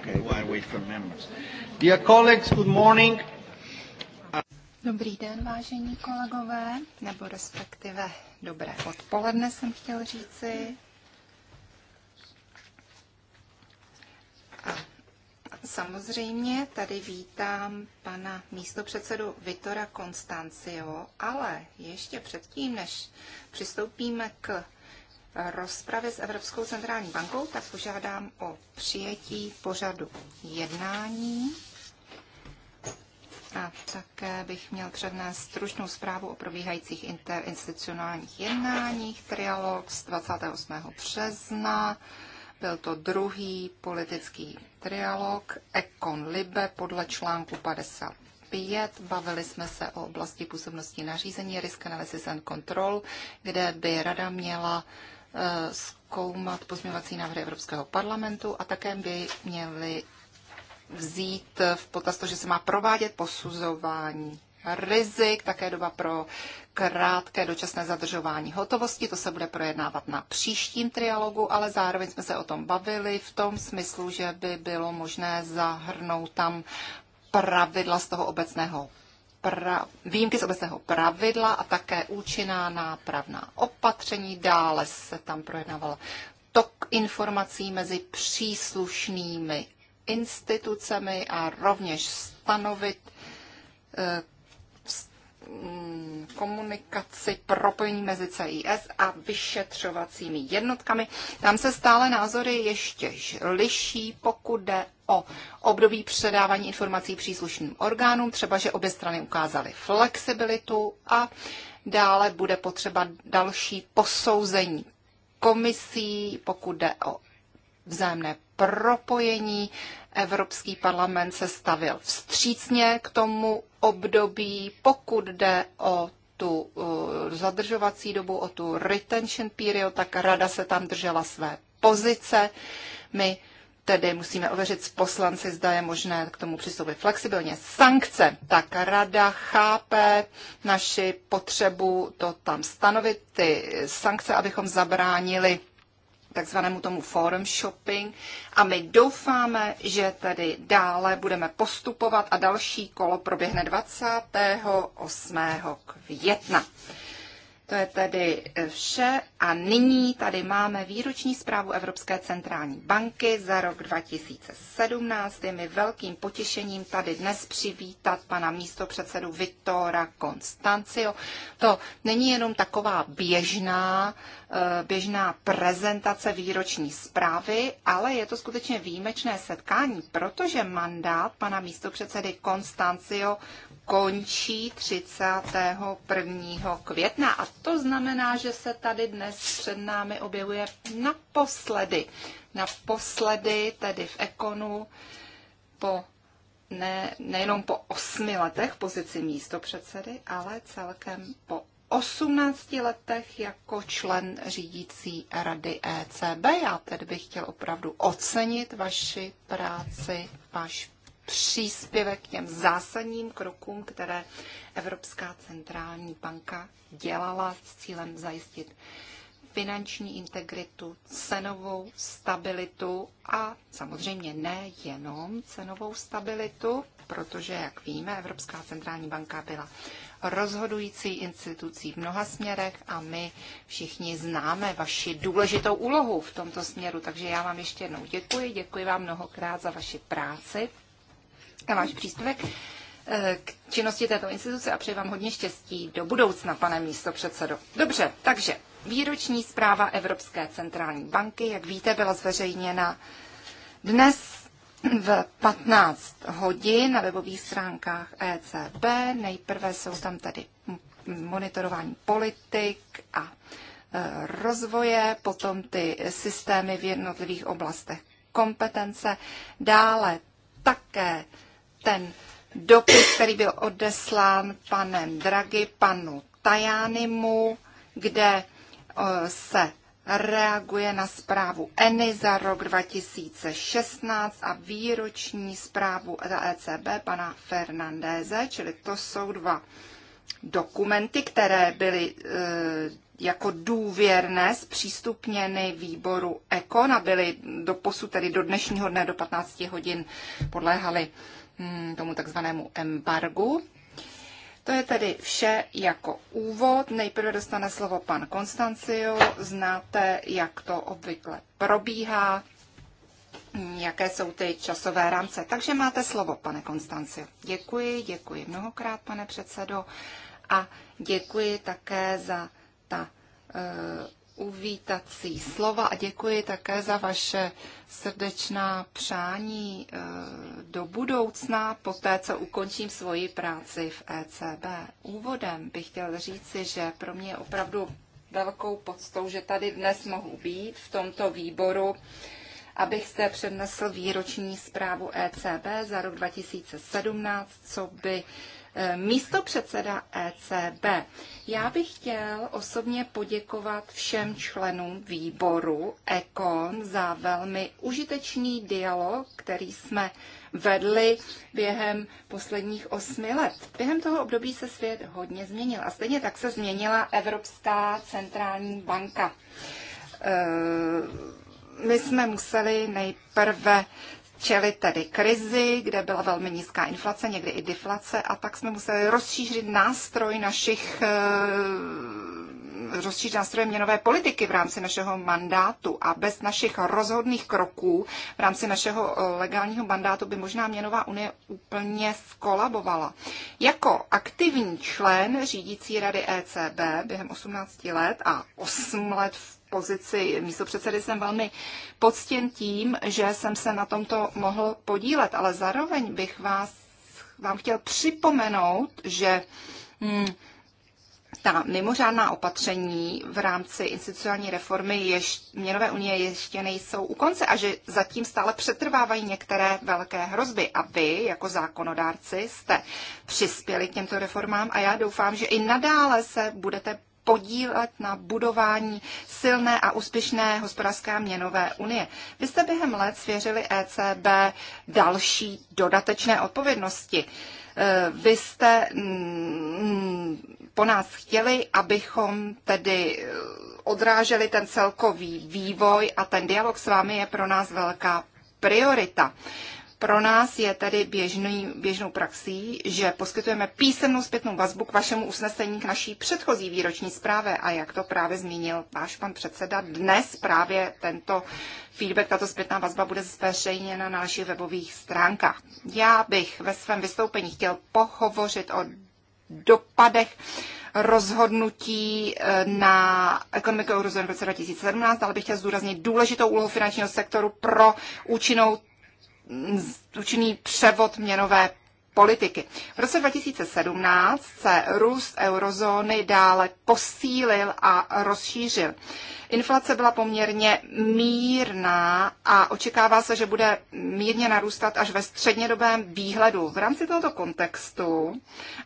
Okay, while I wait for members. Dear colleagues, good morning. Dobrý den, vážení kolegové, nebo respektive dobré odpoledne jsem chtěl říci. A samozřejmě tady vítám pana místopředsedu Vitora Konstancio, ale ještě předtím, než přistoupíme k rozpravy s Evropskou centrální bankou, tak požádám o přijetí pořadu jednání. A také bych měl přednést stručnou zprávu o probíhajících interinstitucionálních jednáních, trialog z 28. března. Byl to druhý politický trialog Econ Libe podle článku Pět. Bavili jsme se o oblasti působnosti nařízení Risk Analysis and Control, kde by rada měla uh, Eh, zkoumat pozměňovací návrhy Evropského parlamentu a také by měli vzít v potaz to, že se má provádět posuzování rizik, také doba pro krátké dočasné zadržování hotovosti. To se bude projednávat na příštím trialogu, ale zároveň jsme se o tom bavili v tom smyslu, že by bylo možné zahrnout tam pravidla z toho obecného pra, výjimky z obecného pravidla a také účinná nápravná opatření. Dále se tam projednával tok informací mezi příslušnými institucemi a rovněž stanovit eh, Mm, komunikaci, propojení mezi CIS a vyšetřovacími jednotkami. Tam se stále názory ještě liší, pokud jde o období předávání informací příslušným orgánům, třeba že obě strany ukázaly flexibilitu a dále bude potřeba další posouzení komisí, pokud jde o vzájemné propojení Evropský parlament se stavil vstřícně k tomu období, pokud jde o tu uh, zadržovací dobu, o tu retention period, tak rada se tam držela své pozice. My tedy musíme ověřit s poslanci, zda je možné k tomu přistoupit flexibilně. Sankce, tak rada chápe naši potřebu to tam stanovit, ty sankce, abychom zabránili takzvanému tomu forum shopping a my doufáme, že tedy dále budeme postupovat a další kolo proběhne 28. května. To je tedy eh, vše a nyní tady máme výroční zprávu Evropské centrální banky za rok 2017. Je mi velkým potěšením tady dnes přivítat pana místopředsedu Vitora Constancio. To není jenom taková běžná, eh, běžná prezentace výroční zprávy, ale je to skutečně výjimečné setkání, protože mandát pana místopředsedy Constancio končí 31. května. A to znamená, že se tady dnes před námi objevuje naposledy. Naposledy tedy v Ekonu po ne, nejenom po osmi letech pozici místo předsedy, ale celkem po 18 letech jako člen řídící rady ECB. Já tedy bych chtěl opravdu ocenit vaši práci, váš příspěvek k těm zásadním krokům, které Evropská centrální banka dělala s cílem zajistit finanční integritu, cenovou stabilitu a samozřejmě nejenom cenovou stabilitu, protože, jak víme, Evropská centrální banka byla rozhodující institucí v mnoha směrech a my všichni známe vaši důležitou úlohu v tomto směru. Takže já vám ještě jednou děkuji, děkuji vám mnohokrát za vaši práci za váš příspěvek eh, k činnosti této instituce a přeji vám hodně štěstí do budoucna, pane místo předsedo. Dobře, takže výroční zpráva Evropské centrální banky, jak víte, byla zveřejněna dnes v 15 hodin na webových stránkách ECB. Nejprve jsou tam tady monitorování politik a eh, rozvoje, potom ty systémy v jednotlivých oblastech kompetence, dále také ten dopis, který byl odeslán panem Draghi panu Tajánimu, kde eh, se reaguje na zprávu ENI za rok 2016 a výroční zprávu ECB pana Fernandéze, čili to jsou dva dokumenty, které byly e, jako důvěrné zpřístupněny výboru ECON a byly do posud, tedy do dnešního dne do 15 hodin podléhaly Mm, tomu takzvanému embargu. To je tedy vše jako úvod. Nejprve dostane slovo pan Konstanciu. Znáte, jak to obvykle probíhá, mm, jaké jsou ty časové rámce. Takže máte slovo, pane Konstanciu. Děkuji, děkuji mnohokrát, pane předsedo. A děkuji také za ta eh, uvítací slova a děkuji také za vaše srdečná přání eh, do budoucna, po té, co ukončím svoji práci v ECB. Úvodem bych chtěl říci, že pro mě je opravdu velkou poctou, že tady dnes mohu být v tomto výboru, abych zde přednesl výroční zprávu ECB za rok 2017, co by Eh, místo předseda ECB. Já bych chtěl osobně poděkovat všem členům výboru ECON za velmi užitečný dialog, který jsme vedli během posledních osmi let. Během toho období se svět hodně změnil a stejně tak se změnila Evropská centrální banka. Eh, my jsme museli nejprve čelit tedy krizi, kde byla velmi nízká inflace, někdy i deflace, a tak jsme museli rozšířit nástroj našich eh, rozšířit nástroje měnové politiky v rámci našeho mandátu a bez našich rozhodných kroků v rámci našeho eh, legálního mandátu by možná měnová unie úplně skolabovala. Jako aktivní člen řídící rady ECB během 18 let a 8 let v pozici předsedy jsem velmi poctěn tím, že jsem se na tomto mohl podílet, ale zároveň bych vás, vám chtěl připomenout, že hmm, ta mimořádná opatření v rámci institucionální reformy ještě měnové unie ještě nejsou u konce a že zatím stále přetrvávají některé velké hrozby. A vy, jako zákonodárci, jste přispěli k těmto reformám a já doufám, že i nadále se budete podílet na budování silné a úspěšné hospodářské a měnové unie. Vy jste během let svěřili ECB další dodatečné odpovědnosti. E, vy jste mm, po nás chtěli, abychom tedy e, odráželi ten celkový vývoj a ten dialog s vámi je pro nás velká priorita. Pro nás je tedy běžný, běžnou praxí, že poskytujeme písemnou zpětnou vazbu k vašemu usnesení k naší předchozí výroční zprávě a jak to právě zmínil váš pan předseda, dnes právě tento feedback, tato zpětná vazba bude zveřejněna na našich webových stránkách. Já bych ve svém vystoupení chtěl pohovořit o dopadech rozhodnutí e, na ekonomiku eurozóny v roce 2017, ale bych chtěl zdůraznit důležitou úlohu finančního sektoru pro účinnou zúčinný převod měnové politiky. V roce 2017 se růst eurozóny dále posílil a rozšířil. Inflace byla poměrně mírná a očekává se, že bude mírně narůstat až ve střednědobém výhledu. V rámci tohoto kontextu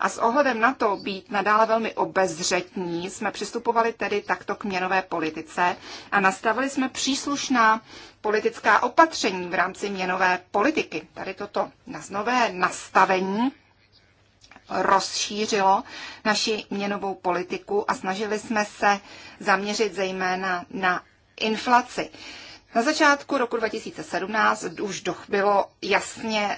a s ohledem na to být nadále velmi obezřetní, jsme přistupovali tedy takto k měnové politice a nastavili jsme příslušná politická opatření v rámci měnové politiky. Tady toto nové nastavení rozšířilo naši měnovou politiku a snažili jsme se zaměřit zejména na inflaci. Na začátku roku 2017 už bylo jasně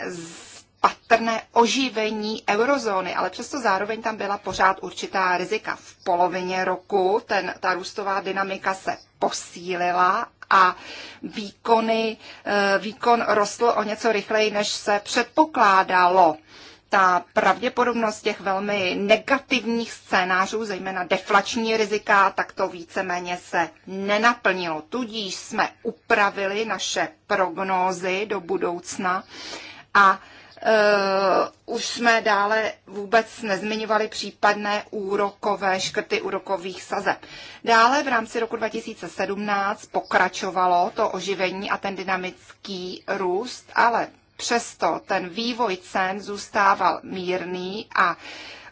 patrné oživení eurozóny, ale přesto zároveň tam byla pořád určitá rizika. V polovině roku ten, ta růstová dynamika se posílila a výkony, eh, výkon rostl o něco rychleji, než se předpokládalo ta pravděpodobnost těch velmi negativních scénářů, zejména deflační rizika, tak to víceméně se nenaplnilo. Tudíž jsme upravili naše prognózy do budoucna a Uh, už jsme dále vůbec nezmiňovali případné úrokové škrty úrokových sazeb. Dále v rámci roku 2017 pokračovalo to oživení a ten dynamický růst, ale Přesto ten vývoj cen zůstával mírný a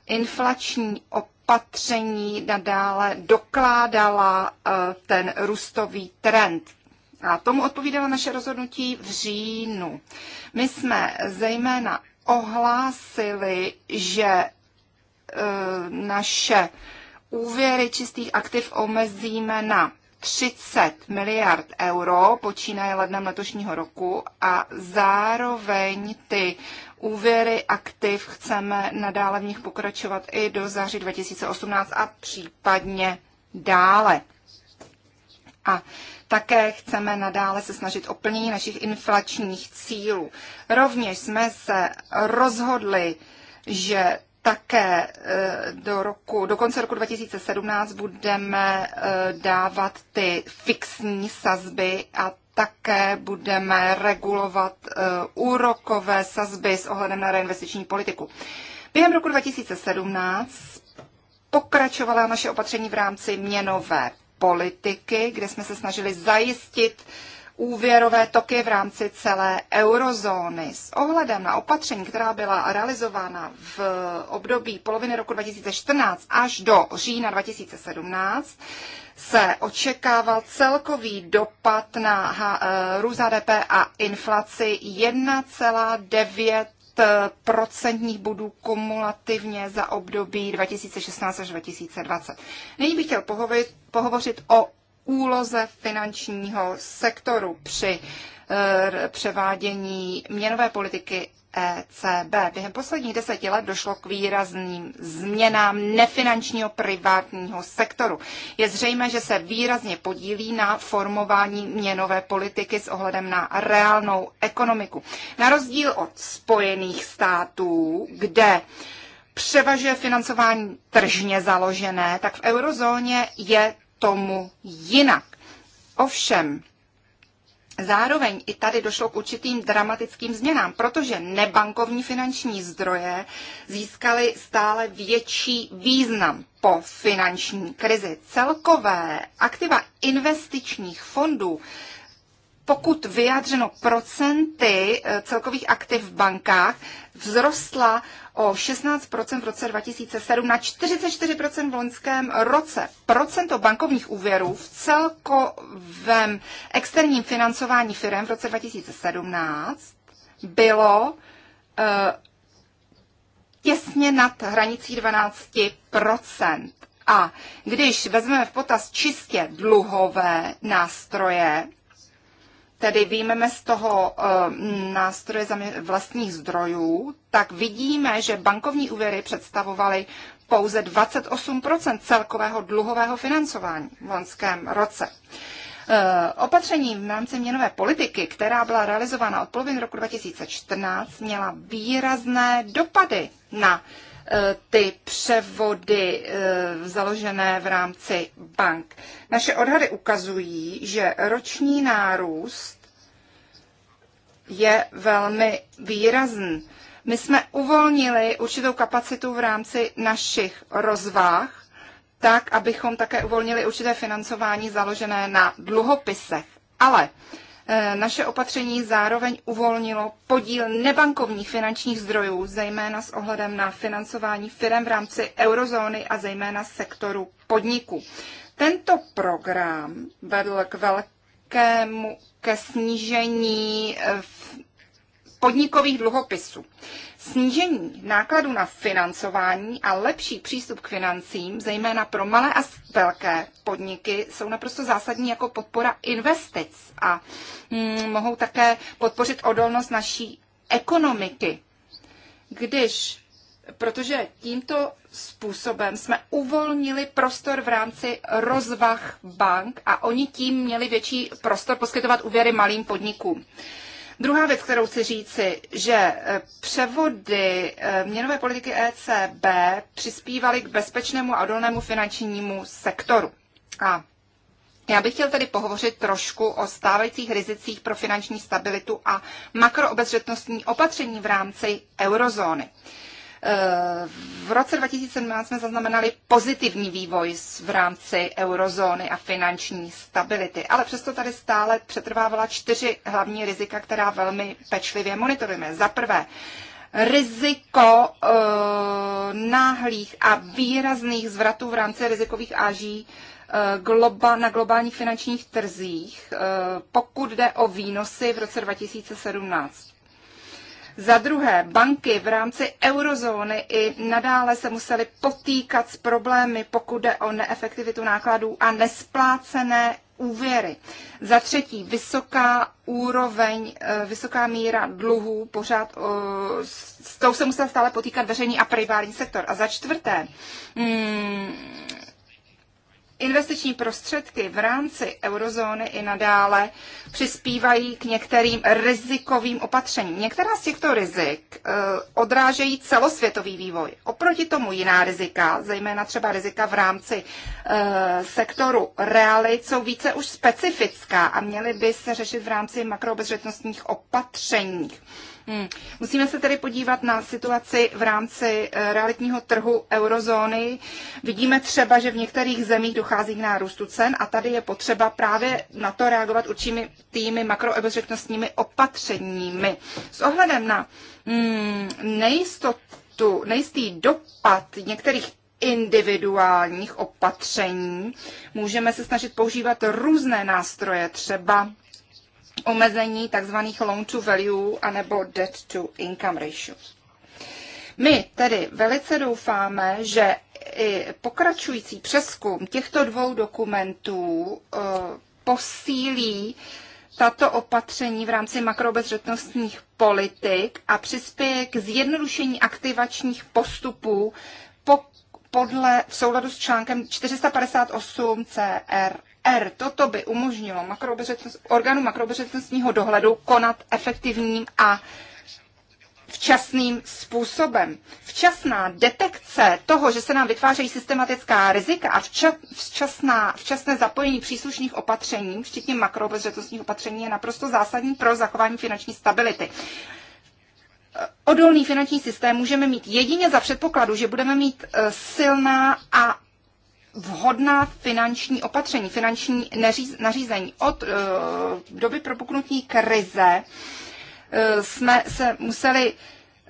inflační opatření nadále dokládala eh, ten růstový trend. A tomu odpovídalo naše rozhodnutí v říjnu. My jsme zejména ohlásili, že eh, naše úvěry čistých aktiv omezíme na 30 miliard euro počínaje lednem letošního roku a zároveň ty úvěry aktiv chceme nadále v nich pokračovat i do září 2018 a případně dále. A také chceme nadále se snažit o plnění našich inflačních cílů. Rovněž jsme se rozhodli, že také eh, do, roku, do konce roku 2017 budeme eh, dávat ty fixní sazby a také budeme regulovat eh, úrokové sazby s ohledem na reinvestiční politiku. Během roku 2017 pokračovala naše opatření v rámci měnové politiky, kde jsme se snažili zajistit úvěrové toky v rámci celé eurozóny. S ohledem na opatření, která byla realizována v období poloviny roku 2014 až do října 2017, se očekával celkový dopad na eh, růst HDP a inflaci 1,9 procentních bodů kumulativně za období 2016 až 2020. Nyní bych chtěl pohovit, pohovořit o úloze finančního sektoru při eh, převádění měnové politiky ECB. Během posledních deseti let došlo k výrazným změnám nefinančního privátního sektoru. Je zřejmé, že se výrazně podílí na formování měnové politiky s ohledem na reálnou ekonomiku. Na rozdíl od Spojených států, kde převažuje financování tržně založené, tak v eurozóně je tomu jinak. Ovšem, Zároveň i tady došlo k určitým dramatickým změnám, protože nebankovní finanční zdroje získaly stále větší význam po finanční krizi. Celkové aktiva investičních fondů pokud vyjádřeno procenty eh, celkových aktiv v bankách, vzrostla o 16% v roce 2007 na 44% v loňském roce. Procento bankovních úvěrů v celkovém externím financování firm v roce 2017 bylo eh, těsně nad hranicí 12%. A když vezmeme v potaz čistě dluhové nástroje, tedy výjmeme z toho eh, nástroje vlastních zdrojů, tak vidíme, že bankovní úvěry představovaly pouze 28 celkového dluhového financování v loňském roce. Eh, opatření v rámci měnové politiky, která byla realizována od poloviny roku 2014, měla výrazné dopady na Eh, ty převody eh, založené v rámci bank. Naše odhady ukazují, že roční nárůst je velmi výrazný. My jsme uvolnili určitou kapacitu v rámci našich rozvah, tak, abychom také uvolnili určité financování založené na dluhopisech. Ale uh, Eh, naše opatření zároveň uvolnilo podíl nebankovních finančních zdrojů, zejména s ohledem na financování firm v rámci eurozóny a zejména sektoru podniků. Tento program vedl k velkému ke snížení eh, podnikových dluhopisů. Snížení nákladů na financování a lepší přístup k financím, zejména pro malé a velké podniky, jsou naprosto zásadní jako podpora investic a mm, mohou také podpořit odolnost naší ekonomiky. Když protože tímto způsobem jsme uvolnili prostor v rámci rozvah bank a oni tím měli větší prostor poskytovat úvěry malým podnikům. Druhá věc, kterou chci říci, že eh, převody eh, měnové politiky ECB přispívaly k bezpečnému a odolnému finančnímu sektoru. A já bych chtěl tedy pohovořit trošku o stávajících rizicích pro finanční stabilitu a makroobezřetnostní opatření v rámci eurozóny. Uh, v roce 2017 jsme zaznamenali pozitivní vývoj v rámci eurozóny a finanční stability, ale přesto tady stále přetrvávala čtyři hlavní rizika, která velmi pečlivě monitorujeme. Za prvé, riziko e, náhlých a výrazných zvratů v rámci rizikových áží eh, globa, na globálních finančních trzích, eh, pokud jde o výnosy v roce 2017. Za druhé, banky v rámci eurozóny i nadále se musely potýkat s problémy, pokud jde o neefektivitu nákladů a nesplácené úvěry. Za třetí, vysoká úroveň, eh, vysoká míra dluhů, pořád eh, s tou se musel stále potýkat veřejný a privátní sektor. A za čtvrté, hmm, investiční prostředky v rámci eurozóny i nadále přispívají k některým rizikovým opatřením. Některá z těchto rizik eh, odrážejí celosvětový vývoj. Oproti tomu jiná rizika, zejména třeba rizika v rámci eh, sektoru reály, jsou více už specifická a měly by se řešit v rámci makroobezřetnostních opatřeních. Hmm. Musíme se tedy podívat na situaci v rámci eh, realitního trhu eurozóny. Vidíme třeba, že v některých zemích dochází k nárůstu cen a tady je potřeba právě na to reagovat určitými tými makroobezřetnostními opatřeními. S ohledem na hmm, nejistotu, nejistý dopad některých individuálních opatření můžeme se snažit používat různé nástroje, třeba omezení tzv. loan to value anebo debt to income ratio. My tedy velice doufáme, že i pokračující přeskum těchto dvou dokumentů eh, posílí tato opatření v rámci makroobezřetnostních politik a přispěje k zjednodušení aktivačních postupů po, podle, v souladu s článkem 458 CRR. R. Toto by umožnilo orgánu makrobezřetnostního dohledu konat efektivním a včasným způsobem. Včasná detekce toho, že se nám vytvářejí systematická rizika a včasná, včasné zapojení příslušných opatření, včetně makroobezřetnostních opatření, je naprosto zásadní pro zachování finanční stability. Odolný finanční systém můžeme mít jedině za předpokladu, že budeme mít e, silná a vhodná finanční opatření, finanční nařízení. Od eh, doby propuknutí krize eh, jsme se museli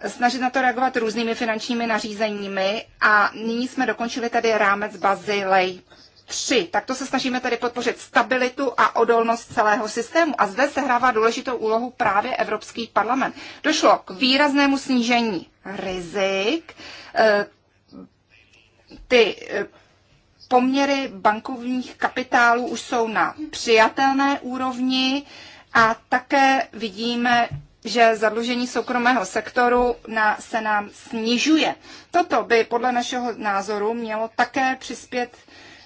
snažit na to reagovat různými finančními nařízeními a nyní jsme dokončili tady rámec Bazilej 3. Takto se snažíme tady podpořit stabilitu a odolnost celého systému a zde sehrává důležitou úlohu právě Evropský parlament. Došlo k výraznému snížení rizik, eh, ty poměry bankovních kapitálů už jsou na přijatelné úrovni a také vidíme, že zadlužení soukromého sektoru na, se nám snižuje. Toto by podle našeho názoru mělo také přispět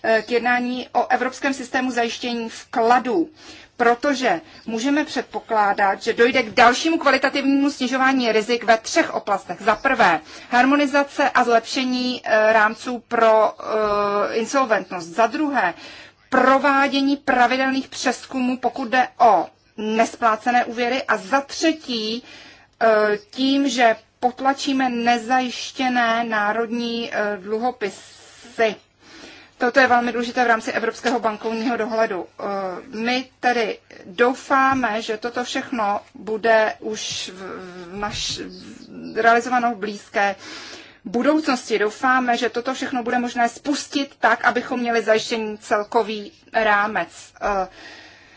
eh, k jednání o evropském systému zajištění vkladů protože můžeme předpokládat, že dojde k dalšímu kvalitativnímu snižování rizik ve třech oblastech. Za prvé, harmonizace a zlepšení eh, rámců pro eh, insolventnost. Za druhé, provádění pravidelných přeskumů, pokud jde o nesplácené úvěry. A za třetí, eh, tím, že potlačíme nezajištěné národní dluhopisy. Toto je velmi důležité v rámci Evropského bankovního dohledu. Eh, my tedy doufáme, že toto všechno bude už v naš, realizováno v blízké budoucnosti. Doufáme, že toto všechno bude možné spustit tak, abychom měli zajištěný celkový rámec. Uh,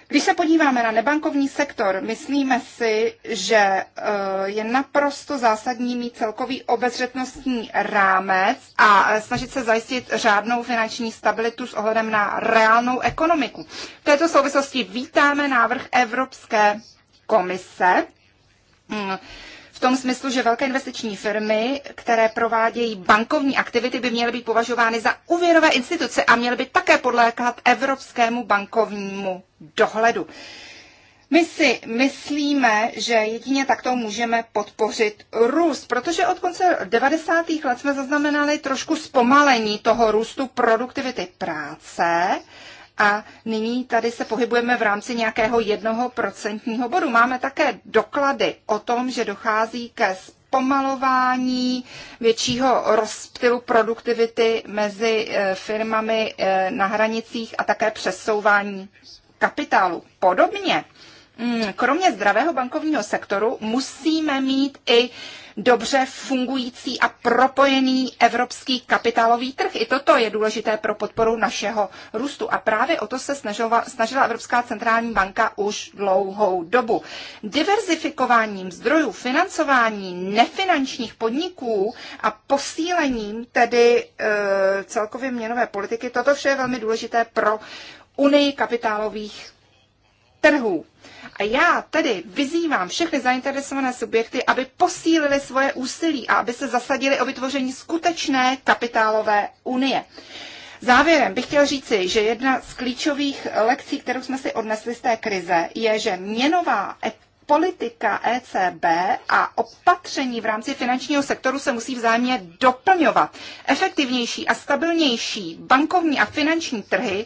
když se podíváme na nebankovní sektor, myslíme si, že eh, je naprosto zásadní mít celkový obezřetnostní rámec a eh, snažit se zajistit řádnou finanční stabilitu s ohledem na reálnou ekonomiku. V této souvislosti vítáme návrh Evropské komise hmm v tom smyslu, že velké investiční firmy, které provádějí bankovní aktivity, by měly být považovány za úvěrové instituce a měly by také podlékat evropskému bankovnímu dohledu. My si myslíme, že jedině takto můžeme podpořit růst, protože od konce 90. let jsme zaznamenali trošku zpomalení toho růstu produktivity práce a nyní tady se pohybujeme v rámci nějakého jednoho procentního bodu. Máme také doklady o tom, že dochází ke pomalování většího rozptylu produktivity mezi e, firmami e, na hranicích a také přesouvání kapitálu. Podobně Mm, kromě zdravého bankovního sektoru musíme mít i dobře fungující a propojený evropský kapitálový trh. I toto je důležité pro podporu našeho růstu. A právě o to se snažila, snažila Evropská centrální banka už dlouhou dobu. Diverzifikováním zdrojů financování nefinančních podniků a posílením tedy e, celkově měnové politiky, toto vše je velmi důležité pro unii kapitálových trhů. A já tedy vyzývám všechny zainteresované subjekty, aby posílili svoje úsilí a aby se zasadili o vytvoření skutečné kapitálové unie. Závěrem bych chtěl říci, že jedna z klíčových lekcí, kterou jsme si odnesli z té krize, je, že měnová e- politika ECB a opatření v rámci finančního sektoru se musí vzájemně doplňovat. Efektivnější a stabilnější bankovní a finanční trhy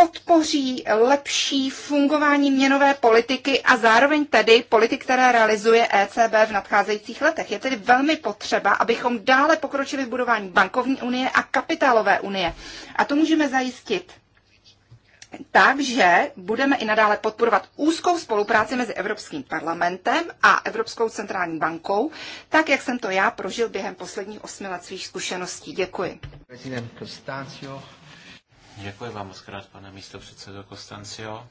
podpoří lepší fungování měnové politiky a zároveň tedy politik, které realizuje ECB v nadcházejících letech. Je tedy velmi potřeba, abychom dále pokročili v budování bankovní unie a kapitálové unie. A to můžeme zajistit takže budeme i nadále podporovat úzkou spolupráci mezi Evropským parlamentem a Evropskou centrální bankou, tak jak jsem to já prožil během posledních osmi let svých zkušeností. Děkuji. Děkuji vám moc krát, pane místo předsedo Kostancio.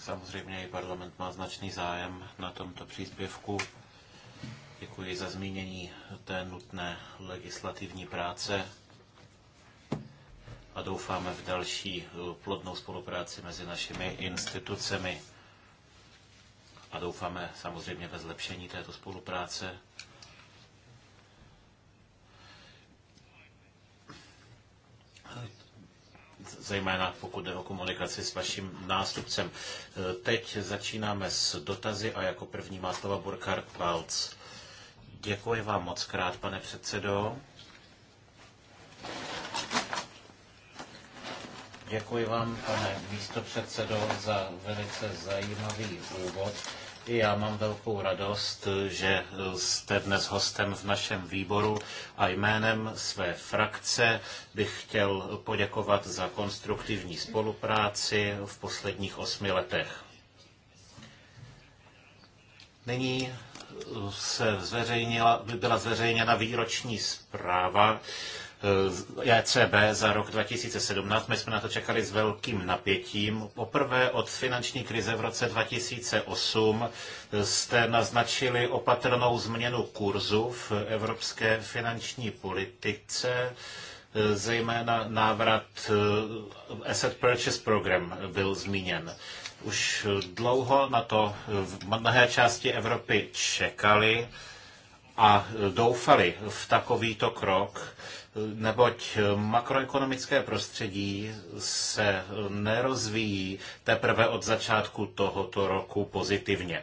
Samozřejmě i parlament má značný zájem na tomto příspěvku. Děkuji za zmínění té nutné legislativní práce a doufáme v další plodnou spolupráci mezi našimi institucemi a doufáme samozřejmě ve zlepšení této spolupráce zejména pokud jde o komunikaci s vaším nástupcem. E, teď začínáme s dotazy a jako první má slova Burkhard Balc. Děkuji vám moc krát, pane předsedo. Děkuji vám, pane místopředsedo, za velice zajímavý úvod. I já mám velkou radost, že eh, jste dnes hostem v našem výboru a jménem své frakce bych chtěl poděkovat za konstruktivní spolupráci v posledních osmi letech. Nyní eh, se zveřejnila, byla zveřejněna výroční zpráva ECB eh, e za rok 2017. My jsme na to čekali s velkým napětím. Poprvé od finanční krize v roce 2008 eh, jste naznačili opatrnou změnu kurzu v evropské finanční politice eh, zejména návrat Asset Purchase Program byl zmíněn. Už dlouho na to v mnohé části Evropy čekali a doufali v takovýto krok, neboť makroekonomické prostředí se nerozvíjí teprve od začátku tohoto roku pozitivně.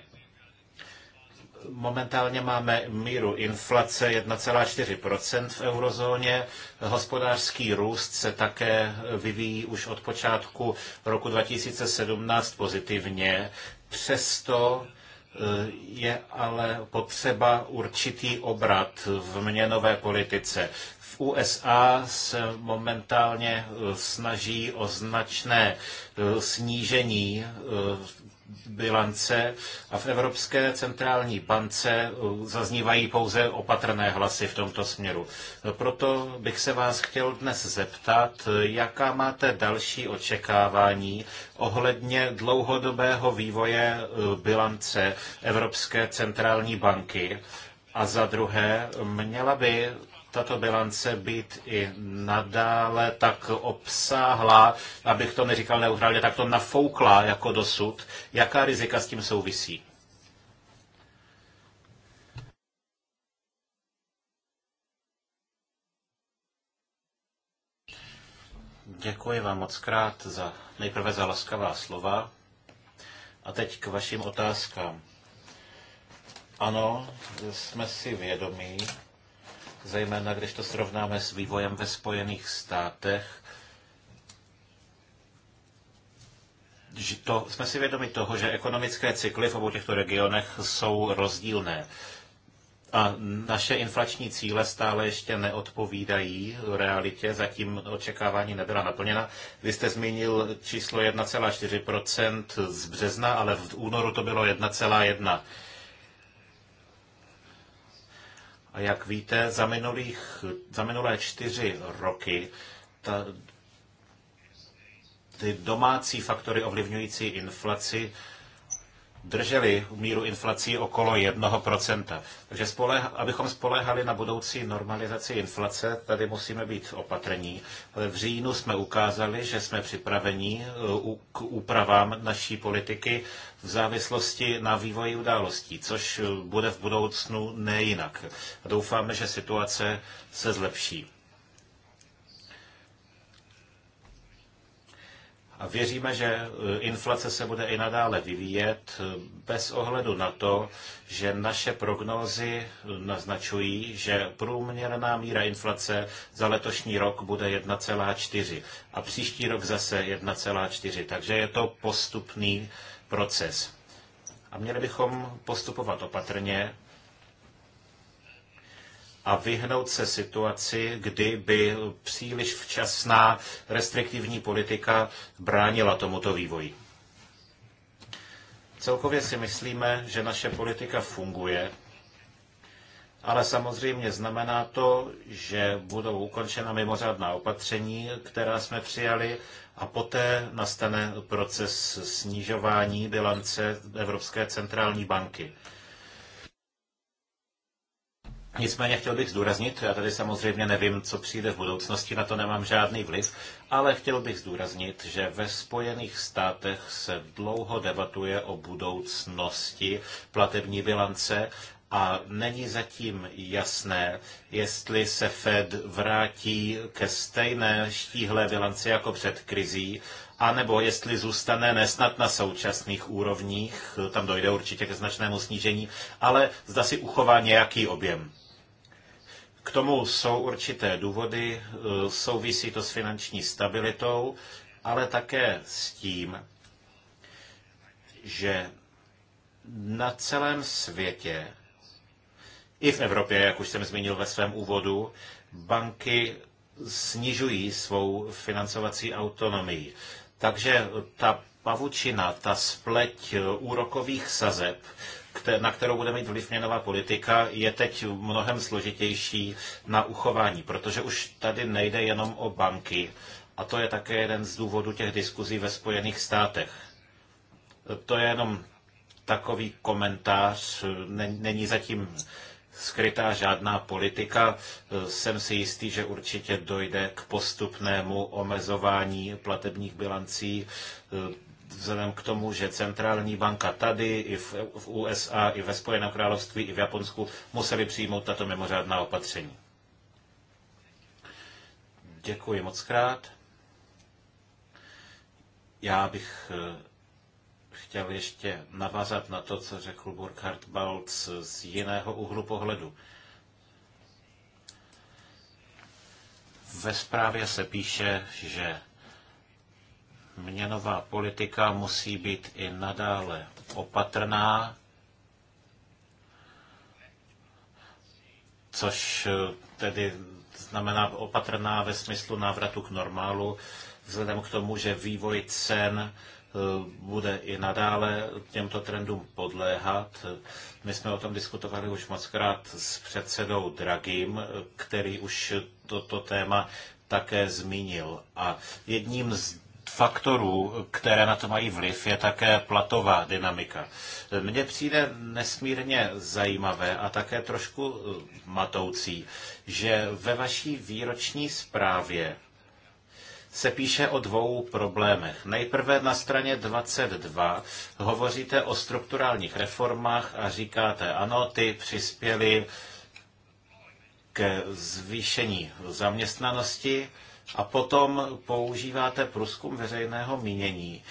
Momentálně máme míru inflace 1,4 v eurozóně. Hospodářský růst se také vyvíjí už od počátku roku 2017 pozitivně. Přesto eh, je ale potřeba určitý obrat v měnové politice. V USA se momentálně eh, snaží o značné eh, snížení eh, bilance a v Evropské centrální bance zaznívají pouze opatrné hlasy v tomto směru. Proto bych se vás chtěl dnes zeptat, jaká máte další očekávání ohledně dlouhodobého vývoje bilance Evropské centrální banky. A za druhé, měla by tato bilance být i nadále tak obsáhlá, abych to neříkal neutrálně, tak to nafouklá jako dosud. Jaká rizika s tím souvisí? Děkuji vám moc krát za, nejprve za laskavá slova. A teď k vašim otázkám. Ano, jsme si vědomí, zejména když to srovnáme s vývojem ve Spojených státech, že to, jsme si vědomi toho, že ekonomické cykly v obou těchto regionech jsou rozdílné. A naše inflační cíle stále ještě neodpovídají realitě, zatím očekávání nebyla naplněna. Vy jste zmínil číslo 1,4% z března, ale v únoru to bylo A jak víte, za, minulých, za minulé čtyři roky ta, ty domácí faktory ovlivňující inflaci drželi míru inflací okolo 1%. Takže abychom spolehali na budoucí normalizaci inflace, tady musíme být opatrní. v říjnu jsme ukázali, že jsme připraveni uh, k úpravám naší politiky v závislosti na vývoji událostí, což uh, bude v budoucnu nejinak. Doufáme, že situace se zlepší. A věříme, že eh, inflace se bude i nadále vyvíjet eh, bez ohledu na to, že naše prognózy eh, naznačují, že průměrná míra inflace za letošní rok bude 1,4 a příští rok zase 1,4. Takže je to postupný proces. A měli bychom postupovat opatrně, a vyhnout se situaci, kdy by příliš včasná restriktivní politika bránila tomuto vývoji. Celkově si myslíme, že naše politika funguje, ale samozřejmě znamená to, že budou ukončena mimořádná opatření, která jsme přijali, a poté nastane proces snižování bilance Evropské centrální banky. Nicméně chtěl bych zdůraznit, já tady samozřejmě nevím, co přijde v budoucnosti, na to nemám žádný vliv, ale chtěl bych zdůraznit, že ve Spojených státech se dlouho debatuje o budoucnosti platební bilance a není zatím jasné, jestli se Fed vrátí ke stejné štíhlé bilanci jako před krizí, anebo jestli zůstane nesnad na současných úrovních, tam dojde určitě ke značnému snížení, ale zda si uchová nějaký objem. K tomu jsou určité důvody, eh, souvisí to s finanční stabilitou, ale také s tím, že na celém světě, i v Evropě, jak už jsem zmínil ve svém úvodu, banky snižují svou financovací autonomii. Takže ta pavučina, ta spleť eh, úrokových sazeb na kterou bude mít vliv měnová politika, je teď mnohem složitější na uchování, protože už tady nejde jenom o banky. A to je také jeden z důvodů těch diskuzí ve Spojených státech. To je jenom takový komentář, není zatím skrytá žádná politika. Jsem si jistý, že určitě dojde k postupnému omezování platebních bilancí vzhledem k tomu, že centrální banka tady, i v, USA, i ve Spojeném království, i v Japonsku museli přijmout tato mimořádná opatření. Děkuji moc krát. Já bych eh, chtěl ještě navázat na to, co řekl Burkhard Balc z jiného úhlu pohledu. Ve zprávě se píše, že Měnová politika musí být i nadále opatrná, což eh, tedy znamená opatrná ve smyslu návratu k normálu, vzhledem k tomu, že vývoj cen eh, bude i nadále těmto trendům podléhat. My jsme o tom diskutovali už mockrát s předsedou Dragim, eh, který už toto téma také zmínil. A jedním z faktorů, které na to mají vliv, je také platová dynamika. Mně přijde nesmírně zajímavé a také trošku eh, matoucí, že ve vaší výroční zprávě se píše o dvou problémech. Nejprve na straně 22 hovoříte o strukturálních reformách a říkáte, ano, ty přispěly ke zvýšení zaměstnanosti, a potom používáte průzkum veřejného mínění.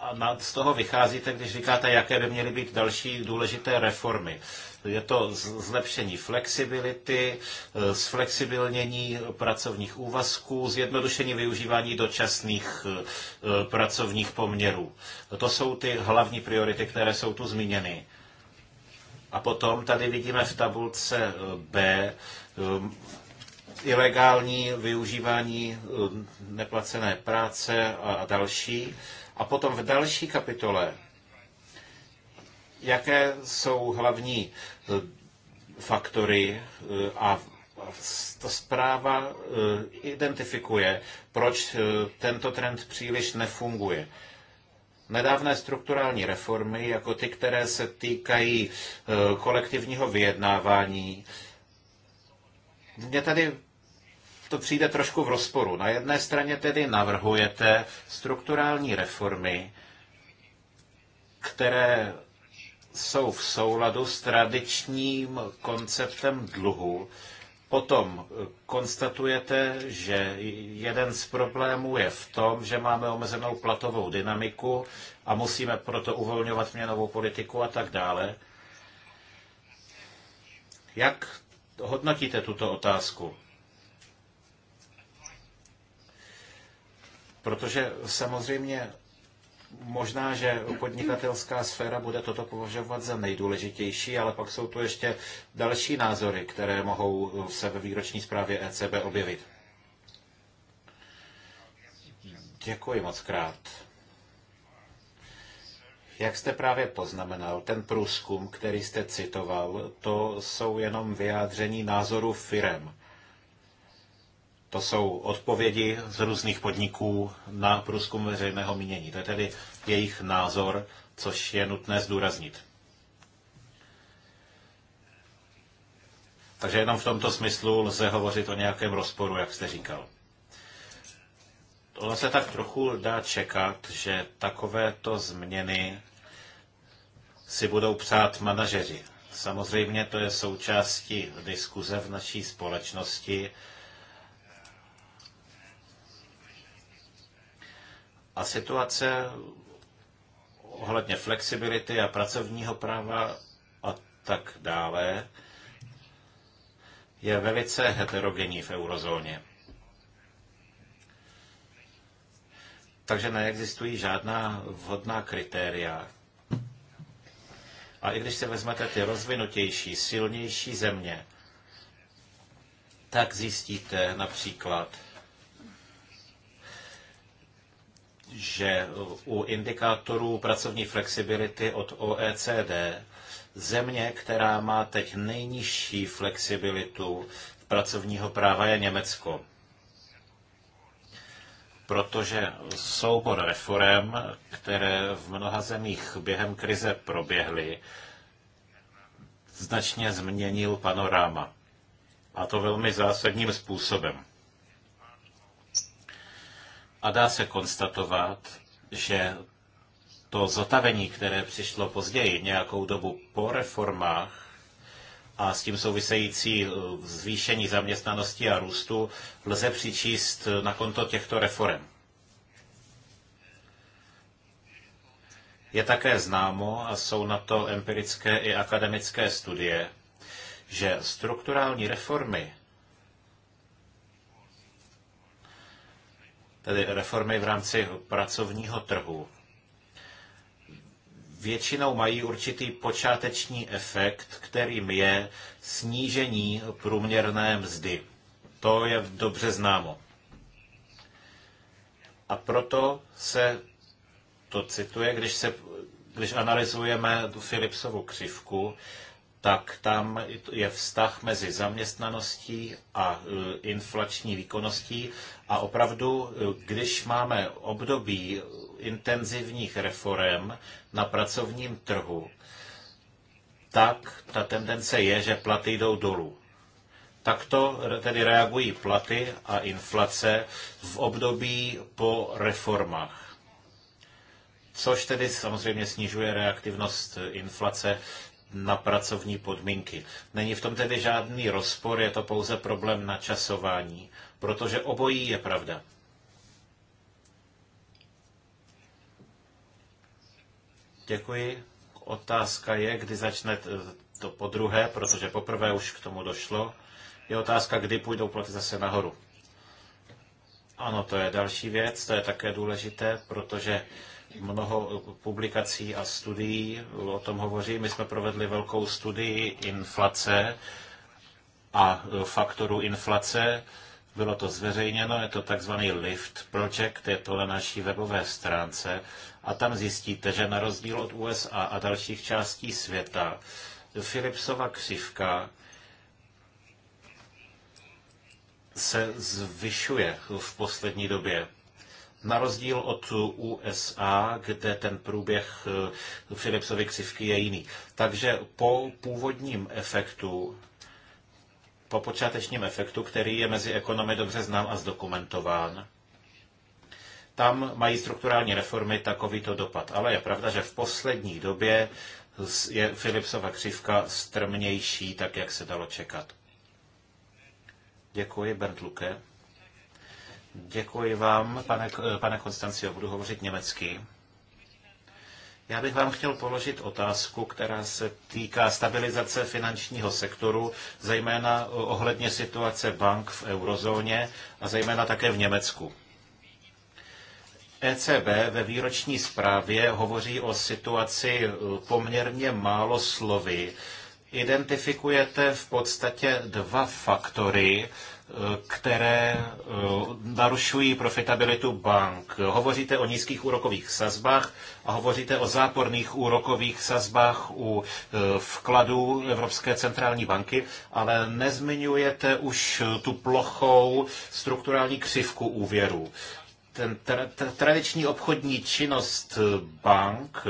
A z toho vycházíte, když říkáte, jaké by měly být další důležité reformy. Je to zlepšení flexibility, e, zflexibilnění pracovních úvazků, zjednodušení využívání dočasných e, e, pracovních poměrů. To jsou ty hlavní priority, které jsou tu zmíněny. A potom tady vidíme v tabulce B ilegální využívání um, neplacené práce a další. A potom v další kapitole, jaké jsou hlavní uh, faktory uh, a ta zpráva uh, identifikuje, proč tento trend příliš nefunguje. Nedávné strukturální reformy, jako ty, které se týkají kolektivního vyjednávání, mě tady to přijde trošku v rozporu. Na jedné straně tedy navrhujete strukturální reformy, které jsou v souladu s tradičním konceptem dluhu. Potom konstatujete, že jeden z problémů je v tom, že máme omezenou platovou dynamiku a musíme proto uvolňovat měnovou politiku a tak dále. Jak hodnotíte tuto otázku? Protože samozřejmě možná, že podnikatelská sféra bude toto považovat za nejdůležitější, ale pak jsou tu ještě další názory, které mohou se ve výroční zprávě ECB objevit. Děkuji moc krát. Jak jste právě poznamenal, ten průzkum, který jste citoval, to jsou jenom vyjádření názorů firem. To jsou odpovědi z různých podniků na průzkum veřejného mínění. To je tedy jejich názor, což je nutné zdůraznit. Takže jenom v tomto smyslu lze hovořit o nějakém rozporu, jak jste říkal. Ono se tak trochu dá čekat, že takovéto změny si budou přát manažeři. Samozřejmě to je součástí diskuze v naší společnosti, A situace ohledně flexibility a pracovního práva a tak dále je velice heterogenní v eurozóně. Takže neexistují žádná vhodná kritéria. A i když si vezmete ty rozvinutější, silnější země, tak zjistíte například, že u indikátorů pracovní flexibility od OECD země, která má teď nejnižší flexibilitu pracovního práva, je Německo. Protože soubor reform, které v mnoha zemích během krize proběhly, značně změnil panorama A to velmi zásadním způsobem. A dá se konstatovat, že to zotavení, které přišlo později, nějakou dobu po reformách, a s tím související eh, zvýšení zaměstnanosti a růstu lze přičíst eh, na konto těchto reform. Je také známo, a jsou na to empirické i akademické studie, že strukturální reformy tedy reformy v rámci pracovního trhu, většinou mají určitý počáteční efekt, kterým je snížení průměrné mzdy. To je dobře známo. A proto se to cituje, když, se, když analyzujeme tu Philipsovu křivku, tak tam je vztah mezi zaměstnaností a e, inflační výkonností. A opravdu, e, když máme období intenzivních reform na pracovním trhu, tak ta tendence je, že platy jdou dolů. Takto tedy reagují platy a inflace v období po reformách. Což tedy samozřejmě snižuje reaktivnost inflace na pracovní podmínky. Není v tom tedy žádný rozpor, je to pouze problém načasování, protože obojí je pravda. Děkuji. Otázka je, kdy začne to po druhé, protože poprvé už k tomu došlo. Je otázka, kdy půjdou platy zase nahoru. Ano, to je další věc, to je také důležité, protože mnoho publikací a studií o tom hovoří. My jsme provedli velkou studii inflace a faktoru inflace. Bylo to zveřejněno, je to takzvaný LIFT Project, je to na naší webové stránce a tam zjistíte, že na rozdíl od USA a dalších částí světa Philipsova křivka se zvyšuje v poslední době. Na rozdíl od USA, kde ten průběh eh, Philipsovy křivky je jiný. Takže po původním efektu po počátečním efektu, který je mezi ekonomy dobře znám a zdokumentován, tam mají strukturální reformy takovýto dopad. Ale je pravda, že v poslední době je Philipsova křivka strmnější, tak jak se dalo čekat. Děkuji, Bernd Luke. Děkuji vám, pane, pane Konstancio, budu hovořit německy. Já bych vám chtěl položit otázku, která se týká stabilizace finančního sektoru, zejména ohledně situace bank v eurozóně a zejména také v Německu. ECB ve výroční zprávě hovoří o situaci poměrně málo slovy. Identifikujete v podstatě dva faktory, které eh, narušují profitabilitu bank. Hovoříte o nízkých úrokových sazbách a hovoříte o záporných úrokových sazbách u eh, vkladů Evropské centrální banky, ale nezmiňujete už tu plochou strukturální křivku úvěrů ten tra- tra- tradiční obchodní činnost bank,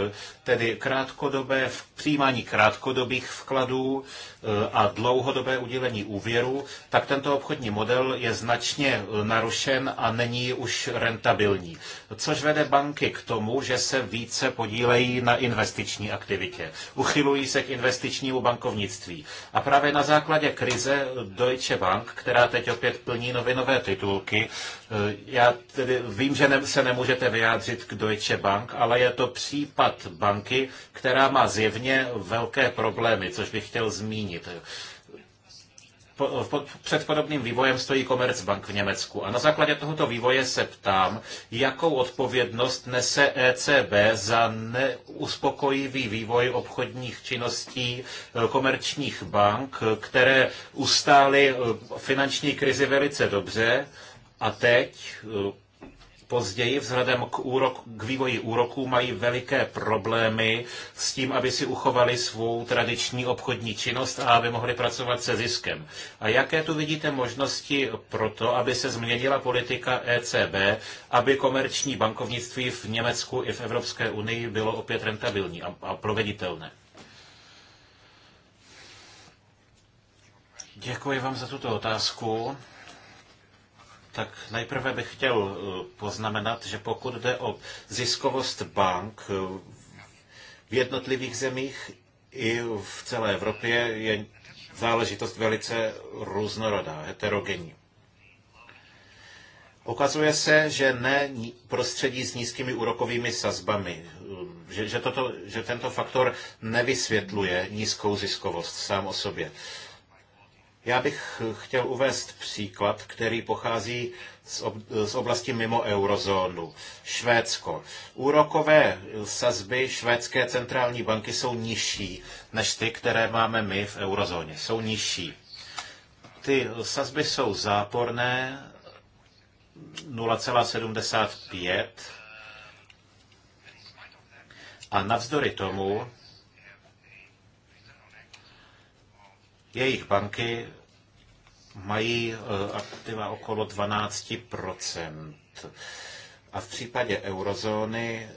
tedy krátkodobé přijímání krátkodobých vkladů eh, a dlouhodobé udělení úvěru, tak tento obchodní model je značně eh, narušen a není už rentabilní, což vede banky k tomu, že se více podílejí na investiční aktivitě. Uchylují se k investičnímu bankovnictví. A právě na základě krize eh, Deutsche Bank, která teď opět plní novinové titulky, já tedy Vím, že ne, se nemůžete vyjádřit k Deutsche Bank, ale je to případ banky, která má zjevně velké problémy, což bych chtěl zmínit. Po, po, před podobným vývojem stojí Commerzbank v Německu. A na základě tohoto vývoje se ptám, jakou odpovědnost nese ECB za neuspokojivý vývoj obchodních činností eh, komerčních bank, které ustály eh, finanční krizi velice dobře a teď eh, později vzhledem k, úrok, k vývoji úroků mají veliké problémy s tím, aby si uchovali svou tradiční obchodní činnost a aby mohli pracovat se ziskem. A jaké tu vidíte možnosti pro to, aby se změnila politika ECB, aby komerční bankovnictví v Německu i v Evropské unii bylo opět rentabilní a, a proveditelné? Děkuji vám za tuto otázku. Tak nejprve bych chtěl eh, poznamenat, že pokud jde o ziskovost bank eh, v jednotlivých zemích i v celé Evropě, je záležitost velice různorodá, heterogenní. Ukazuje se, že ne prostředí s nízkými úrokovými sazbami, eh, že, že, toto, že tento faktor nevysvětluje nízkou ziskovost sám o sobě. Já bych chtěl uvést příklad, který pochází z oblasti mimo eurozónu. Švédsko. Úrokové sazby švédské centrální banky jsou nižší než ty, které máme my v eurozóně. Jsou nižší. Ty sazby jsou záporné 0,75 a navzdory tomu jejich banky mají eh, aktiva okolo 12 A v případě eurozóny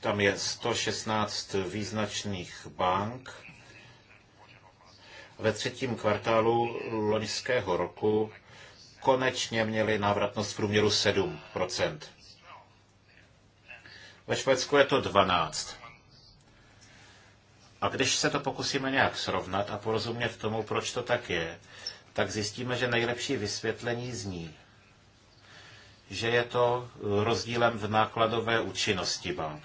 tam je 116 význačných bank. Ve třetím kvartálu loňského roku konečně měli návratnost v průměru 7 Ve Švédsku je to 12 A když se to pokusíme nějak srovnat a porozumět tomu, proč to tak je, tak zjistíme, že nejlepší vysvětlení zní, že je to rozdílem v nákladové účinnosti bank.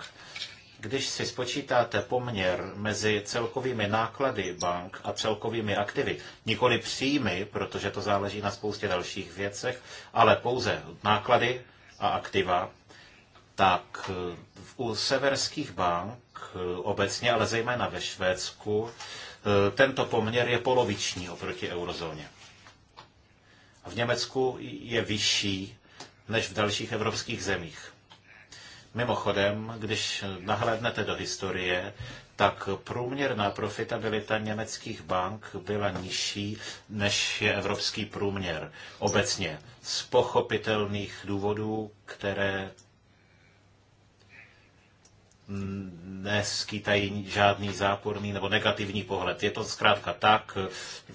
Když si spočítáte poměr mezi celkovými náklady bank a celkovými aktivy, nikoli příjmy, protože to záleží na spoustě dalších věcech, ale pouze náklady a aktiva, tak u severských bank obecně, ale zejména ve Švédsku, tento poměr je poloviční oproti eurozóně. Německu je vyšší než v dalších evropských zemích. Mimochodem, když nahlédnete do historie, tak průměrná profitabilita německých bank byla nižší, než je evropský průměr obecně. Z pochopitelných důvodů, které neskýtají žádný záporný nebo negativní pohled. Je to zkrátka tak,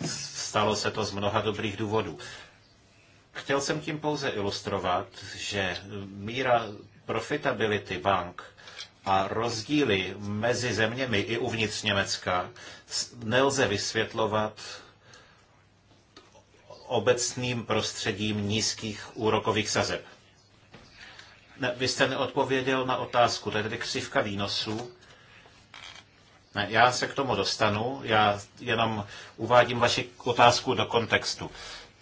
stalo se to z mnoha dobrých důvodů. Chtěl jsem tím pouze ilustrovat, že míra profitability bank a rozdíly mezi zeměmi i uvnitř Německa nelze vysvětlovat obecným prostředím nízkých úrokových sazeb. Ne, vy jste neodpověděl na otázku, to je tedy křivka výnosů. Ne, já se k tomu dostanu, já jenom uvádím vaši otázku do kontextu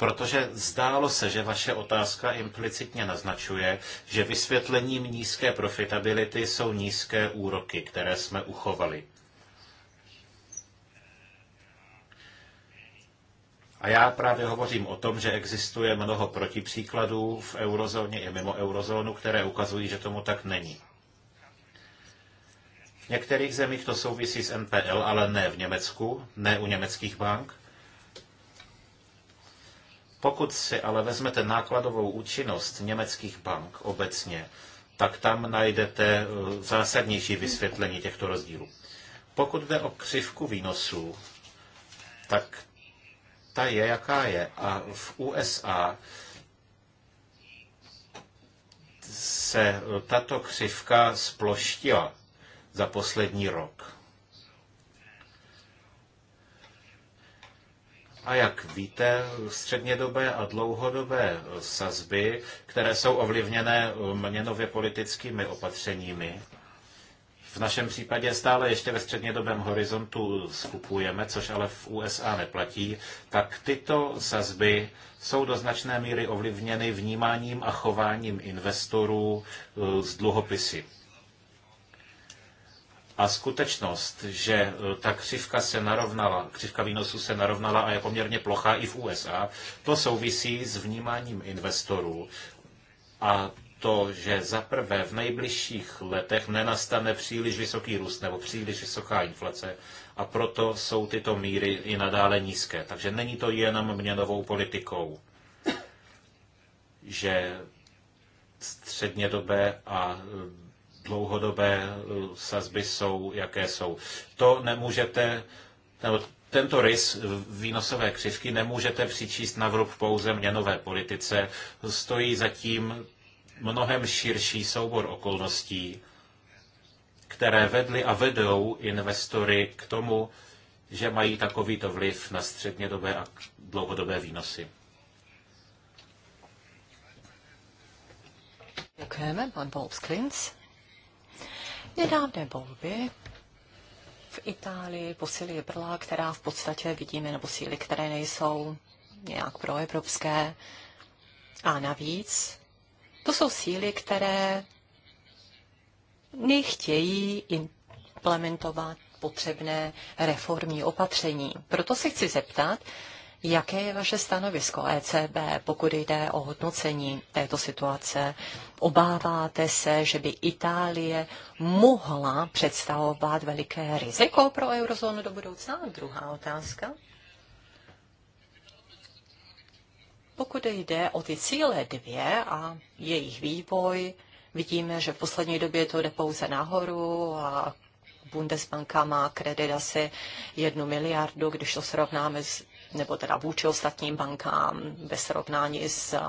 protože zdálo se, že vaše otázka implicitně naznačuje, že vysvětlením nízké profitability jsou nízké úroky, které jsme uchovali. A já právě hovořím o tom, že existuje mnoho protipříkladů v eurozóně i mimo eurozónu, které ukazují, že tomu tak není. V některých zemích to souvisí s NPL, ale ne v Německu, ne u německých bank. Pokud si ale vezmete nákladovou účinnost německých bank obecně, tak tam najdete eh, zásadnější vysvětlení těchto rozdílů. Pokud jde o křivku výnosů, tak ta je, jaká je. A v USA se eh, tato křivka sploštila za poslední rok. A jak víte, střednědobé a dlouhodobé sazby, které jsou ovlivněné měnově politickými opatřeními, v našem případě stále ještě ve střednědobém horizontu skupujeme, což ale v USA neplatí, tak tyto sazby jsou do značné míry ovlivněny vnímáním a chováním investorů eh, z dluhopisy. A skutečnost, že e, ta křivka se narovnala, křivka výnosu se narovnala a je poměrně plochá i v USA, to souvisí s vnímáním investorů. A to, že za prvé v nejbližších letech nenastane příliš vysoký růst nebo příliš vysoká inflace a proto jsou tyto míry i nadále nízké. Takže není to jenom měnovou politikou, že střednědobé a dlouhodobé eh, sazby jsou, jaké jsou. To nemůžete, nebo tento rys výnosové křivky nemůžete přičíst na vrub pouze měnové politice. Stojí zatím mnohem širší soubor okolností, které vedly a vedou investory k tomu, že mají takovýto vliv na střednědobé a dlouhodobé výnosy. Děkujeme, pan Paul Nedávné bomby v Itálii posily brla, která v podstatě vidíme, nebo síly, které nejsou nějak proevropské. A navíc to jsou síly, které nechtějí implementovat potřebné reformní opatření. Proto se chci zeptat, Jaké je vaše stanovisko ECB, pokud jde o hodnocení této situace? Obáváte se, že by Itálie mohla představovat veliké riziko pro eurozónu do budoucna? Druhá otázka. Pokud jde o ty cíle dvě a jejich vývoj, vidíme, že v poslední době to jde pouze nahoru a Bundesbanka má kredit asi jednu miliardu, když to srovnáme s nebo teda vůči ostatním bankám ve srovnání s eh,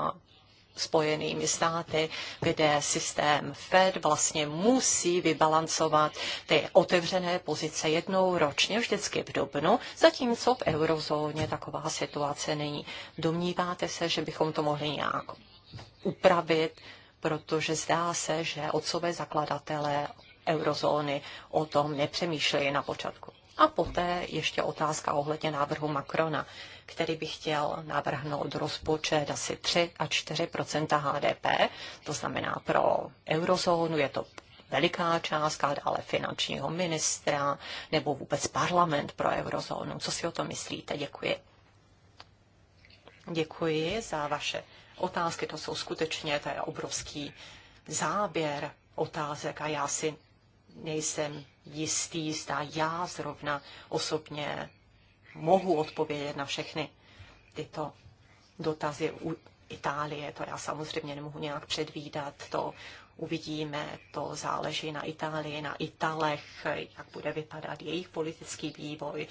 spojenými státy, kde systém Fed vlastně musí vybalancovat ty otevřené pozice jednou ročně, vždycky v dobnu, zatímco v eurozóně taková situace není. Domníváte se, že bychom to mohli nějak upravit, protože zdá se, že otcové zakladatelé eurozóny o tom nepřemýšlejí na počátku. A poté ještě otázka ohledně návrhu Macrona, který by chtěl navrhnout rozpočet asi 3 a 4 HDP, to znamená pro eurozónu je to veliká částka, ale finančního ministra nebo vůbec parlament pro eurozónu. Co si o to myslíte? Děkuji. Děkuji za vaše otázky. To jsou skutečně to je obrovský záběr otázek a já si nejsem jistý, zda já zrovna osobně mohu odpovědět na všechny tyto dotazy u Itálie. To já samozřejmě nemohu nějak předvídat, to uvidíme, to záleží na Itálii, na Italech, jak bude vypadat jejich politický vývoj,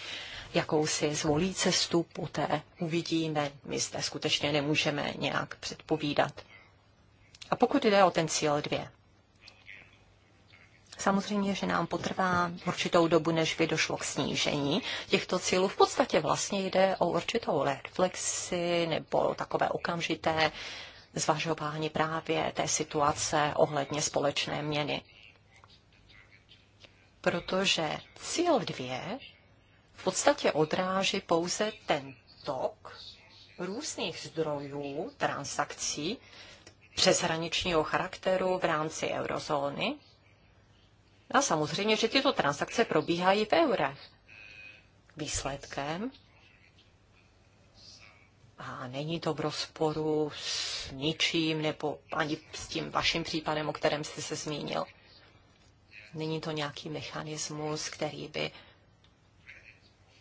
jakou si zvolí cestu, poté uvidíme. My zde skutečně nemůžeme nějak předpovídat. A pokud jde o ten cíl dvě, Samozřejmě, že nám potrvá určitou dobu, než by došlo k snížení těchto cílů. V podstatě vlastně jde o určitou reflexi nebo takové okamžité zvažování právě té situace ohledně společné měny. Protože cíl 2 v podstatě odráží pouze ten tok různých zdrojů transakcí přeshraničního charakteru v rámci eurozóny, a samozřejmě, že tyto transakce probíhají v eurech. Výsledkem a není to v rozporu s ničím nebo ani s tím vaším případem, o kterém jste se zmínil. Není to nějaký mechanismus, který by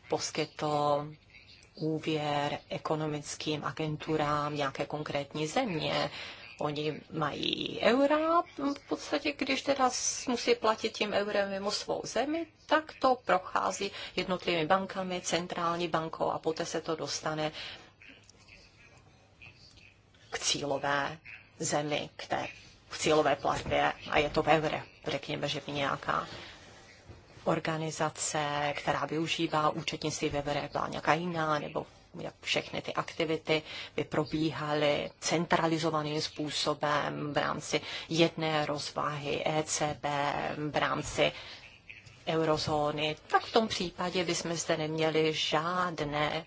poskytl úvěr ekonomickým agenturám nějaké konkrétní země, Oni mají eura, v podstatě, když teda musí platit tím eurem mimo svou zemi, tak to prochází jednotlivými bankami, centrální bankou a poté se to dostane k cílové zemi, k té v cílové platbě a je to v eure, Řekněme, že by nějaká organizace, která využívá účetnictví ve evre, byla nějaká jiná, nebo jak všechny ty aktivity by probíhaly centralizovaným způsobem v rámci jedné rozvahy ECB, v rámci eurozóny, tak v tom případě bychom zde neměli žádné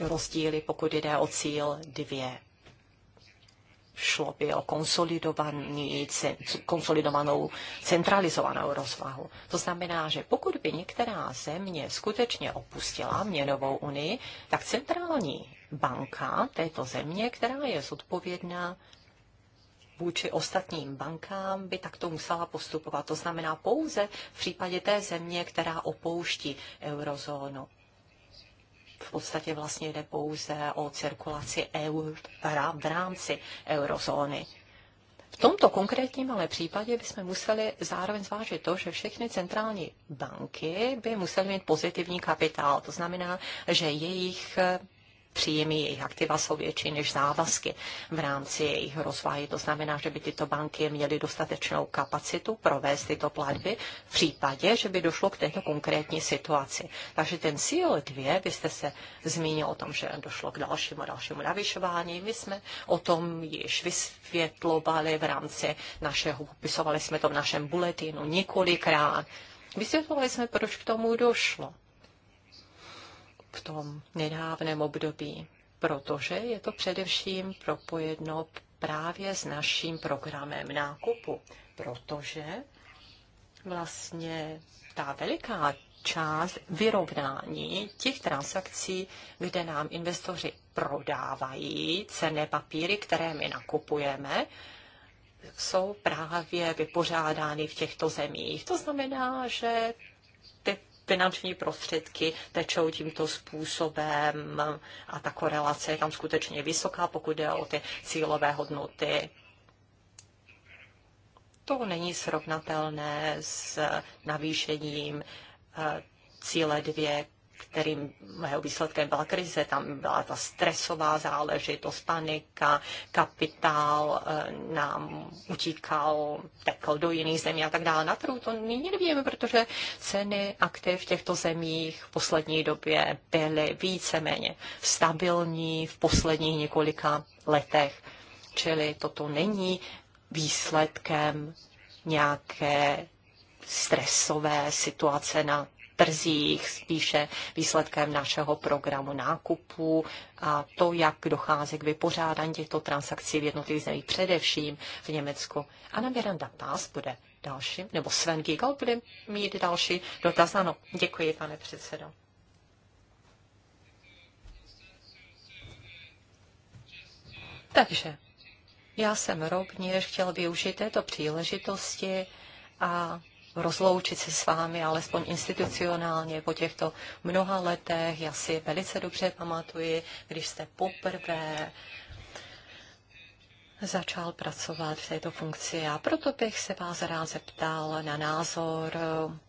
rozdíly, pokud jde o cíl 2 šlo by o konsolidovanou centralizovanou rozvahu. To znamená, že pokud by některá země skutečně opustila měnovou unii, tak centrální banka této země, která je zodpovědná vůči ostatním bankám by takto musela postupovat. To znamená pouze v případě té země, která opouští eurozónu v podstatě vlastně jde pouze o cirkulaci eura v rámci eurozóny. V tomto konkrétním ale případě bychom museli zároveň zvážit to, že všechny centrální banky by musely mít pozitivní kapitál. To znamená, že jejich příjmy, jejich aktiva jsou větší než závazky v rámci jejich rozvahy. To znamená, že by tyto banky měly dostatečnou kapacitu provést tyto platby v případě, že by došlo k této konkrétní situaci. Takže ten cíl 2, vy jste se zmínil o tom, že došlo k dalšímu dalšímu navyšování. My jsme o tom již vysvětlovali v rámci našeho, popisovali jsme to v našem buletinu několikrát. Vysvětlovali jsme, proč k tomu došlo v tom nedávném období, protože je to především propojeno právě s naším programem nákupu, protože vlastně ta veliká část vyrovnání těch transakcí, kde nám investoři prodávají cenné papíry, které my nakupujeme, jsou právě vypořádány v těchto zemích. To znamená, že finanční prostředky tečou tímto způsobem a ta korelace je tam skutečně vysoká, pokud jde o ty cílové hodnoty. To není srovnatelné s navýšením eh, cíle 2 kterým jeho výsledkem byla krize, tam byla ta stresová záležitost, panika, kapitál eh, nám utíkal, tekl do jiných zemí a tak dále. Na trhu to nyní nevíme, protože ceny aktiv v těchto zemích v poslední době byly víceméně stabilní v posledních několika letech. Čili toto není výsledkem nějaké stresové situace na trzích, spíše výsledkem našeho programu nákupu a to, jak dochází k vypořádání těchto transakcí v jednotlivých zemích, především v Německu. a na Miranda Pás bude další, nebo Sven Giegel bude mít další dotaz. Ano, děkuji, pane předsedo. Takže já jsem rovněž chtěl využít této příležitosti a rozloučit se s vámi, alespoň institucionálně po těchto mnoha letech. Já si velice dobře pamatuji, když jste poprvé začal pracovat v této funkci a proto bych se vás rád zeptal na názor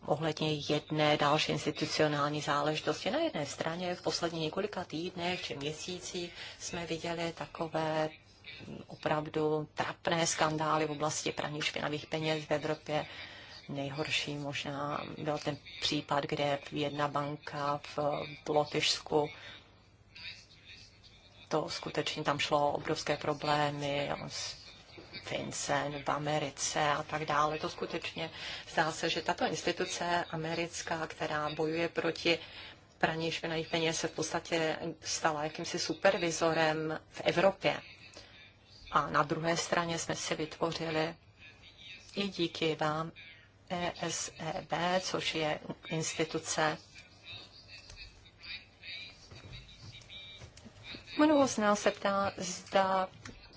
ohledně jedné další institucionální záležitosti. Na jedné straně v posledních několika týdnech či měsících jsme viděli takové opravdu trapné skandály v oblasti praní špinavých peněz v Evropě nejhorší možná byl ten případ, kde jedna banka v Lotyšsku to skutečně tam šlo obrovské problémy s Vincent v Americe a tak dále. To skutečně zdá se, že tato instituce americká, která bojuje proti praní špinavých peněz, se v podstatě stala jakýmsi supervizorem v Evropě. A na druhé straně jsme si vytvořili i díky vám ESEB, což je instituce Mnoho z nás se ptá, zda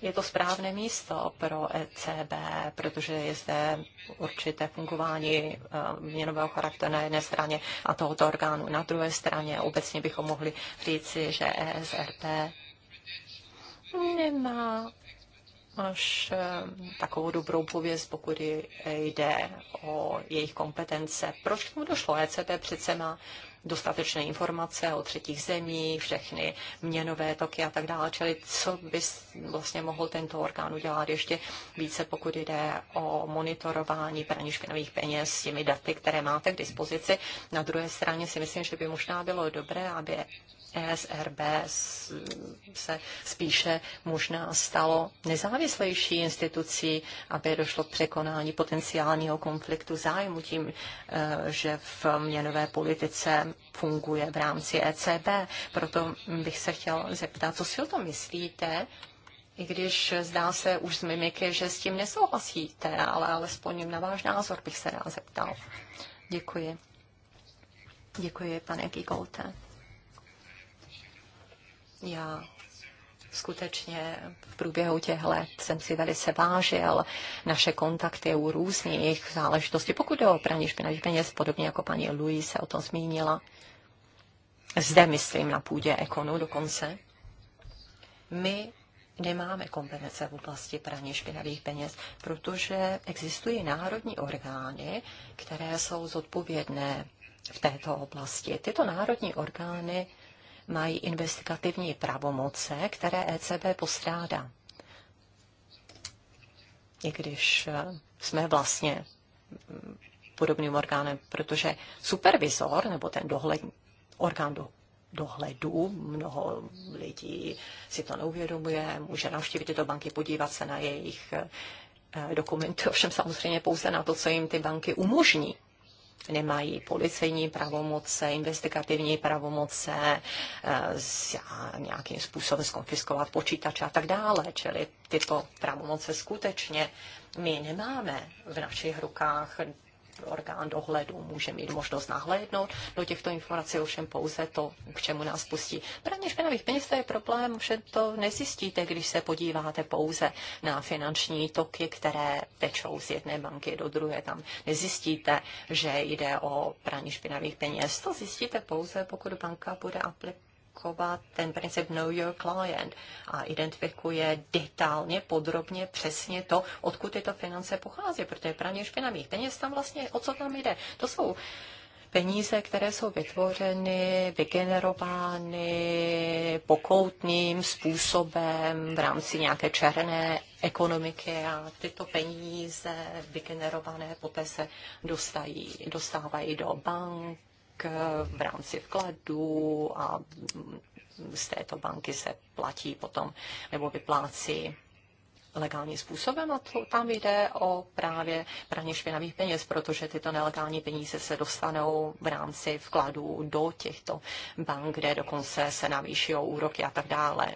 je to správné místo pro ECB, protože je zde určité fungování e, měnového charakteru na jedné straně a tohoto orgánu na druhé straně. Obecně bychom mohli říci, že ESRP nemá až eh, takovou dobrou pověst, pokud jde o jejich kompetence. Proč k tomu došlo? ECB přece má dostatečné informace o třetích zemích, všechny měnové toky a tak dále. Čili co by vlastně mohl tento orgán udělat ještě více, pokud jde o monitorování praní špinavých peněz s těmi daty, které máte k dispozici. Na druhé straně si myslím, že by možná bylo dobré, aby ESRB se spíše možná stalo nezávislejší institucí, aby došlo k překonání potenciálního konfliktu zájmu tím, eh, že v měnové politice funguje v rámci ECB. Proto bych se chtěl zeptat, co si o tom myslíte, i když zdá se už z mimiky, že s tím nesouhlasíte, ale alespoň na váš názor bych se rád zeptal. Děkuji. Děkuji, pane Gigolte. Já skutečně v průběhu těch let jsem si velice vážil naše kontakty u různých záležitostí, pokud jde o praní špinavý peněz, podobně jako paní Louise se o tom zmínila. Zde myslím na půdě ekonu dokonce. My nemáme kompetence v oblasti praní špinavých peněz, protože existují národní orgány, které jsou zodpovědné v této oblasti. Tyto národní orgány mají investigativní pravomoce, které ECB postrádá. I když eh, jsme vlastně mm, podobným orgánem, protože supervizor nebo ten dohled, orgán do, dohledu, mnoho lidí si to neuvědomuje, může navštívit tyto banky, podívat se na jejich eh, dokumenty, ovšem samozřejmě pouze na to, co jim ty banky umožní nemají policejní pravomoce, investigativní pravomoce, eh, nějakým způsobem skonfiskovat počítače a tak dále. Čili tyto pravomoce skutečně my nemáme v našich rukách orgán dohledu může mít možnost nahlédnout do těchto informací, ovšem pouze to, k čemu nás pustí. Praní špinavých peněz to je problém, že to nezjistíte, když se podíváte pouze na finanční toky, které tečou z jedné banky do druhé. Tam nezjistíte, že jde o praní špinavých peněz. To zjistíte pouze, pokud banka bude aplikovat aplikovat ten princip Know Your Client a identifikuje detailně, podrobně, přesně to, odkud tyto finance pochází, protože špinavý. Ten je tam vlastně, o co tam jde. To jsou peníze, které jsou vytvořeny, vygenerovány pokoutným způsobem v rámci nějaké černé ekonomiky a tyto peníze vygenerované poté se dostají, dostávají do bank, Eh, v rámci vkladů a z této banky se platí potom nebo vyplácí legálním způsobem a to, tam jde o právě praně špinavých peněz, protože tyto nelegální peníze se dostanou v rámci vkladů do těchto bank, kde dokonce se navýší úroky a tak dále.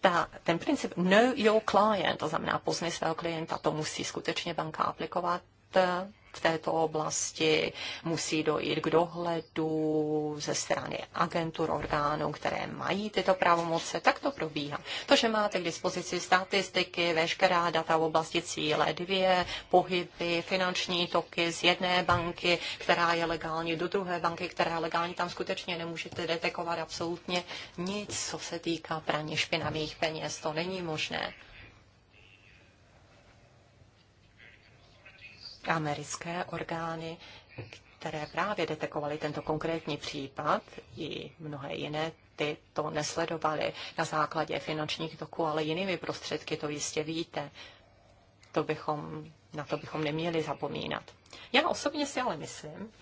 Ta, ten princip know your client, to znamená poznej svého klienta, to musí skutečně banka aplikovat eh, v této oblasti, musí dojít k dohledu ze strany agentur, orgánů, které mají tyto pravomoce, tak to probíhá. To, že máte k dispozici statistiky, veškerá data v oblasti cíle dvě, pohyby, finanční toky z jedné banky, která je legální, do druhé banky, která je legální, tam skutečně nemůžete detekovat absolutně nic, co se týká praní špinavých peněz. To není možné. americké orgány, které právě detekovaly tento konkrétní případ i mnohé jiné, ty to nesledovaly na základě finančních toků, ale jinými prostředky, to jistě víte. To bychom, na to bychom neměli zapomínat. Já osobně si ale myslím,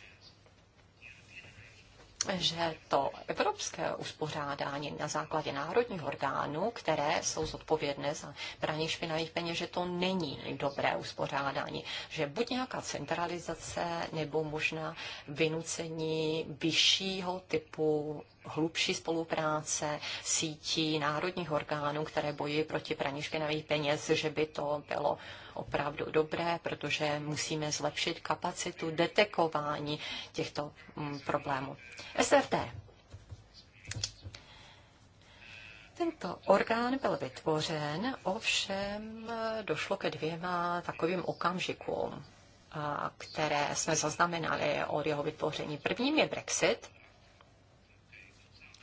že to evropské uspořádání na základě národních orgánů, které jsou zodpovědné za praní špinavých peněz, že to není dobré uspořádání. Že buď nějaká centralizace nebo možná vynucení vyššího typu hlubší spolupráce sítí národních orgánů, které bojují proti praní špinavých peněz, že by to bylo opravdu dobré, protože musíme zlepšit kapacitu detekování těchto mm, problémů. SRT. Tento orgán byl vytvořen, ovšem došlo ke dvěma takovým okamžikům, které jsme zaznamenali od jeho vytvoření. Prvním je Brexit.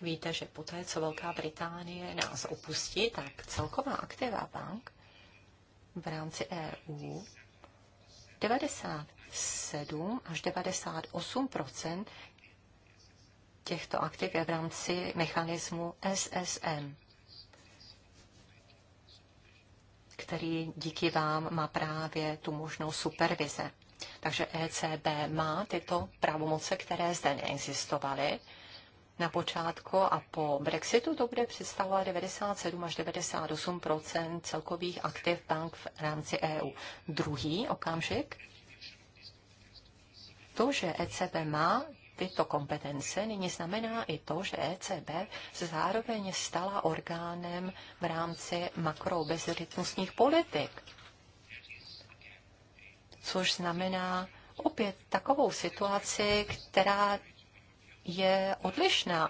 Víte, že poté, co Velká Británie nás opustí, tak celková aktiva bank v rámci EU 97 až 98 těchto aktiv je v rámci mechanismu SSM, který díky vám má právě tu možnou supervize. Takže ECB má tyto pravomoce, které zde neexistovaly na počátku a po Brexitu to bude představovat 97 až 98 celkových aktiv bank v rámci EU. Druhý okamžik, to, že ECB má tyto kompetence nyní znamená i to, že ECB se zároveň stala orgánem v rámci makrobezrytnostních politik. Což znamená opět takovou situaci, která je odlišná.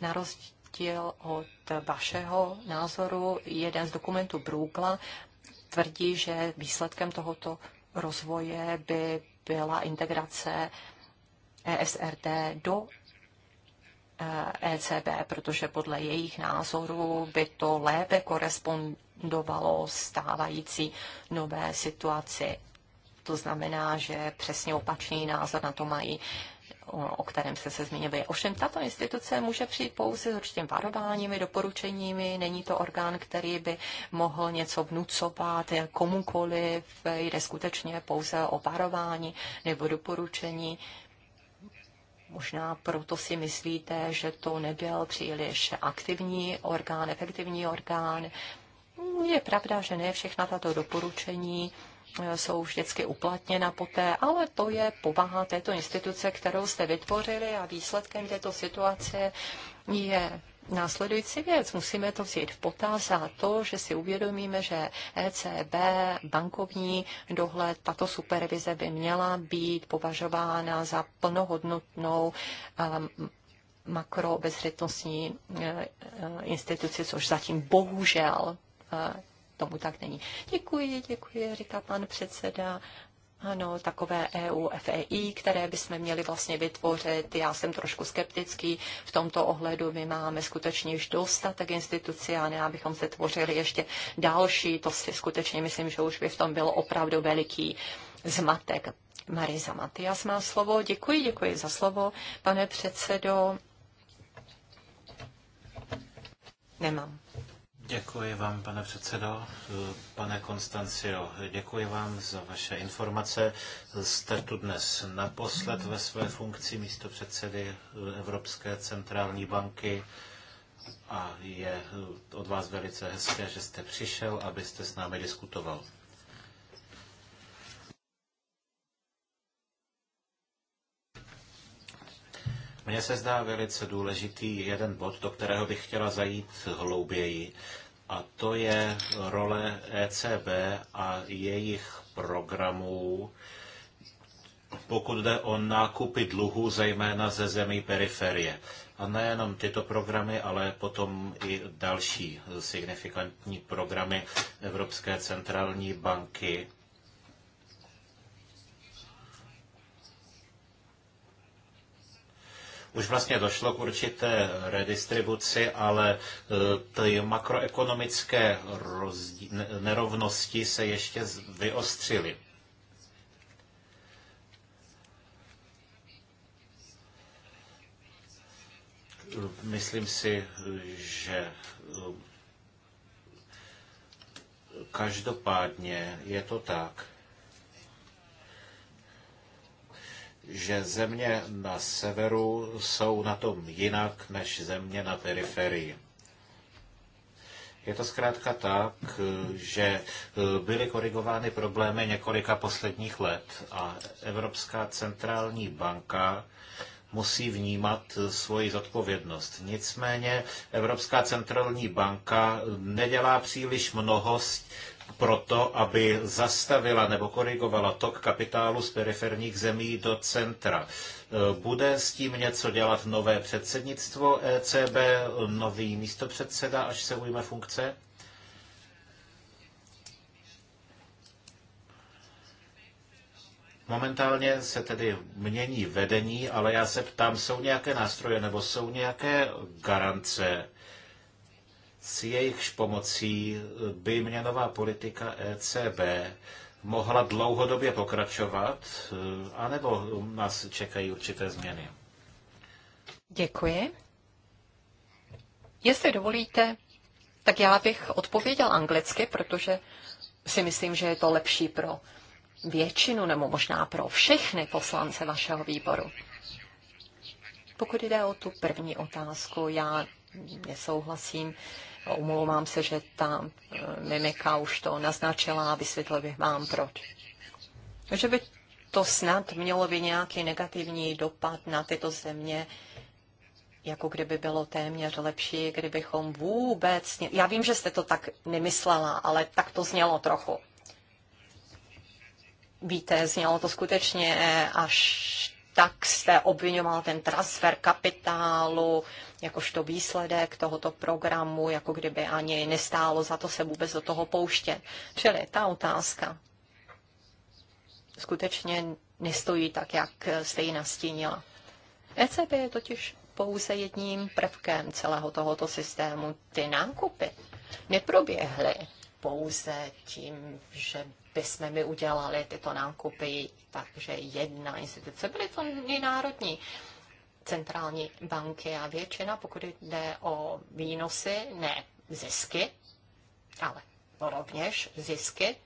Na rozdíl od vašeho názoru, jeden z dokumentů Brugla tvrdí, že výsledkem tohoto rozvoje by byla integrace ESRD do ECB, eh, e protože podle jejich názoru by to lépe korespondovalo stávající nové situaci. To znamená, že přesně opačný názor na to mají o kterém jste se zmínili. Ovšem tato instituce může přijít pouze s určitým varováními, doporučeními. Není to orgán, který by mohl něco vnucovat komukoliv. Jde skutečně pouze o varování nebo doporučení. Možná proto si myslíte, že to nebyl příliš aktivní orgán, efektivní orgán. Je pravda, že ne všechna tato doporučení jsou vždycky uplatněna poté, ale to je povaha této instituce, kterou jste vytvořili a výsledkem této situace je následující věc. Musíme to vzít v potaz a to, že si uvědomíme, že ECB, bankovní dohled, tato supervize by měla být považována za plnohodnotnou um, makrobezřetnostní uh, eh, eh, instituci, což zatím bohužel eh, tomu tak není. Děkuji, děkuji, říká pan předseda. Ano, takové EU, FEI, které bychom měli vlastně vytvořit. Já jsem trošku skeptický v tomto ohledu. My máme skutečně již dostatek institucí a ne, abychom se tvořili ještě další. To si skutečně myslím, že už by v tom byl opravdu veliký zmatek. Marisa Matias má slovo. Děkuji, děkuji za slovo, pane předsedo. Nemám Děkuji vám, pane předsedo. Pane Konstancio, děkuji vám za vaše informace. Jste tu dnes naposled ve své funkci místo předsedy Evropské centrální banky a je od vás velice hezké, že jste přišel, abyste s námi diskutoval. Mně se zdá velice důležitý jeden bod, do kterého bych chtěla zajít hlouběji, a to je role ECB a jejich programů, pokud jde o nákupy dluhů, zejména ze zemí periferie. A nejenom tyto programy, ale potom i další signifikantní programy Evropské centrální banky, už vlastně došlo k určité redistribuci, ale e, ty makroekonomické rozdí- nerovnosti se ještě vyostřily. Myslím si, že e, každopádně je to tak, že země na severu jsou na tom jinak než země na periferii. Je to zkrátka tak, že byly korigovány problémy několika posledních let a Evropská centrální banka musí vnímat svoji zodpovědnost. Nicméně Evropská centrální banka nedělá příliš mnoho proto, aby zastavila nebo korigovala tok kapitálu z periferních zemí do centra. E, bude s tím něco dělat nové předsednictvo ECB, nový místopředseda, až se ujme funkce? Momentálně se tedy mění vedení, ale já se ptám, jsou nějaké nástroje nebo jsou nějaké garance, s jejichž pomocí by měnová politika ECB mohla dlouhodobě pokračovat, eh, anebo nás čekají určité změny? Děkuji. Jestli dovolíte, tak já bych odpověděl anglicky, protože si myslím, že je to lepší pro většinu nebo možná pro všechny poslance vašeho výboru. Pokud jde o tu první otázku, já nesouhlasím. Omlouvám se, že ta eh, mimika už to naznačila a vysvětlil bych vám proč. Že by to snad mělo by nějaký negativní dopad na tyto země, jako kdyby bylo téměř lepší, kdybychom vůbec... Já vím, že jste to tak nemyslela, ale tak to znělo trochu. Víte, znělo to skutečně až tak jste obvinoval ten transfer kapitálu, jakožto výsledek tohoto programu, jako kdyby ani nestálo za to se vůbec do toho pouštět. Čili ta otázka skutečně nestojí tak, jak jste ji nastínila. ECB je totiž pouze jedním prvkem celého tohoto systému. Ty nákupy neproběhly pouze tím, že bychom my udělali tyto nákupy, takže jedna instituce, byly to i národní centrální banky a většina, pokud jde o výnosy, ne zisky, ale rovněž zisky,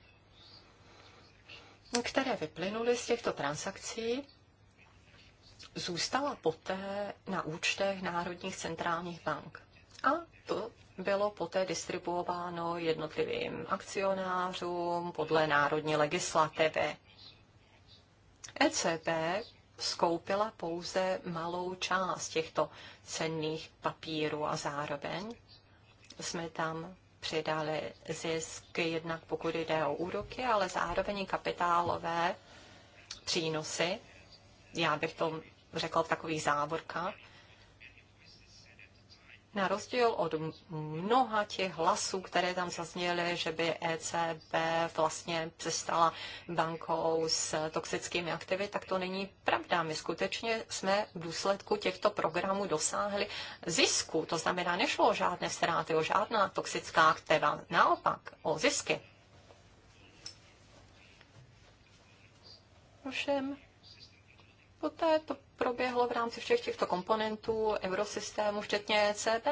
které vyplynuly z těchto transakcí, zůstala poté na účtech národních centrálních bank. A to bylo poté distribuováno jednotlivým akcionářům podle národní legislativy. ECB skoupila pouze malou část těchto cenných papírů a zároveň jsme tam přidali zisky jednak pokud jde o úroky, ale zároveň i kapitálové přínosy. Já bych to řekla v takových závorkách na rozdíl od mnoha těch hlasů, které tam zazněly, že by ECB vlastně přestala bankou s toxickými aktivy, tak to není pravda. My skutečně jsme v důsledku těchto programů dosáhli zisku. To znamená, nešlo o žádné ztráty, o žádná toxická aktiva, naopak o zisky. Ovšem, poté to proběhlo v rámci všech těchto komponentů eurosystému, včetně ECB.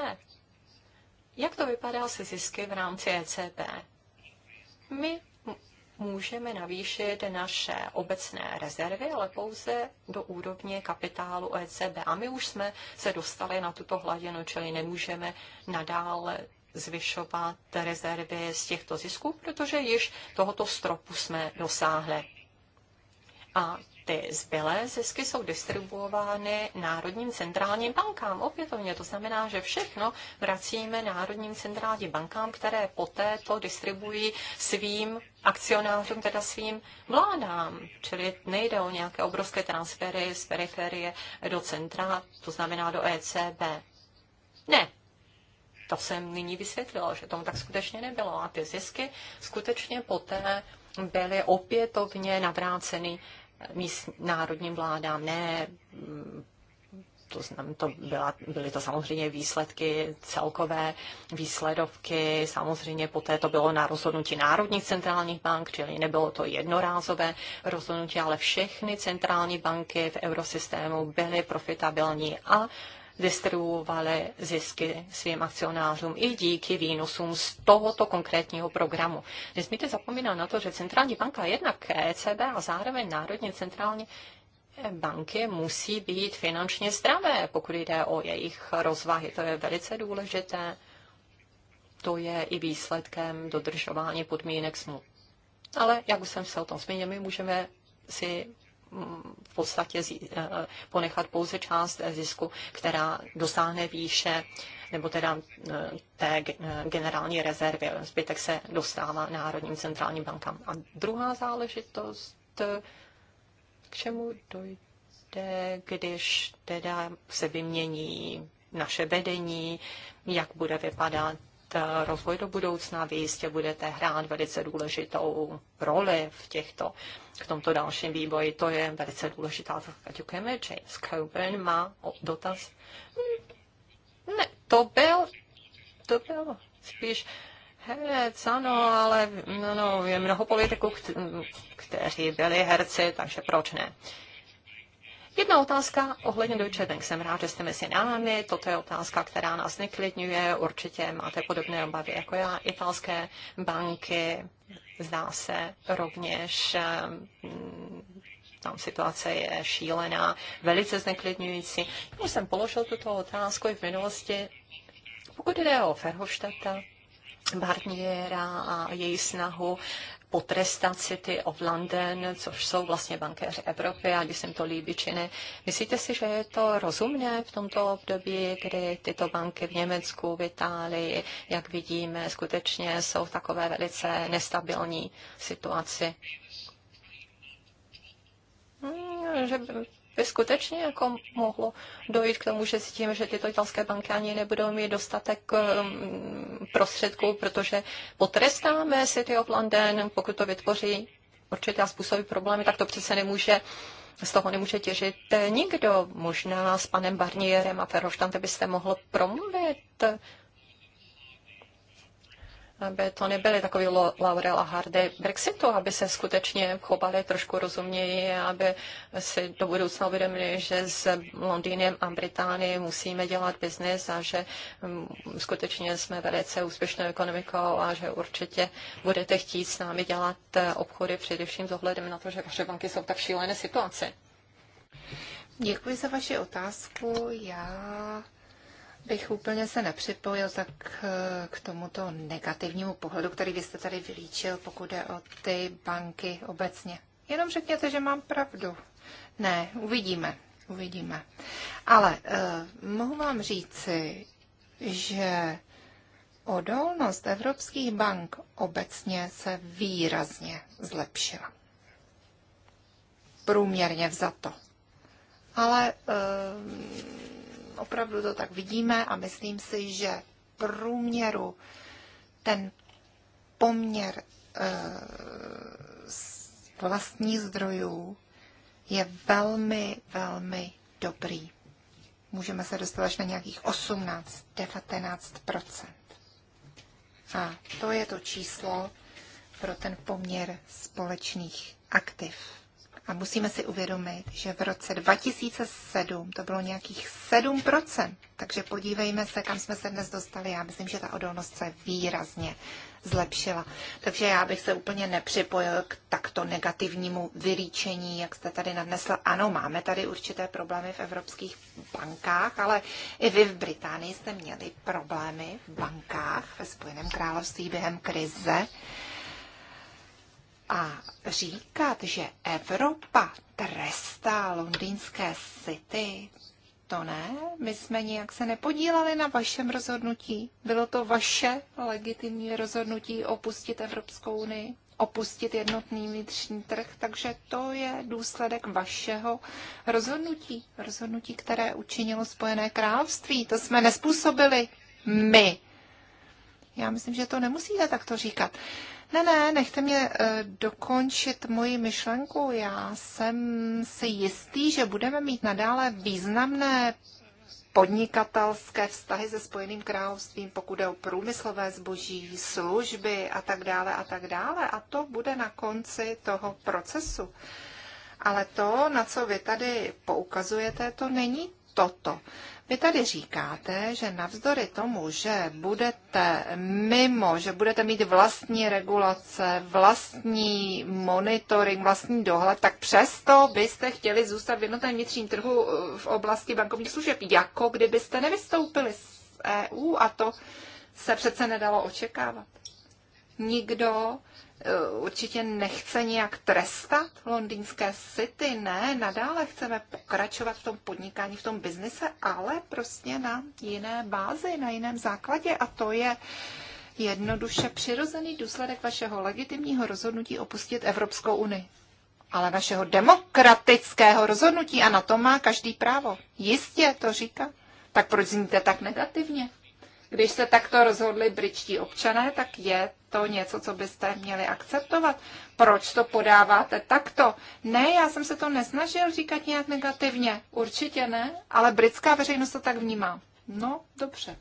Jak to vypadá se zisky v rámci ECB? My můžeme navýšit naše obecné rezervy, ale pouze do úrovně kapitálu ECB. A my už jsme se dostali na tuto hladinu, čili nemůžeme nadále zvyšovat rezervy z těchto zisků, protože již tohoto stropu jsme dosáhli. A ty zbylé zisky jsou distribuovány Národním centrálním bankám. Opětovně to znamená, že všechno vracíme Národním centrálním bankám, které poté to distribuují svým akcionářům, teda svým vládám. Čili nejde o nějaké obrovské transfery z periferie do centra, to znamená do ECB. Ne, to jsem nyní vysvětlila, že tomu tak skutečně nebylo. A ty zisky skutečně poté byly opětovně navráceny míst, národním vládám, ne to, znam, to byla, byly to samozřejmě výsledky, celkové výsledovky, samozřejmě poté to bylo na rozhodnutí národních centrálních bank, čili nebylo to jednorázové rozhodnutí, ale všechny centrální banky v eurosystému byly profitabilní a distribuovali zisky svým akcionářům i díky výnosům z tohoto konkrétního programu. Nesmíte zapomínat na to, že Centrální banka jednak ECB a zároveň Národní centrální banky musí být finančně zdravé, pokud jde o jejich rozvahy. To je velice důležité. To je i výsledkem dodržování podmínek smluv. Ale, jak už jsem se o tom zmínil, my můžeme si v podstatě eh, ponechat pouze část zisku, která dosáhne výše nebo teda eh, té eh, generální rezervy. Zbytek se dostává Národním centrálním bankám. A druhá záležitost, k čemu dojde, když teda se vymění naše vedení, jak bude vypadat Eh, rozvoj do budoucna. Vy jistě budete hrát velice důležitou roli v, těchto, v tomto dalším výboji. To je velice důležitá zase. Děkujeme. James Coburn má dotaz. Ne, to byl, to byl spíš herec, ano, ale no, no, je mnoho politiků, kteří byli herci, takže proč ne? Uh, Jedna otázka ohledně Deutsche Bank. Jsem rád, že jste mezi námi. Toto je otázka, která nás neklidňuje. Určitě máte podobné obavy jako já. Italské banky, zdá se rovněž, ehm, tam situace je šílená, velice zneklidňující. Já jsem položil tuto otázku i v minulosti. Pokud jde o Ferhofštata, Barniera a její snahu potrestat City of London, což jsou vlastně bankéři Evropy, když jsem to líbí či ne. Myslíte si, že je to rozumné v tomto období, kdy tyto banky v Německu, v Itálii, jak vidíme, skutečně jsou v takové velice nestabilní situaci? Hmm, že by skutečně jako mohlo dojít k tomu, že s tím, že tyto italské banky ani nebudou mít dostatek um, prostředků, protože potrestáme City of London, pokud to vytvoří určitě způsobí problémy, tak to přece nemůže z toho nemůže těžit eh, nikdo. Možná s panem Barnierem a Ferroštante byste mohl promluvit aby to nebyly takový Laurel a Hardy Brexitu, aby se skutečně chovali trošku rozuměji, aby si do budoucna uvědomili, že s Londýnem a Británií musíme dělat biznis a že mm, skutečně jsme velice úspěšnou ekonomikou a že určitě budete chtít s námi dělat eh, obchody především s ohledem na to, že vaše banky jsou tak šílené situace. Děkuji za vaši otázku. Já bych úplně se nepřipojil tak eh, k tomuto negativnímu pohledu, který byste jste tady vylíčil, pokud jde o ty banky obecně. Jenom řekněte, že mám pravdu. Ne, uvidíme, uvidíme. Ale eh, mohu vám říci, že odolnost evropských bank obecně se výrazně zlepšila. Průměrně vzato. Ale eh, opravdu to tak vidíme a myslím si, že průměru ten poměr eh, vlastních zdrojů je velmi, velmi dobrý. Můžeme se dostat až na nějakých 18-19 A to je to číslo pro ten poměr společných aktiv. A musíme si uvědomit, že v roce 2007 to bylo nějakých 7%. Takže podívejme se, kam jsme se dnes dostali. Já myslím, že ta odolnost se výrazně zlepšila. Takže já bych se úplně nepřipojil k takto negativnímu vylíčení, jak jste tady nadnesl. Ano, máme tady určité problémy v evropských bankách, ale i vy v Británii jste měli problémy v bankách ve Spojeném království během krize. A říkat, že Evropa trestá londýnské city, to ne, my jsme nijak se nepodílali na vašem rozhodnutí. Bylo to vaše legitimní rozhodnutí opustit Evropskou unii, opustit jednotný vnitřní trh, takže to je důsledek vašeho rozhodnutí. Rozhodnutí, které učinilo Spojené království, to jsme nespůsobili my. Já myslím, že to nemusíte takto říkat. Ne, ne, nechte mě eh, dokončit moji myšlenku. Já jsem si jistý, že budeme mít nadále významné podnikatelské vztahy se Spojeným královstvím, pokud jde o průmyslové zboží, služby a tak dále a tak dále. A to bude na konci toho procesu. Ale to, na co vy tady poukazujete, to není toto. Vy tady říkáte, že navzdory tomu, že budete mimo, že budete mít vlastní regulace, vlastní monitoring, vlastní dohled, tak přesto byste chtěli zůstat v jednotném vnitřním trhu eh, v oblasti bankovních služeb, jako kdybyste nevystoupili z EU a to se přece nedalo očekávat. Nikdo Eh, určitě nechce nějak trestat londýnské city, ne, nadále chceme pokračovat v tom podnikání, v tom biznise, ale prostě na jiné bázi, na jiném základě a to je jednoduše přirozený důsledek vašeho legitimního rozhodnutí opustit Evropskou unii. Ale vašeho demokratického rozhodnutí a na to má každý právo. Jistě to říká. Tak proč zníte tak negativně? Když se takto rozhodli britští občané, tak je to něco, co byste měli akceptovat? Proč to podáváte takto? Ne, já jsem se to nesnažil říkat nějak negativně. Určitě ne, ale britská veřejnost to tak vnímá. No, dobře.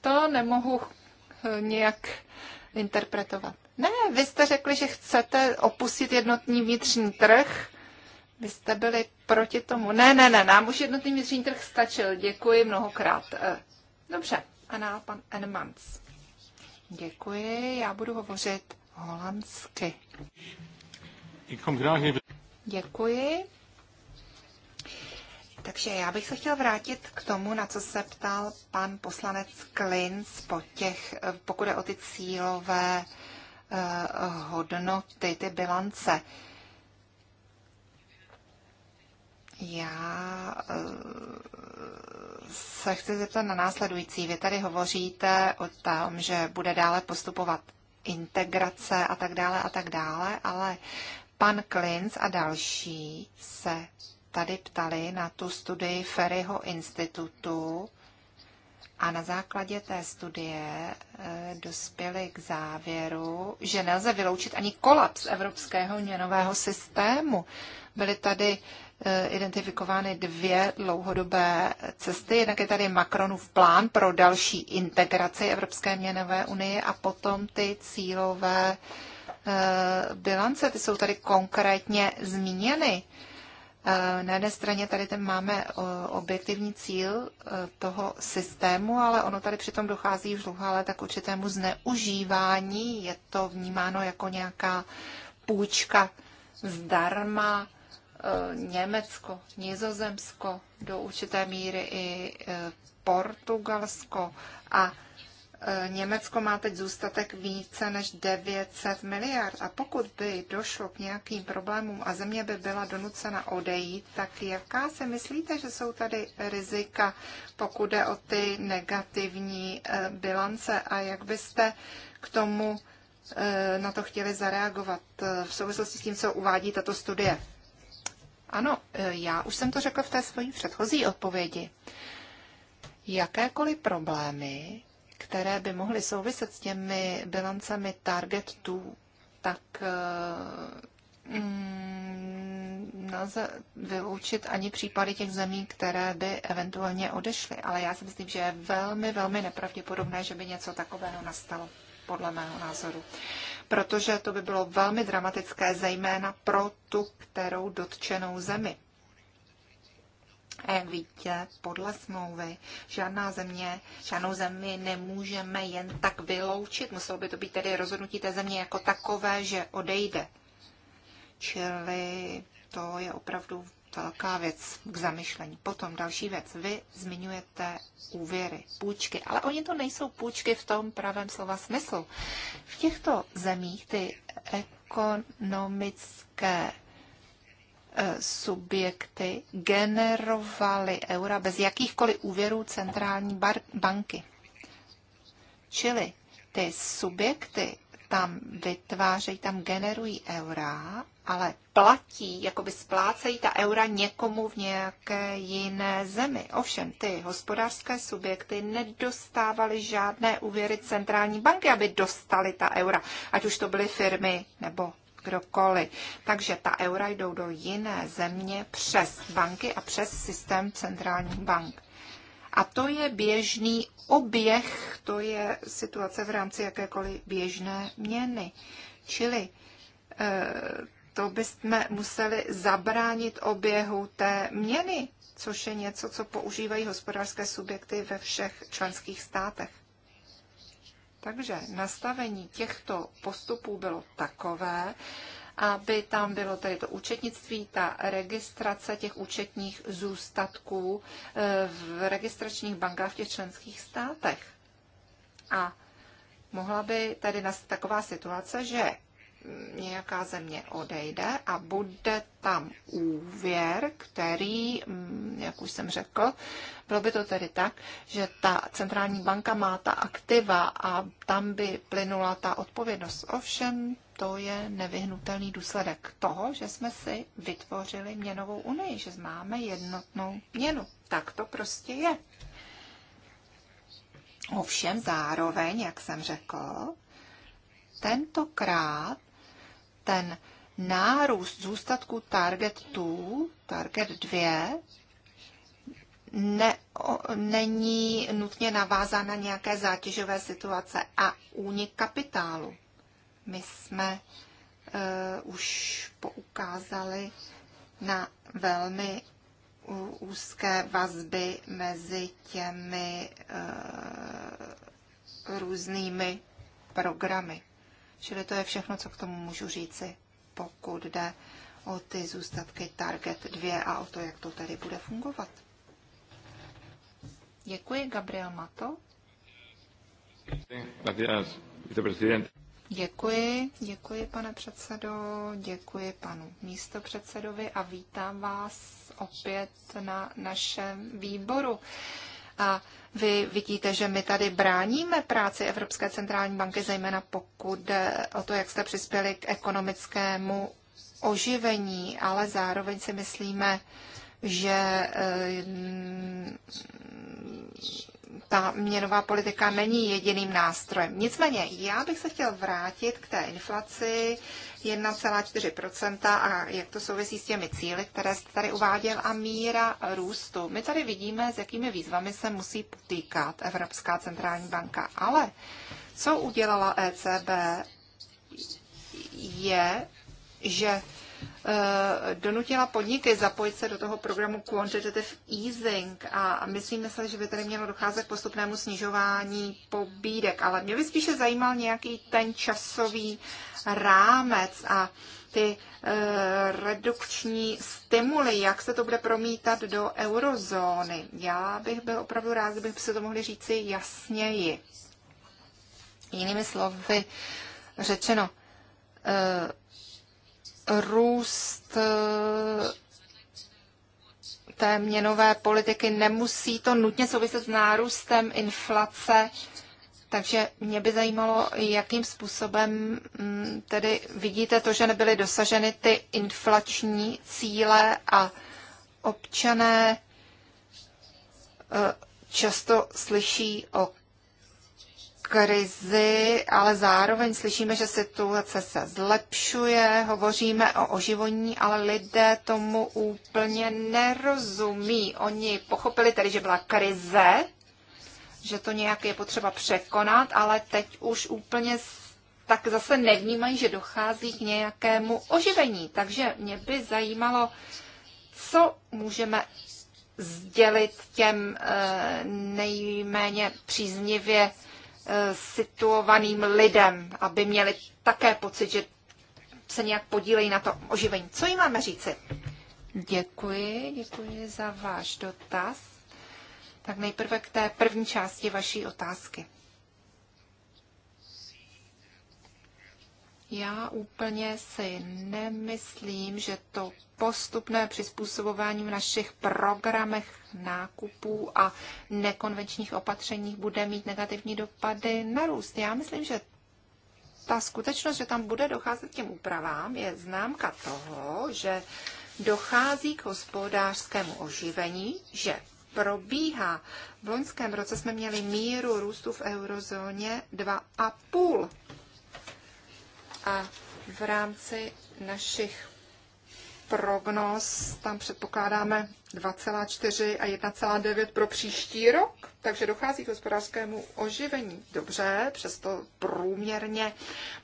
To nemohu eh, nějak interpretovat. Ne, vy jste řekli, že chcete opustit jednotný vnitřní trh. Vy jste byli proti tomu. Ne, ne, ne, nám už jednotný vnitřní trh stačil. Děkuji mnohokrát. Eh, dobře, a dál pan Enmans. Děkuji, já budu hovořit holandsky. Děkuji. Takže já bych se chtěl vrátit k tomu, na co se ptal pan poslanec Klins po těch, pokud je o ty cílové eh, hodnoty, ty bilance. Já eh, se chci zeptat na následující. Vy tady hovoříte o tom, že bude dále postupovat integrace a tak dále a tak dále, ale pan Klinc a další se tady ptali na tu studii Ferryho institutu a na základě té studie eh, dospěli k závěru, že nelze vyloučit ani kolaps evropského měnového systému. Byly tady Eh, identifikovány dvě dlouhodobé cesty. Jednak je tady Macronův plán pro další integraci Evropské měnové unie a potom ty cílové eh, bilance, ty jsou tady konkrétně zmíněny. Eh, na jedné straně tady ten máme objektivní cíl toho systému, ale ono tady přitom dochází už dlouhá léta k určitému zneužívání. Je to vnímáno jako nějaká půjčka zdarma Eh, Německo, Nizozemsko, do určité míry i eh, Portugalsko a eh, Německo má teď zůstatek více než 900 miliard a pokud by došlo k nějakým problémům a země by byla donucena odejít, tak jaká se myslíte, že jsou tady rizika, pokud jde o ty negativní bilance a jak byste k tomu na to chtěli zareagovat v souvislosti s tím, co uvádí tato studie? Ano, e, já už jsem to řekla v té svojí předchozí odpovědi. Jakékoliv problémy, které by mohly souviset s těmi bilancemi Target 2, tak e, mm, nelze vyloučit ani případy těch zemí, které by eventuálně odešly. Ale já si myslím, že je velmi, velmi nepravděpodobné, že by něco takového nastalo, podle mého názoru. Uh, protože to by bylo velmi dramatické, zejména pro tu, kterou dotčenou zemi. A jak víte, podle smlouvy žádná země, žádnou zemi nemůžeme jen tak vyloučit. Muselo by to být tedy rozhodnutí té země jako takové, že odejde. Čili to je opravdu velká věc k zamyšlení. Potom další věc. Vy zmiňujete úvěry, půjčky, ale oni to nejsou půjčky v tom pravém slova smyslu. V těchto zemích ty ekonomické e, subjekty generovaly eura bez jakýchkoliv úvěrů centrální banky. Čili ty subjekty tam vytvářejí, tam generují eura ale platí, jakoby splácejí ta eura někomu v nějaké jiné zemi. Ovšem, ty hospodářské subjekty nedostávaly žádné úvěry centrální banky, aby dostali ta eura, ať už to byly firmy nebo kdokoliv. Takže ta eura jdou do jiné země přes banky a přes systém centrálních bank. A to je běžný oběh, to je situace v rámci jakékoliv běžné měny. Čili eh, to bychom museli zabránit oběhu té měny, což je něco, co používají hospodářské subjekty ve všech členských státech. Takže nastavení těchto postupů bylo takové, aby tam bylo tady to účetnictví, ta registrace těch účetních zůstatků eh, v registračních bankách v těch členských státech. A mohla by tady nastat taková situace, že nějaká země odejde a bude tam úvěr, který, mm, jak už jsem řekl, bylo by to tedy tak, že ta centrální banka má ta aktiva a tam by plynula ta odpovědnost. Ovšem, to je nevyhnutelný důsledek toho, že jsme si vytvořili měnovou unii, že máme jednotnou měnu. Tak to prostě je. Ovšem zároveň, jak jsem řekl, tentokrát ten nárůst zůstatku Target 2, Target 2, ne, o, není nutně navázán na nějaké zátěžové situace a únik kapitálu. My jsme e, už poukázali na velmi úzké vazby mezi těmi e, různými programy. Čili to je všechno, co k tomu můžu říci, pokud jde o ty zůstatky Target 2 a o to, jak to tady bude fungovat. Děkuji, Gabriel Mato. Děkuji, děkuji pane předsedo, děkuji panu místopředsedovi a vítám vás opět na našem výboru. A vy vidíte, že my tady bráníme práci Evropské centrální banky, zejména pokud jde o to, jak jste přispěli k ekonomickému oživení, ale zároveň si myslíme, že eh, ta měnová politika není jediným nástrojem. Nicméně, já bych se chtěl vrátit k té inflaci 1,4% a jak to souvisí s těmi cíly, které jste tady uváděl, a míra růstu. My tady vidíme, s jakými výzvami se musí potýkat Evropská centrální banka. Ale co udělala ECB, je, že Eh, donutila podniky zapojit se do toho programu Quantitative Easing a myslíme se, že by tady mělo docházet k postupnému snižování pobídek, ale mě by spíše zajímal nějaký ten časový rámec a ty e, redukční stimuly, jak se to bude promítat do eurozóny. Já bych byl opravdu rád, kdybych se to mohli říci jasněji. Jinými slovy řečeno, e, růst eh, té měnové politiky nemusí to nutně souviset s nárůstem inflace, takže mě by zajímalo, jakým způsobem mm, tedy vidíte to, že nebyly dosaženy ty inflační cíle a občané eh, často slyší o krizi, ale zároveň slyšíme, že situace se zlepšuje, hovoříme o oživení, ale lidé tomu úplně nerozumí. Oni pochopili tedy, že byla krize, že to nějak je potřeba překonat, ale teď už úplně tak zase nevnímají, že dochází k nějakému oživení. Takže mě by zajímalo, co můžeme sdělit těm eh, nejméně příznivě Eh, situovaným lidem, aby měli také pocit, že se nějak podílejí na to oživení. Co jim máme říci? Děkuji, děkuji za váš dotaz. Tak nejprve k té první části vaší otázky. Já úplně si nemyslím, že to postupné přizpůsobování v našich programech nákupů a nekonvenčních opatřeních bude mít negativní dopady na růst. Já myslím, že ta skutečnost, že tam bude docházet k těm úpravám, je známka toho, že dochází k hospodářskému oživení, že probíhá. V loňském roce jsme měli míru růstu v eurozóně 2,5 a v rámci našich prognóz tam předpokládáme 2,4 a 1,9 pro příští rok, takže dochází k hospodářskému oživení. Dobře, přesto průměrně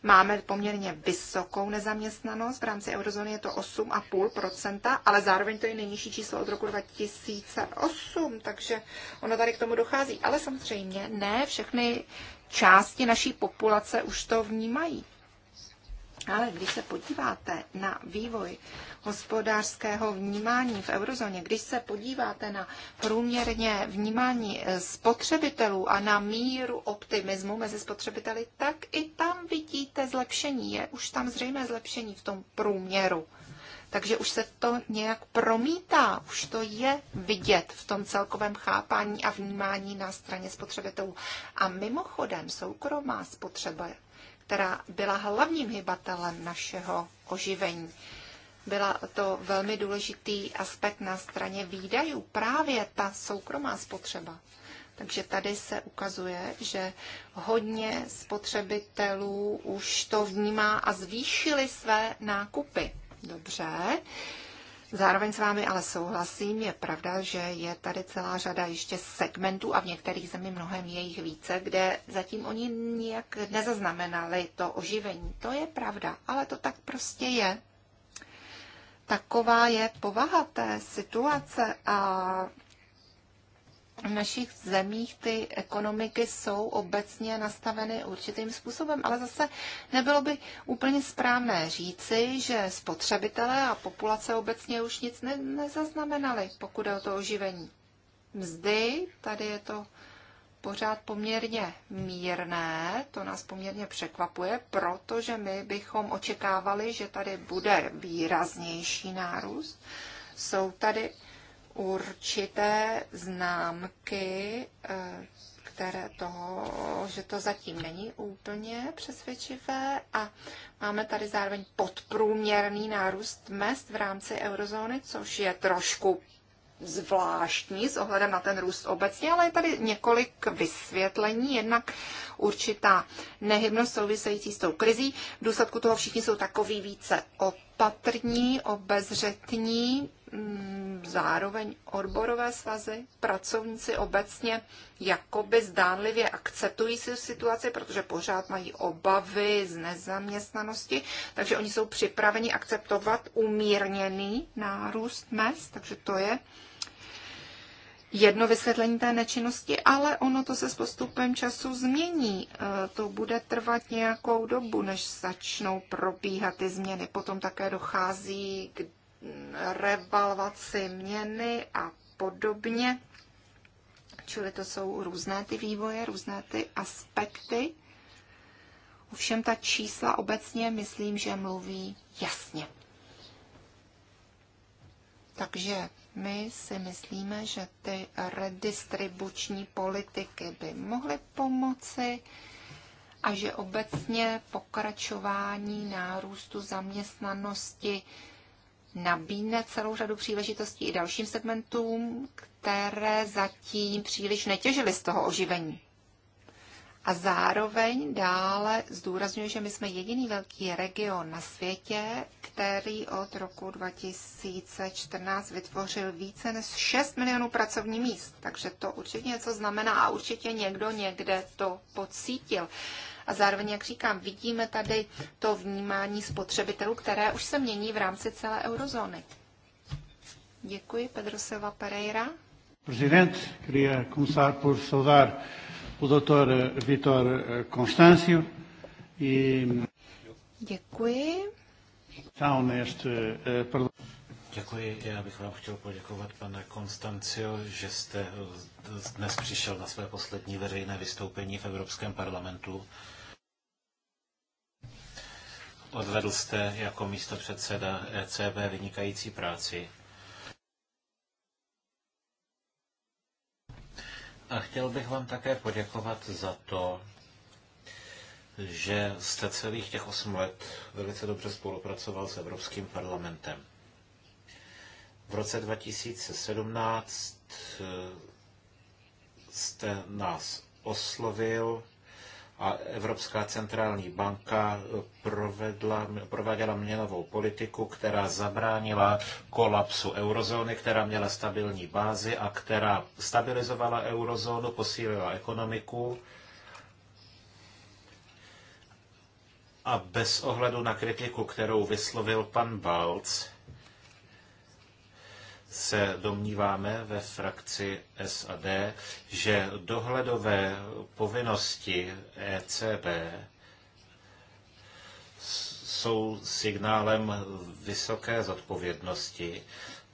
máme poměrně vysokou nezaměstnanost. V rámci eurozóny je to 8,5%, ale zároveň to je nejnižší číslo od roku 2008, takže ono tady k tomu dochází. Ale samozřejmě ne všechny části naší populace už to vnímají. Ale když se podíváte na vývoj hospodářského vnímání v eurozóně, když se podíváte na průměrně vnímání eh, spotřebitelů a na míru optimismu mezi spotřebiteli, tak i tam vidíte zlepšení. Je už tam zřejmé zlepšení v tom průměru. Takže už se to nějak promítá, už to je vidět v tom celkovém chápání a vnímání na straně spotřebitelů. A mimochodem, soukromá spotřeba která byla hlavním hybatelem našeho oživení. Byla to velmi důležitý aspekt na straně výdajů, právě ta soukromá spotřeba. Takže tady se ukazuje, že hodně spotřebitelů už to vnímá a zvýšili své nákupy. Dobře, Zároveň s vámi ale souhlasím, je pravda, že je tady celá řada ještě segmentů a v některých zemích mnohem je jich více, kde zatím oni nijak nezaznamenali to oživení. To je pravda, ale to tak prostě je. Taková je povaha té situace a v našich zemích ty ekonomiky jsou obecně nastaveny určitým způsobem, ale zase nebylo by úplně správné říci, že spotřebitelé a populace obecně už nic ne- nezaznamenali, pokud je o to oživení. Mzdy, tady je to pořád poměrně mírné, to nás poměrně překvapuje, protože my bychom očekávali, že tady bude výraznější nárůst. Jsou tady určité známky eh, které toho, že to zatím není úplně přesvědčivé a máme tady zároveň podprůměrný nárůst mest v rámci eurozóny, což je trošku zvláštní s ohledem na ten růst obecně, ale je tady několik vysvětlení. Jednak určitá nehybnost související s tou krizí. V důsledku toho všichni jsou takový více opatrní, obezřetní Mm, zároveň odborové svazy, pracovníci obecně jakoby zdánlivě akceptují si situaci, protože pořád mají obavy z nezaměstnanosti, takže oni jsou připraveni akceptovat umírněný nárůst mest, takže to je jedno vysvětlení té nečinnosti, ale ono to se s postupem času změní. E, to bude trvat nějakou dobu, než začnou probíhat ty změny. Potom také dochází k revalvaci měny a podobně. Čili to jsou různé ty vývoje, různé ty aspekty. Ovšem ta čísla obecně myslím, že mluví jasně. Takže my si myslíme, že ty redistribuční politiky by mohly pomoci a že obecně pokračování nárůstu zaměstnanosti nabídne celou řadu příležitostí i dalším segmentům, které zatím příliš netěžily z toho oživení. A zároveň dále zdůrazňuji, že my jsme jediný velký region na světě, který od roku 2014 vytvořil více než 6 milionů pracovních míst. Takže to určitě něco znamená a určitě někdo někde to pocítil. A zároveň, jak říkám, vidíme tady to vnímání spotřebitelů, které už se mění v rámci celé eurozóny. Děkuji, Pedro Silva Pereira. Prezident, queria começar por saudar o Vitor Constâncio. E... Děkuji. Eh, Děkuji. Já bych vám chtěl poděkovat, pane Konstancio, že jste eh, dnes přišel na své poslední veřejné vystoupení v Evropském parlamentu. Odvedl jste jako místo předseda ECB vynikající práci A chtěl bych vám také poděkovat za to, že jste celých těch osm let velice dobře spolupracoval s Evropským parlamentem. V roce 2017 eh, jste nás oslovil a Evropská centrální banka eh, provedla, prováděla měnovou politiku, která zabránila kolapsu eurozóny, která měla stabilní bázi a která stabilizovala eurozónu, posílila ekonomiku a bez ohledu na kritiku, kterou vyslovil pan Balc, se domníváme ve frakci SAD, že dohledové povinnosti ECB jsou signálem vysoké zodpovědnosti,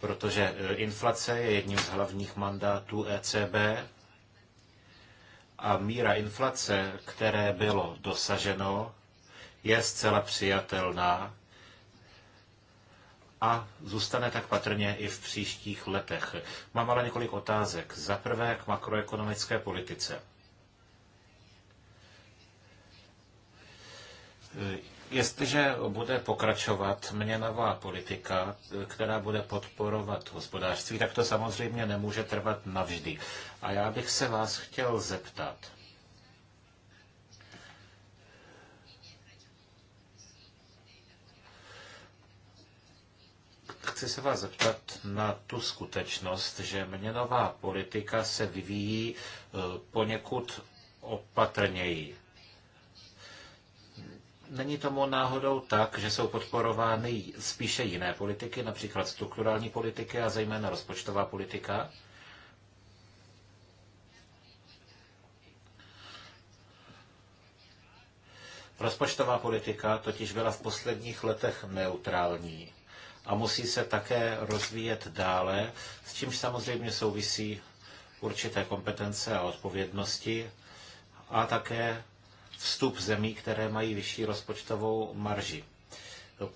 protože e, inflace je jedním z hlavních mandátů ECB a míra inflace, které bylo dosaženo, je zcela přijatelná a zůstane tak patrně i v příštích letech. Mám ale několik otázek. Za prvé k makroekonomické politice. Jestliže bude pokračovat měnová politika, která bude podporovat hospodářství, tak to samozřejmě nemůže trvat navždy. A já bych se vás chtěl zeptat, Chci se vás zeptat na tu skutečnost, že měnová politika se vyvíjí e, poněkud opatrněji. Není tomu náhodou tak, že jsou podporovány spíše jiné politiky, například strukturální politiky a zejména rozpočtová politika? Rozpočtová politika totiž byla v posledních letech neutrální a musí se také rozvíjet dále, s čímž samozřejmě souvisí určité kompetence a odpovědnosti a také vstup zemí, které mají vyšší rozpočtovou marži.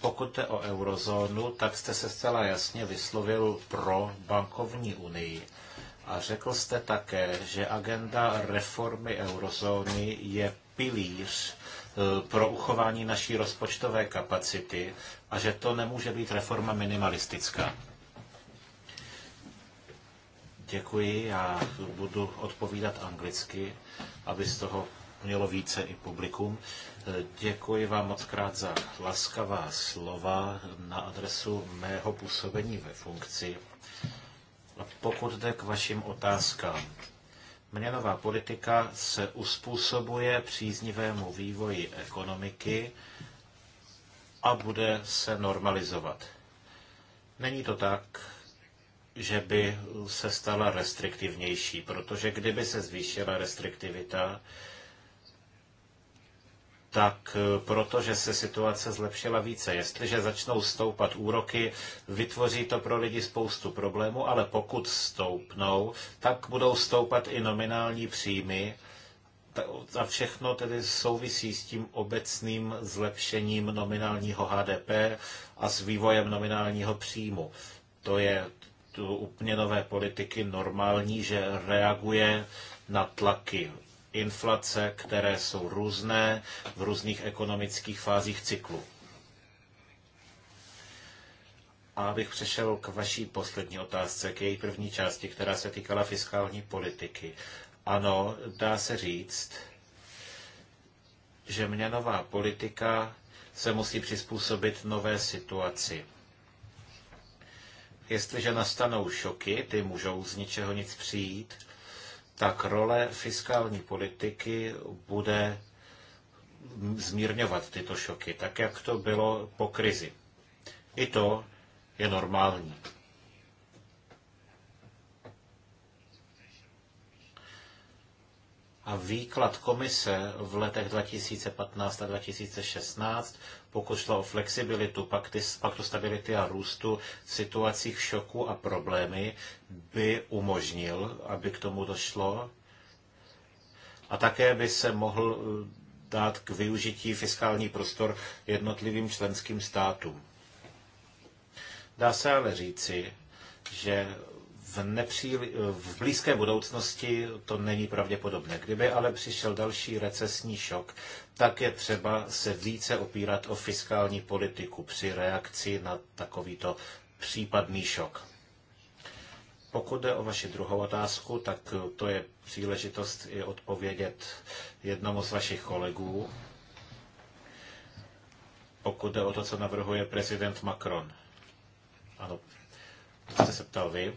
Pokud jde o eurozónu, tak jste se zcela jasně vyslovil pro bankovní unii. A řekl jste také, že agenda reformy eurozóny je pilíř eh, pro uchování naší rozpočtové kapacity, a že to nemůže být reforma minimalistická. Děkuji, já budu odpovídat anglicky, aby z toho mělo více i publikum. Děkuji vám moc krát za laskavá slova na adresu mého působení ve funkci. Pokud jde k vašim otázkám, měnová politika se uspůsobuje příznivému vývoji ekonomiky a bude se normalizovat. Není to tak, že by se stala restriktivnější, protože kdyby se zvýšila restriktivita, tak protože se situace zlepšila více. Jestliže začnou stoupat úroky, vytvoří to pro lidi spoustu problémů, ale pokud stoupnou, tak budou stoupat i nominální příjmy a všechno tedy souvisí s tím obecným zlepšením nominálního HDP a s vývojem nominálního příjmu. To je tu úplně nové politiky normální, že reaguje na tlaky inflace, které jsou různé v různých ekonomických fázích cyklu. A abych přešel k vaší poslední otázce, k její první části, která se týkala fiskální politiky. Ano, dá se říct, že měnová politika se musí přizpůsobit nové situaci. Jestliže nastanou šoky, ty můžou z ničeho nic přijít, tak role fiskální politiky bude zmírňovat tyto šoky, tak jak to bylo po krizi. I to je normální. a výklad komise v letech 2015 a 2016, pokud šlo o flexibilitu pakty, paktu stability a růstu v situacích šoku a problémy, by umožnil, aby k tomu došlo. A také by se mohl eh, dát k využití fiskální prostor jednotlivým členským státům. Dá se ale říci, že v, nepříli, v blízké budoucnosti to není pravděpodobné. Kdyby ale přišel další recesní šok, tak je třeba se více opírat o fiskální politiku při reakci na takovýto případný šok. Pokud jde o vaši druhou otázku, tak to je příležitost i odpovědět jednomu z vašich kolegů, pokud jde o to, co navrhuje prezident Macron. Ano, jste se ptal vy.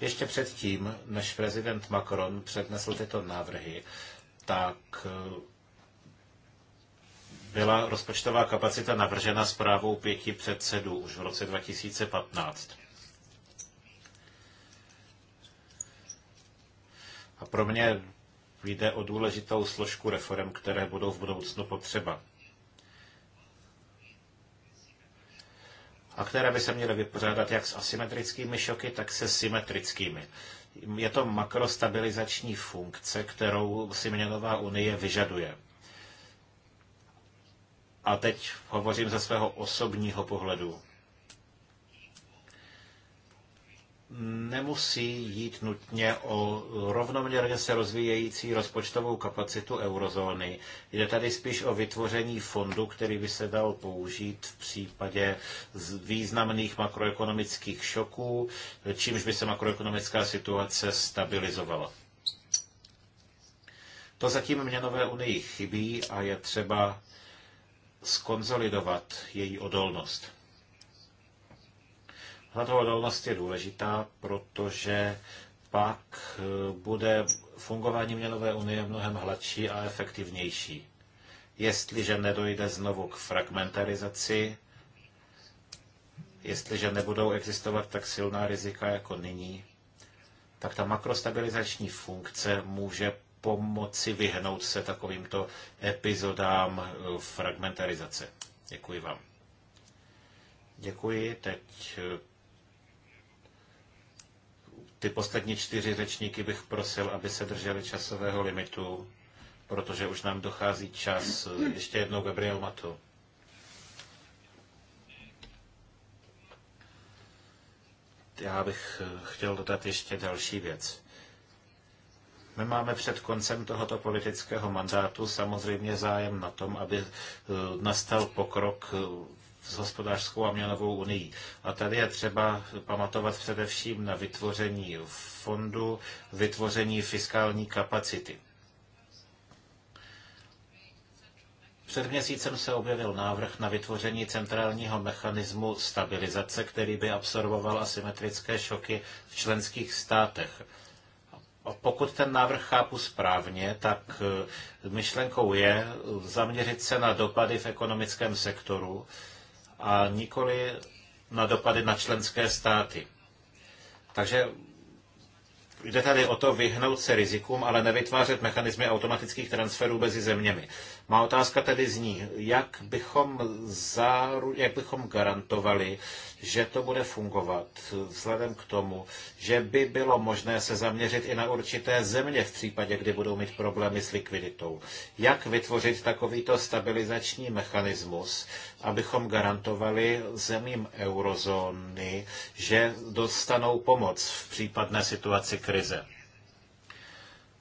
Ještě předtím, než prezident Macron přednesl tyto návrhy, tak eh, byla rozpočtová kapacita navržena zprávou pěti předsedů už v roce 2015. A pro mě jde o důležitou složku reform, které budou v budoucnu potřeba. a které by se měly vypořádat jak s asymetrickými šoky, tak se symetrickými. Je to makrostabilizační funkce, kterou si měnová unie vyžaduje. A teď hovořím ze svého osobního pohledu. nemusí jít nutně o rovnoměrně se rozvíjející rozpočtovou kapacitu eurozóny. Jde tady spíš o vytvoření fondu, který by se dal použít v případě významných makroekonomických šoků, čímž by se makroekonomická situace stabilizovala. To zatím měnové unii chybí a je třeba skonzolidovat její odolnost odolnost je důležitá, protože pak eh, bude fungování měnové unie mnohem hladší a efektivnější. Jestliže nedojde znovu k fragmentarizaci, jestliže nebudou existovat tak silná rizika jako nyní, tak ta makrostabilizační funkce může pomoci vyhnout se takovýmto epizodám eh, fragmentarizace. Děkuji vám. Děkuji. Teď eh, ty poslední čtyři řečníky bych prosil, aby se drželi časového limitu, protože už nám dochází čas. Ještě jednou Gabriel Matu. Já bych eh, chtěl dodat ještě další věc. My máme před koncem tohoto politického mandátu samozřejmě zájem na tom, aby eh, nastal pokrok eh, s hospodářskou a měnovou unii. A tady je třeba pamatovat především na vytvoření fondu, vytvoření fiskální kapacity. Před měsícem se objevil návrh na vytvoření centrálního mechanismu stabilizace, který by absorboval asymetrické šoky v členských státech. A pokud ten návrh chápu správně, tak eh, myšlenkou je zaměřit se na dopady v ekonomickém sektoru, a nikoli na dopady na členské státy. Takže jde tady o to vyhnout se rizikům, ale nevytvářet mechanismy automatických transferů mezi zeměmi. Má otázka tedy zní, jak bychom, záru, jak bychom garantovali, že to bude fungovat, vzhledem k tomu, že by bylo možné se zaměřit i na určité země v případě, kdy budou mít problémy s likviditou. Jak vytvořit takovýto stabilizační mechanismus, abychom garantovali zemím eurozóny, že dostanou pomoc v případné situaci krize.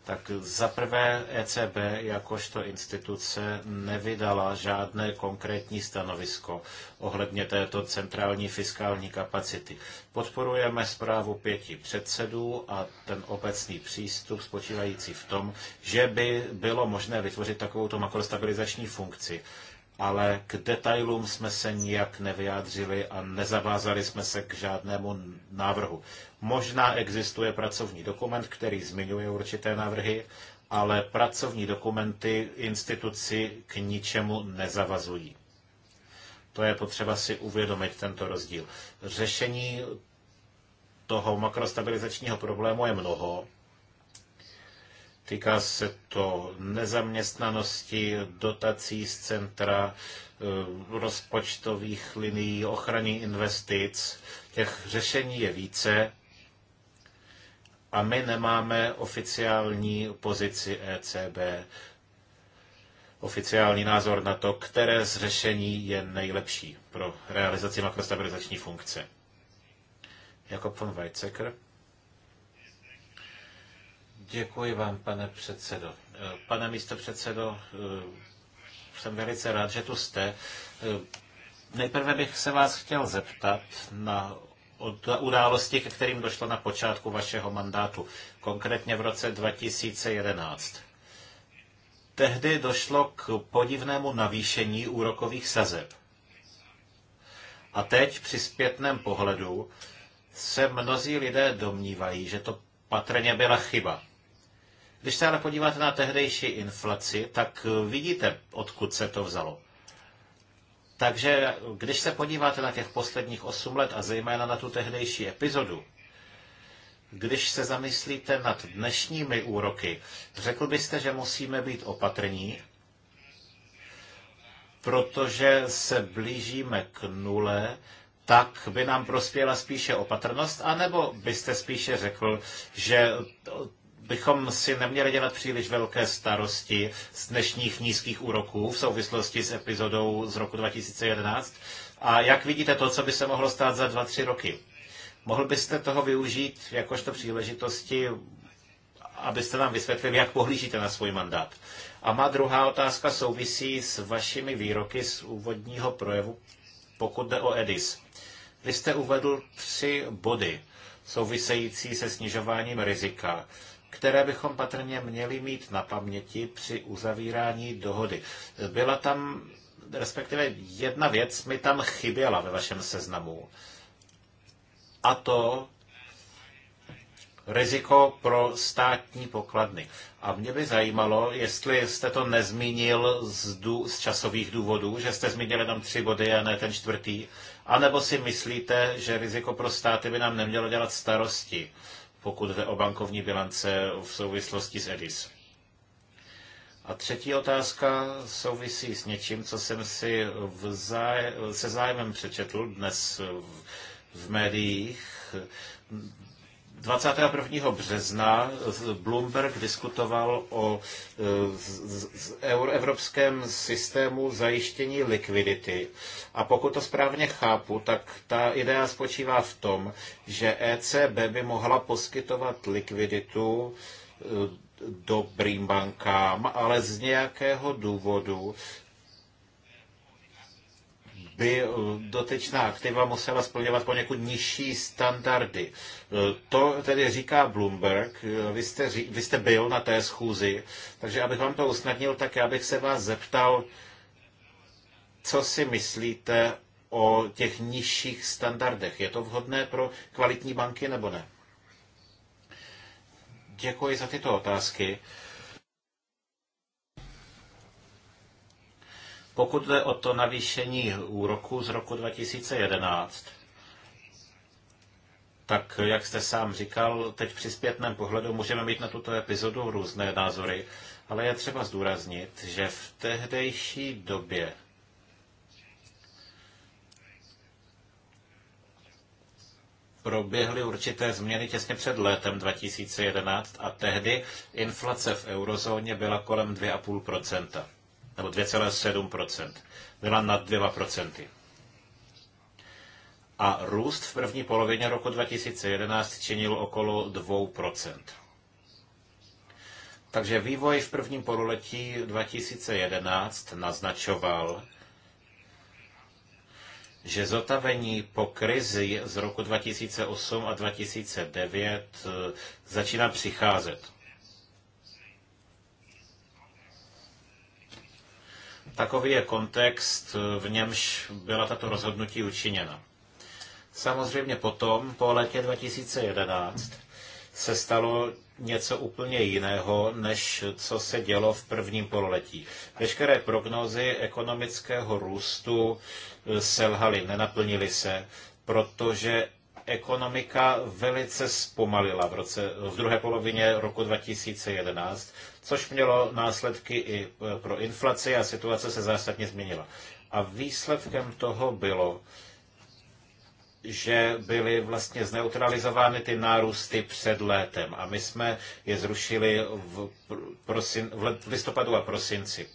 Tak za prvé ECB jakožto instituce nevydala žádné konkrétní stanovisko ohledně této centrální fiskální kapacity. Podporujeme zprávu pěti předsedů a ten obecný přístup spočívající v tom, že by bylo možné vytvořit takovouto makrostabilizační funkci, ale k detailům jsme se nijak nevyjádřili a nezavázali jsme se k žádnému návrhu. Možná existuje pracovní dokument, který zmiňuje určité návrhy, ale pracovní dokumenty instituci k ničemu nezavazují. To je potřeba si uvědomit, tento rozdíl. Řešení toho makrostabilizačního problému je mnoho Týká se to nezaměstnanosti, dotací z centra, eh, rozpočtových linií, ochrany investic. Těch řešení je více a my nemáme oficiální pozici ECB, oficiální názor na to, které z řešení je nejlepší pro realizaci makrostabilizační funkce. Jakob von Weizsäcker. Děkuji vám, pane předsedo. Eh, pane místo předsedo, eh, jsem velice rád, že tu jste. Eh, nejprve bych se vás chtěl zeptat na události, ke kterým došlo na počátku vašeho mandátu, konkrétně v roce 2011. Tehdy došlo k podivnému navýšení úrokových sazeb. A teď při zpětném pohledu se mnozí lidé domnívají, že to patrně byla chyba. Když se ale podíváte na tehdejší inflaci, tak eh, vidíte, odkud se to vzalo. Takže když se podíváte na těch posledních 8 let a zejména na tu tehdejší epizodu, když se zamyslíte nad dnešními úroky, řekl byste, že musíme být opatrní, protože se blížíme k nule, tak by nám prospěla spíše opatrnost, anebo byste spíše řekl, že bychom si neměli dělat příliš velké starosti z dnešních nízkých úroků v souvislosti s epizodou z roku 2011. A jak vidíte to, co by se mohlo stát za 2-3 roky? Mohl byste toho využít jakožto příležitosti, abyste nám vysvětlili, jak pohlížíte na svůj mandát? A má druhá otázka souvisí s vašimi výroky z úvodního projevu, pokud jde o EDIS. Vy jste uvedl tři body související se snižováním rizika které bychom patrně měli mít na paměti při uzavírání dohody. Byla tam, respektive jedna věc mi tam chyběla ve vašem seznamu. A to riziko pro státní pokladny. A mě by zajímalo, jestli jste to nezmínil z, dů, z časových důvodů, že jste zmínil jenom tři body a ne ten čtvrtý, anebo si myslíte, že riziko pro státy by nám nemělo dělat starosti pokud jde o bankovní bilance v souvislosti s EDIS. A třetí otázka souvisí s něčím, co jsem si se zájmem přečetl dnes v médiích. 21. března Bloomberg diskutoval o e, evropském systému zajištění likvidity. A pokud to správně chápu, tak ta idea spočívá v tom, že ECB by mohla poskytovat likviditu e, dobrým bankám, ale z nějakého důvodu by eh, dotečná aktiva musela splňovat poněkud nižší standardy. Eh, to tedy říká Bloomberg, eh, vy jste, vy jste byl na té schůzi, takže abych vám to usnadnil, tak já bych se vás zeptal, co si myslíte o těch nižších standardech. Je to vhodné pro kvalitní banky nebo ne? Děkuji za tyto otázky. Uh, Pokud jde o to navýšení úroku z roku 2011, tak jak jste sám říkal, teď při zpětném pohledu můžeme mít na tuto epizodu různé názory, ale je třeba zdůraznit, že v tehdejší době proběhly určité změny těsně před létem 2011 a tehdy inflace v eurozóně byla kolem 2,5 nebo 2,7%. byla nad 2%. A růst v první polovině roku 2011 činil okolo 2%. Takže vývoj v prvním pololetí 2011 naznačoval, že zotavení po krizi z roku 2008 a 2009 eh, začíná přicházet. Takový je kontext, v němž byla tato rozhodnutí učiněna. Samozřejmě potom, po letě 2011, se stalo něco úplně jiného, než co se dělo v prvním pololetí. Veškeré prognózy ekonomického růstu e, selhaly, nenaplnily se, protože ekonomika velice zpomalila v, roce, v druhé polovině roku 2011 což mělo následky i e, pro inflaci a situace se zásadně změnila. A výsledkem toho bylo, že byly vlastně zneutralizovány ty nárůsty před létem a my jsme je zrušili v, prosin, v listopadu a prosinci.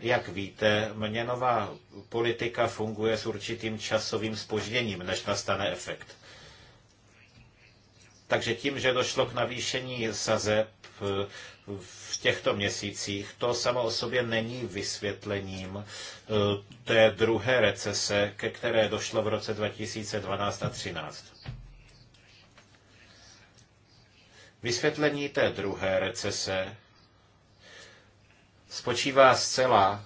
Jak víte, měnová politika funguje s určitým časovým spožděním, než nastane efekt. Takže tím, že došlo k navýšení sazeb e, v těchto měsících, to samo o sobě není vysvětlením eh, té druhé recese, ke které došlo v roce 2012 a 2013. Vysvětlení té druhé recese spočívá zcela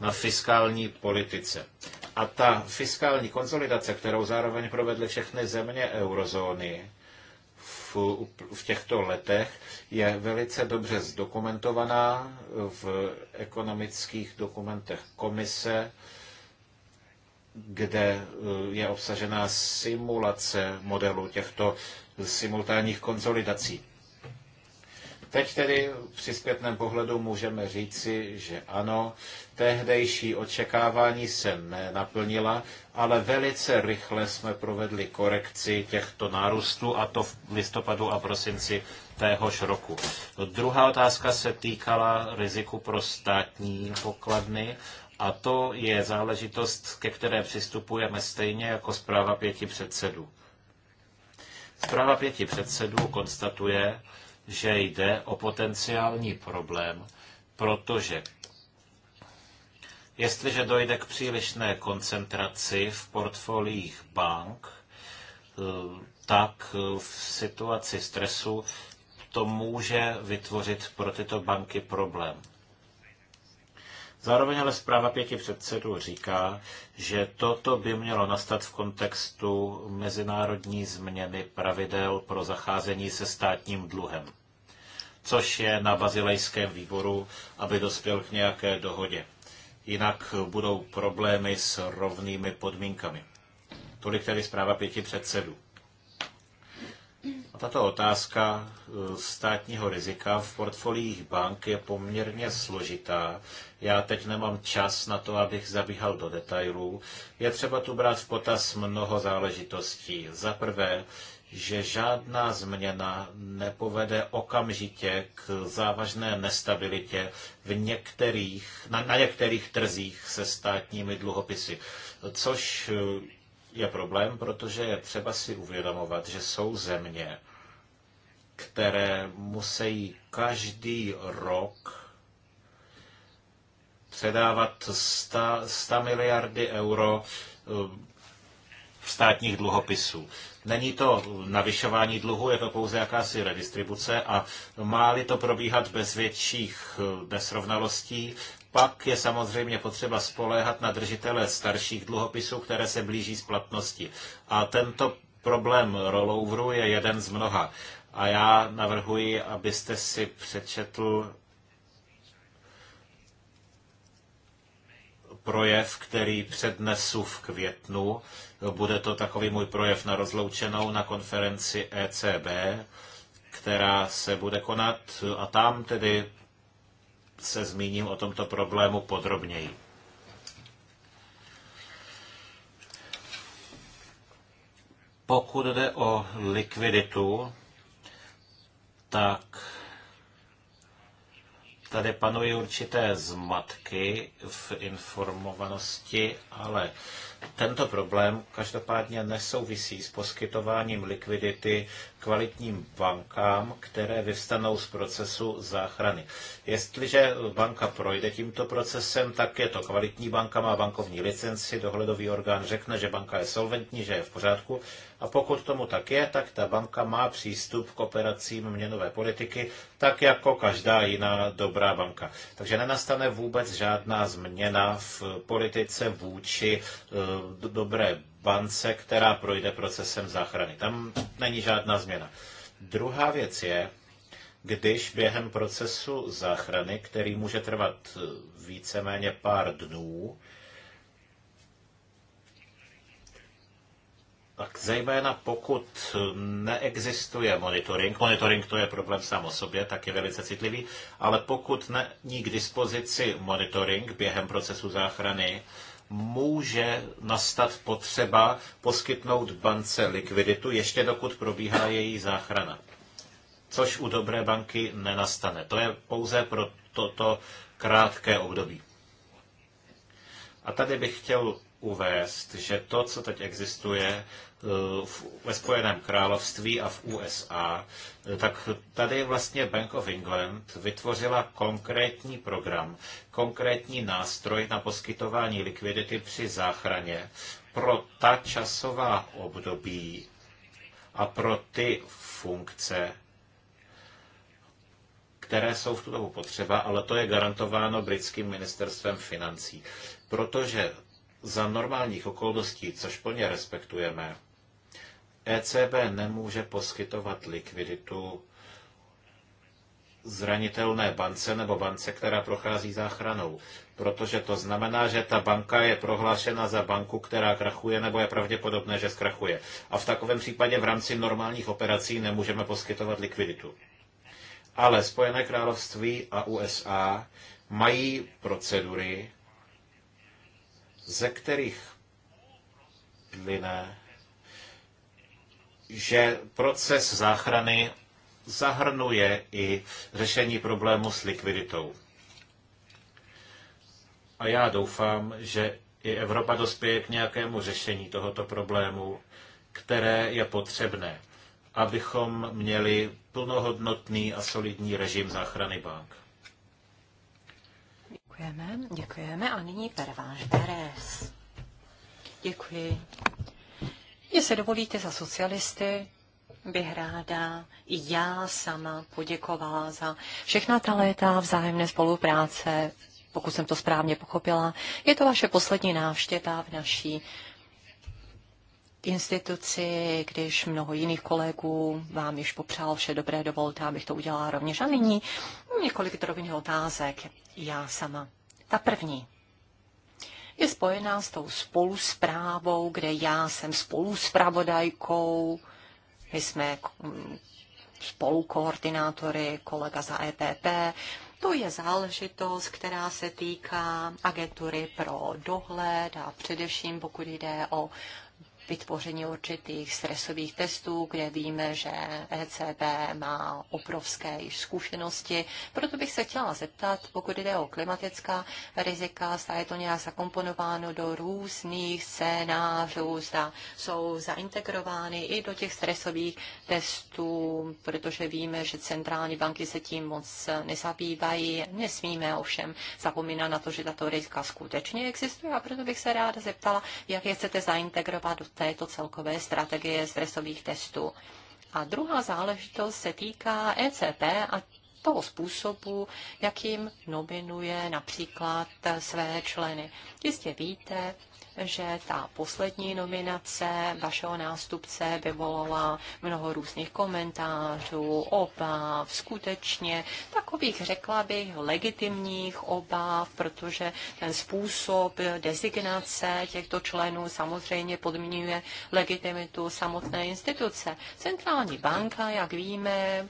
na fiskální politice. A ta fiskální konsolidace, kterou zároveň provedly všechny země eurozóny, v, v těchto letech je velice dobře zdokumentovaná v ekonomických dokumentech komise, kde eh, je obsažená simulace modelu těchto simultánních konsolidací. Teď tedy při zpětném pohledu můžeme říci, že ano, tehdejší očekávání se nenaplnila, ale velice rychle jsme provedli korekci těchto nárůstů a to v listopadu a prosinci téhož roku. Druhá otázka se týkala riziku pro státní pokladny a to je záležitost, ke které přistupujeme stejně jako zpráva pěti předsedů. Zpráva pěti předsedů konstatuje, že jde o potenciální problém, protože jestliže dojde k přílišné koncentraci v portfoliích bank, eh, tak eh, v situaci stresu to může vytvořit pro tyto banky problém. Zároveň ale zpráva pěti předsedů říká, že toto by mělo nastat v kontextu mezinárodní změny pravidel pro zacházení se státním dluhem což je na bazilejském výboru, aby dospěl k nějaké dohodě. Jinak budou problémy s rovnými podmínkami. Tolik tedy zpráva pěti předsedů. A tato otázka eh, státního rizika v portfoliích bank je poměrně složitá. Já teď nemám čas na to, abych zabíhal do detailů. Je třeba tu brát v potaz mnoho záležitostí. Za prvé že žádná změna nepovede okamžitě k závažné nestabilitě v některých, na, na některých trzích se státními dluhopisy, což eh, je problém, protože je třeba si uvědomovat, že jsou země, které musí každý rok předávat 100, 100 miliardy euro eh, státních dluhopisů. Není to navyšování dluhu, je to pouze jakási redistribuce a má-li to probíhat bez větších eh, nesrovnalostí, pak je samozřejmě potřeba spoléhat na držitele starších dluhopisů, které se blíží splatnosti. A tento problém rolloveru je jeden z mnoha. A já navrhuji, abyste si přečetl projev, který přednesu v květnu bude to takový můj projev na rozloučenou na konferenci ECB, která se bude konat a tam tedy se zmíním o tomto problému podrobněji. Pokud jde o likviditu, tak tady panují určité zmatky v informovanosti, ale tento problém každopádně nesouvisí s poskytováním likvidity kvalitním bankám, které vyvstanou z procesu záchrany. Jestliže banka projde tímto procesem, tak je to kvalitní banka, má bankovní licenci, dohledový orgán řekne, že banka je solventní, že je v pořádku a pokud tomu tak je, tak ta banka má přístup k operacím měnové politiky, tak jako každá jiná dobrá banka. Takže nenastane vůbec žádná změna v politice vůči eh, dobré bance, která projde procesem záchrany. Tam není žádná změna. Druhá věc je, když během procesu záchrany, který může trvat eh, víceméně pár dnů, tak zejména pokud eh, neexistuje monitoring, monitoring to je problém sám o sobě, tak je velice citlivý, ale pokud není k dispozici monitoring během procesu záchrany, může nastat potřeba poskytnout bance likviditu, ještě dokud probíhá její záchrana. Což u dobré banky nenastane. To je pouze pro toto krátké období. A tady bych chtěl uvést, že to, co teď existuje eh, ve Spojeném království a v USA, eh, tak tady vlastně Bank of England vytvořila konkrétní program, konkrétní nástroj na poskytování likvidity při záchraně pro ta časová období a pro ty funkce, které jsou v tu dobu potřeba, ale to je garantováno britským ministerstvem financí. Protože za normálních okolností, což plně respektujeme, ECB nemůže poskytovat likviditu zranitelné bance nebo bance, která prochází záchranou. Protože to znamená, že ta banka je prohlášena za banku, která krachuje nebo je pravděpodobné, že zkrachuje. A v takovém případě v rámci normálních operací nemůžeme poskytovat likviditu. Ale Spojené království a USA mají procedury, ze kterých plyne, že proces záchrany zahrnuje i řešení problému s likviditou. A já doufám, že i Evropa dospěje k nějakému řešení tohoto problému, které je potřebné, abychom měli plnohodnotný a solidní režim záchrany bank. Děkujeme, děkujeme. A nyní Perváš Beres. Děkuji. se dovolíte za socialisty, bych ráda i já sama poděkovala za všechna ta léta vzájemné spolupráce, pokud jsem to správně pochopila. Je to vaše poslední návštěva v naší instituci, když mnoho jiných kolegů vám již popřál vše dobré, dovolte, abych to udělala rovněž. A nyní několik drobných otázek já sama. Ta první je spojená s tou spolusprávou, kde já jsem spoluspravodajkou, my jsme mm, spolukoordinátory, kolega za EPP. To je záležitost, která se týká agentury pro dohled a především pokud jde o vytvoření určitých stresových testů, kde víme, že ECB má obrovské již zkušenosti. Proto bych se chtěla zeptat, pokud jde o klimatická rizika, zda je to nějak zakomponováno do různých scénářů, zda jsou zaintegrovány i do těch stresových testů, protože víme, že centrální banky se tím moc nezabývají. Nesmíme ovšem zapomínat na to, že tato rizika skutečně existují a proto bych se ráda zeptala, jak je chcete zaintegrovat do této celkové strategie stresových testů. A druhá záležitost se týká ECP a toho způsobu, jakým nominuje například své členy. Jistě víte, že ta poslední nominace vašeho nástupce vyvolala mnoho různých komentářů, obav, skutečně takových, řekla bych, legitimních obav, protože ten způsob designace těchto členů samozřejmě podmiňuje legitimitu samotné instituce. Centrální banka, jak víme,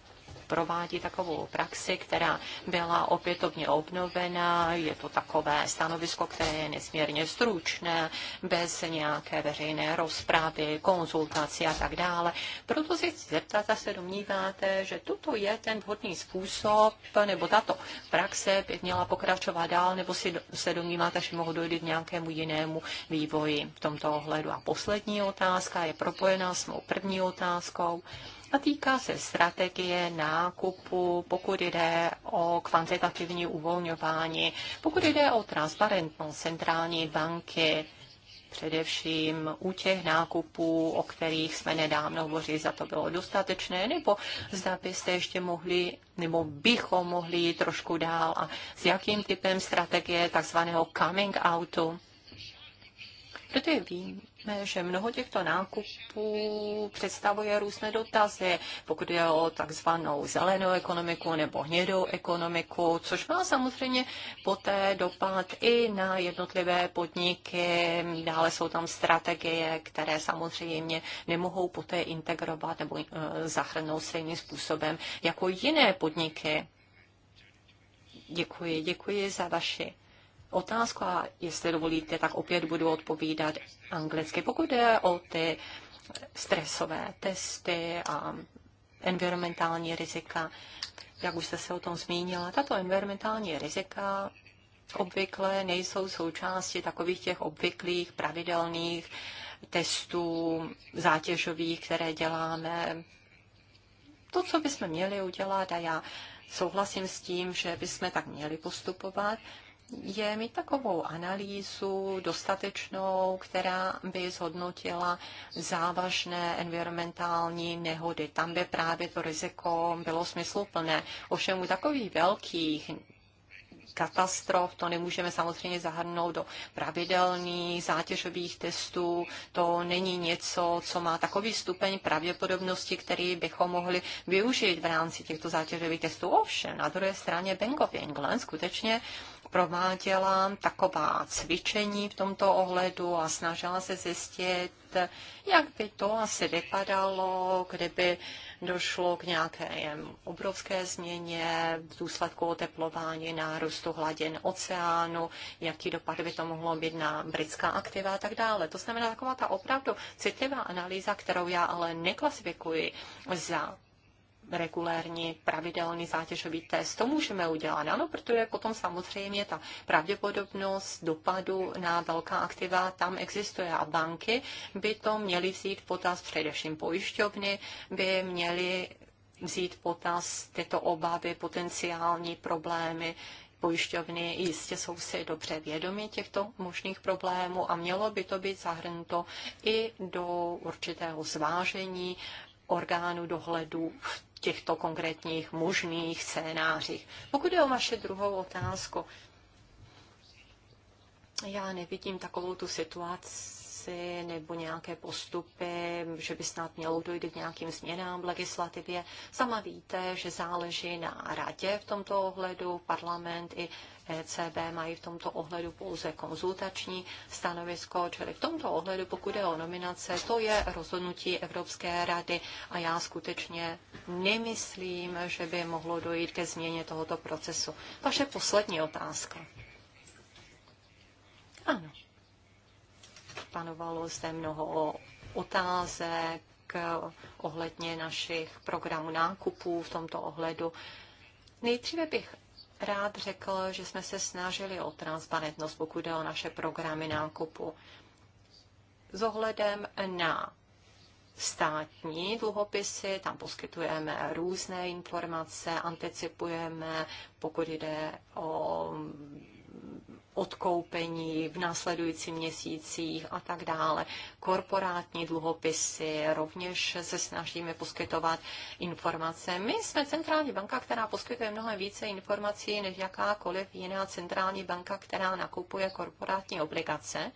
provádí takovou praxi, která byla opětovně obnovena. Je to takové stanovisko, které je nesmírně stručné, bez nějaké veřejné rozpravy, konzultací a tak dále. Proto si chci zeptat, a se domníváte, že tuto je ten vhodný způsob, nebo tato praxe by měla pokračovat dál, nebo si se domníváte, že mohou dojít k nějakému jinému vývoji v tomto ohledu. A poslední otázka je propojená s mou první otázkou a týká se strategie nákupu, pokud jde o kvantitativní uvolňování, pokud jde o transparentnost centrální banky, především u těch nákupů, o kterých jsme nedávno hovořili, za to bylo dostatečné, nebo zda byste ještě mohli, nebo bychom mohli jít trošku dál a s jakým typem strategie takzvaného coming outu. Protože vím, že mnoho těchto nákupů představuje různé dotazy, pokud je o takzvanou zelenou ekonomiku nebo hnědou ekonomiku, což má samozřejmě poté dopad i na jednotlivé podniky. Dále jsou tam strategie, které samozřejmě nemohou poté integrovat nebo eh, zahrnout stejným způsobem jako jiné podniky. Děkuji, děkuji za vaši otázku a jestli dovolíte, tak opět budu odpovídat anglicky. Pokud jde o ty stresové testy a environmentální rizika, jak už jste se o tom zmínila, tato environmentální rizika obvykle nejsou součástí takových těch obvyklých pravidelných testů zátěžových, které děláme. To, co bychom měli udělat, a já souhlasím s tím, že bychom tak měli postupovat, je mít takovou analýzu dostatečnou, která by zhodnotila závažné environmentální nehody. Tam by právě to riziko bylo smysluplné. Ovšem u takových velkých katastrof, to nemůžeme samozřejmě zahrnout do pravidelných zátěžových testů, to není něco, co má takový stupeň pravděpodobnosti, který bychom mohli využít v rámci těchto zátěžových testů. Ovšem, na druhé straně Bank of England skutečně prováděla taková cvičení v tomto ohledu a snažila se zjistit, jak by to asi vypadalo, kdyby došlo k nějaké obrovské změně v důsledku oteplování, nárůstu hladin oceánu, jaký dopad by to mohlo být na britská aktiva a tak dále. To znamená taková ta opravdu citlivá analýza, kterou já ale neklasifikuji za regulérní pravidelný zátěžový test. To můžeme udělat, ano, protože potom samozřejmě ta pravděpodobnost dopadu na velká aktiva tam existuje a banky by to měly vzít potaz, především pojišťovny by měly vzít potaz tyto obavy, potenciální problémy, pojišťovny jistě jsou si dobře vědomi těchto možných problémů a mělo by to být zahrnuto i do určitého zvážení orgánu dohledu v těchto konkrétních možných scénářích. Pokud je o vaše druhou otázku, já nevidím takovou tu situaci, věci nebo nějaké postupy, že by snad mělo dojít k nějakým změnám v legislativě. Sama víte, že záleží na radě v tomto ohledu, parlament i ECB mají v tomto ohledu pouze konzultační stanovisko, čili v tomto ohledu, pokud je o nominace, to je rozhodnutí Evropské rady a já skutečně nemyslím, že by mohlo dojít ke změně tohoto procesu. Vaše poslední otázka. Ano panovalo zde mnoho otázek ohledně našich programů nákupů v tomto ohledu. Nejdříve bych rád řekl, že jsme se snažili o transparentnost, pokud jde o naše programy nákupu. S ohledem na státní dluhopisy, tam poskytujeme různé informace, anticipujeme, pokud jde o odkoupení v následujících měsících a tak dále. Korporátní dluhopisy rovněž se snažíme poskytovat informace. My jsme centrální banka, která poskytuje mnohem více informací než jakákoliv jiná centrální banka, která nakupuje korporátní obligace,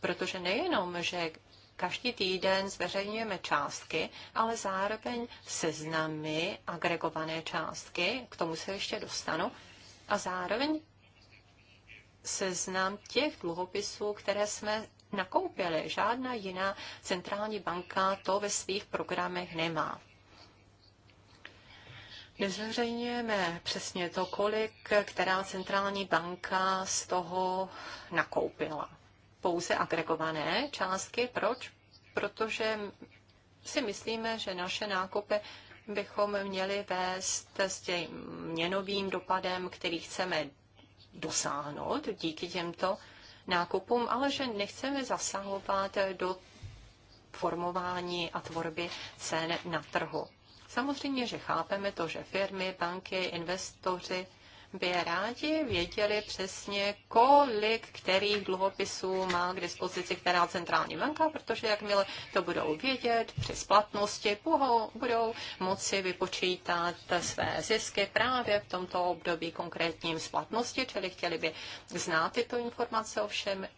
protože nejenom, že Každý týden zveřejňujeme částky, ale zároveň seznamy agregované částky, k tomu se ještě dostanu, a zároveň seznam těch dluhopisů, které jsme nakoupili. Žádná jiná centrální banka to ve svých programech nemá. Nezveřejňujeme přesně to, kolik která centrální banka z toho nakoupila. Pouze agregované částky. Proč? Protože si myslíme, že naše nákupy bychom měli vést s tím měnovým dopadem, který chceme dosáhnout díky těmto nákupům, ale že nechceme zasahovat do formování a tvorby cen na trhu. Samozřejmě, že chápeme to, že firmy, banky, investoři by rádi věděli přesně, kolik kterých dluhopisů má k dispozici která centrální banka, protože jakmile to budou vědět, při splatnosti budou, budou moci vypočítat své zisky právě v tomto období konkrétním splatnosti, čili chtěli by znát tyto informace, ovšem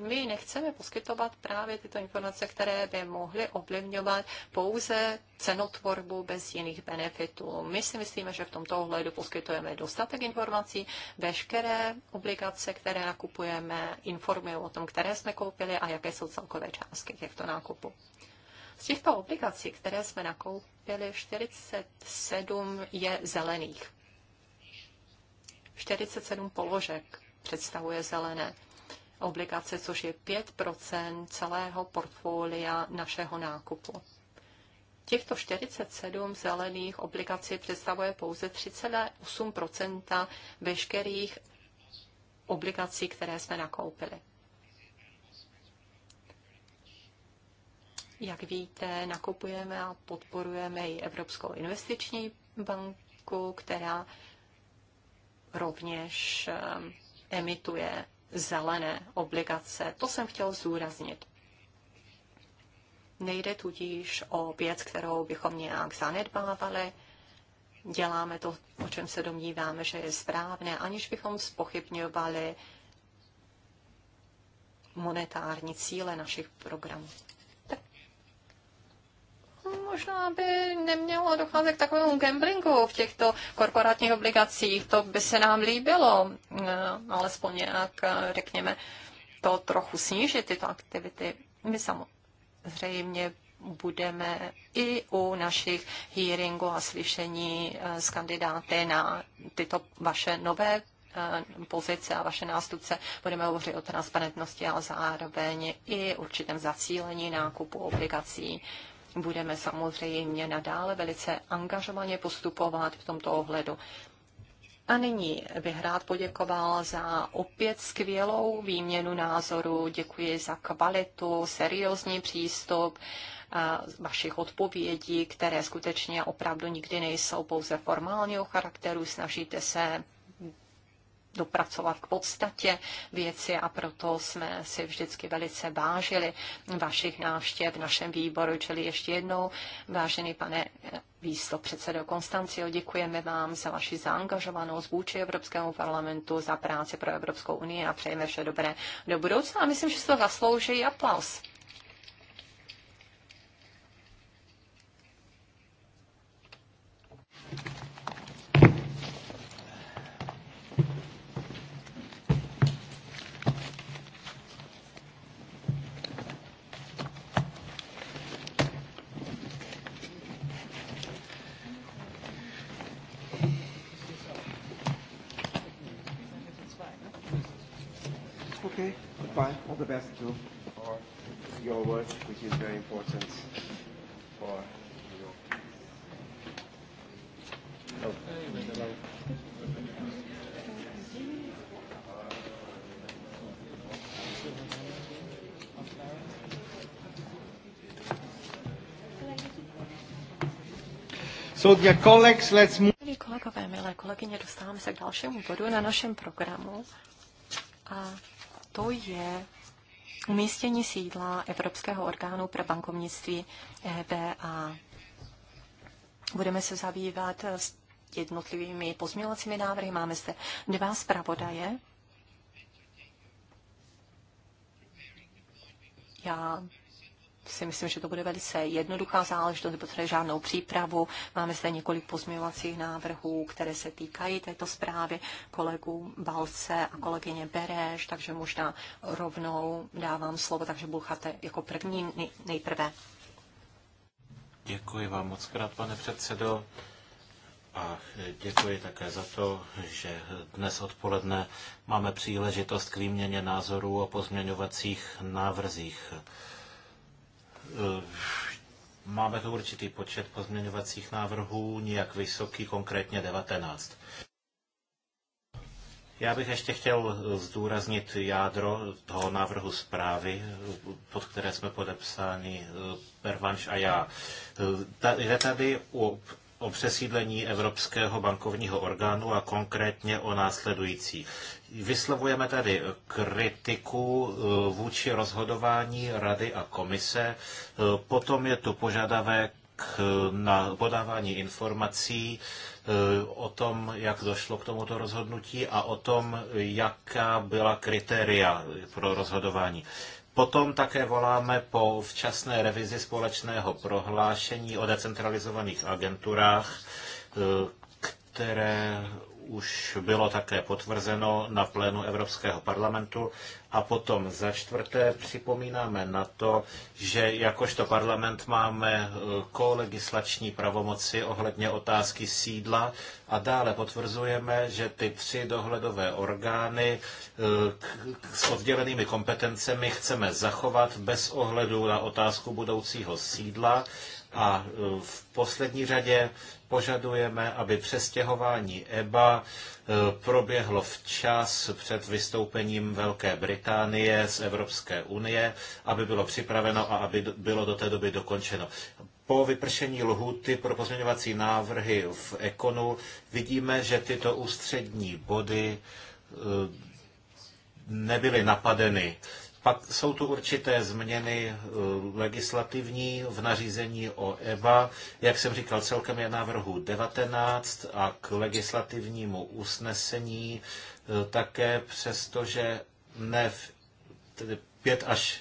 my nechceme poskytovat právě tyto informace, které by mohly ovlivňovat pouze cenotvorbu bez jiných benefitů. My si myslíme, že v tomto ohledu poskytujeme dostatek informací. Veškeré obligace, které nakupujeme, informují o tom, které jsme koupili a jaké jsou celkové částky těchto nákupů. Z těchto obligací, které jsme nakoupili, 47 je zelených. 47 položek představuje zelené obligace, což je 5 celého portfolia našeho nákupu. Těchto 47 zelených obligací představuje pouze 3,8 veškerých obligací, které jsme nakoupili. Jak víte, nakupujeme a podporujeme i Evropskou investiční banku, která rovněž ehm, emituje zelené obligace. To jsem chtěl zúraznit. Nejde tudíž o věc, kterou bychom nějak zanedbávali. Děláme to, o čem se domníváme, že je správné, aniž bychom spochybňovali monetární cíle našich programů možná by nemělo docházet k takovému gamblingu v těchto korporátních obligacích. To by se nám líbilo, eh, alespoň nějak, eh, řekněme, to trochu snížit, tyto aktivity. My samozřejmě budeme i u našich hearingů a slyšení eh, s kandidáty na tyto vaše nové pozice a vaše nástupce budeme hovořit o transparentnosti, a zároveň i určitém zacílení nákupu obligací budeme samozřejmě nadále velice angažovaně postupovat v tomto ohledu. A nyní bych rád poděkoval za opět skvělou výměnu názoru. Děkuji za kvalitu, seriózní přístup vašich odpovědí, které skutečně opravdu nikdy nejsou pouze formálního charakteru. Snažíte se dopracovat k podstatě věci a proto jsme si vždycky velice vážili vašich návštěv v našem výboru, čili ještě jednou, vážený pane Výsto předsedo Konstancio, děkujeme vám za vaši zaangažovanost vůči Evropskému parlamentu, za práci pro Evropskou unii a přejeme vše dobré do budoucna. A myslím, že se to zaslouží aplaus. All the best to for your work, which is very important for you. Oh. So, dear colleagues, let's move. Milí kolegové, milé kolegyně, dostáváme se k dalšímu bodu na našem programu a to je umístění sídla Evropského orgánu pro bankovnictví EBA. Budeme se zabývat jednotlivými pozměňovacími návrhy. Máme zde dva zpravodaje. Já si myslím, že to bude velice jednoduchá záležitost, nepotřebuje žádnou přípravu. Máme zde několik pozměňovacích návrhů, které se týkají této zprávy kolegů Balce a kolegyně Bereš, takže možná rovnou dávám slovo, takže Bulchate jako první nejprve. Děkuji vám moc krát, pane předsedo. A děkuji také za to, že dnes odpoledne máme příležitost k výměně názorů o pozměňovacích návrzích. Eh, máme tu určitý počet pozměňovacích návrhů, nijak vysoký, konkrétně 19. Já bych ještě chtěl zdůraznit jádro toho návrhu zprávy, pod které jsme podepsáni eh, Pervanš a já. Eh, jde tady o, o přesídlení Evropského bankovního orgánu a konkrétně o následující. Vyslovujeme tady kritiku eh, vůči rozhodování Rady a komise. Eh, potom je tu požadavek eh, na podávání informací o tom, jak došlo k tomuto rozhodnutí a o tom, jaká byla kritéria pro rozhodování. Potom také voláme po včasné revizi společného prohlášení o decentralizovaných agenturách, které už bylo také potvrzeno na plénu Evropského parlamentu. A potom za čtvrté připomínáme na to, že jakožto parlament máme e, kolegislační pravomoci ohledně otázky sídla a dále potvrzujeme, že ty tři dohledové orgány e, s oddělenými kompetencemi chceme zachovat bez ohledu na otázku budoucího sídla a e, v poslední řadě požadujeme, aby přestěhování EBA e, proběhlo včas před vystoupením Velké Británie z Evropské unie, aby bylo připraveno a aby bylo do té doby dokončeno. Po vypršení lhuty pro pozměňovací návrhy v Ekonu vidíme, že tyto ústřední body e, nebyly napadeny pak jsou tu určité změny eh, legislativní v nařízení o EBA. Jak jsem říkal, celkem je návrhu 19 a k legislativnímu usnesení eh, také že ne v, tedy 5 až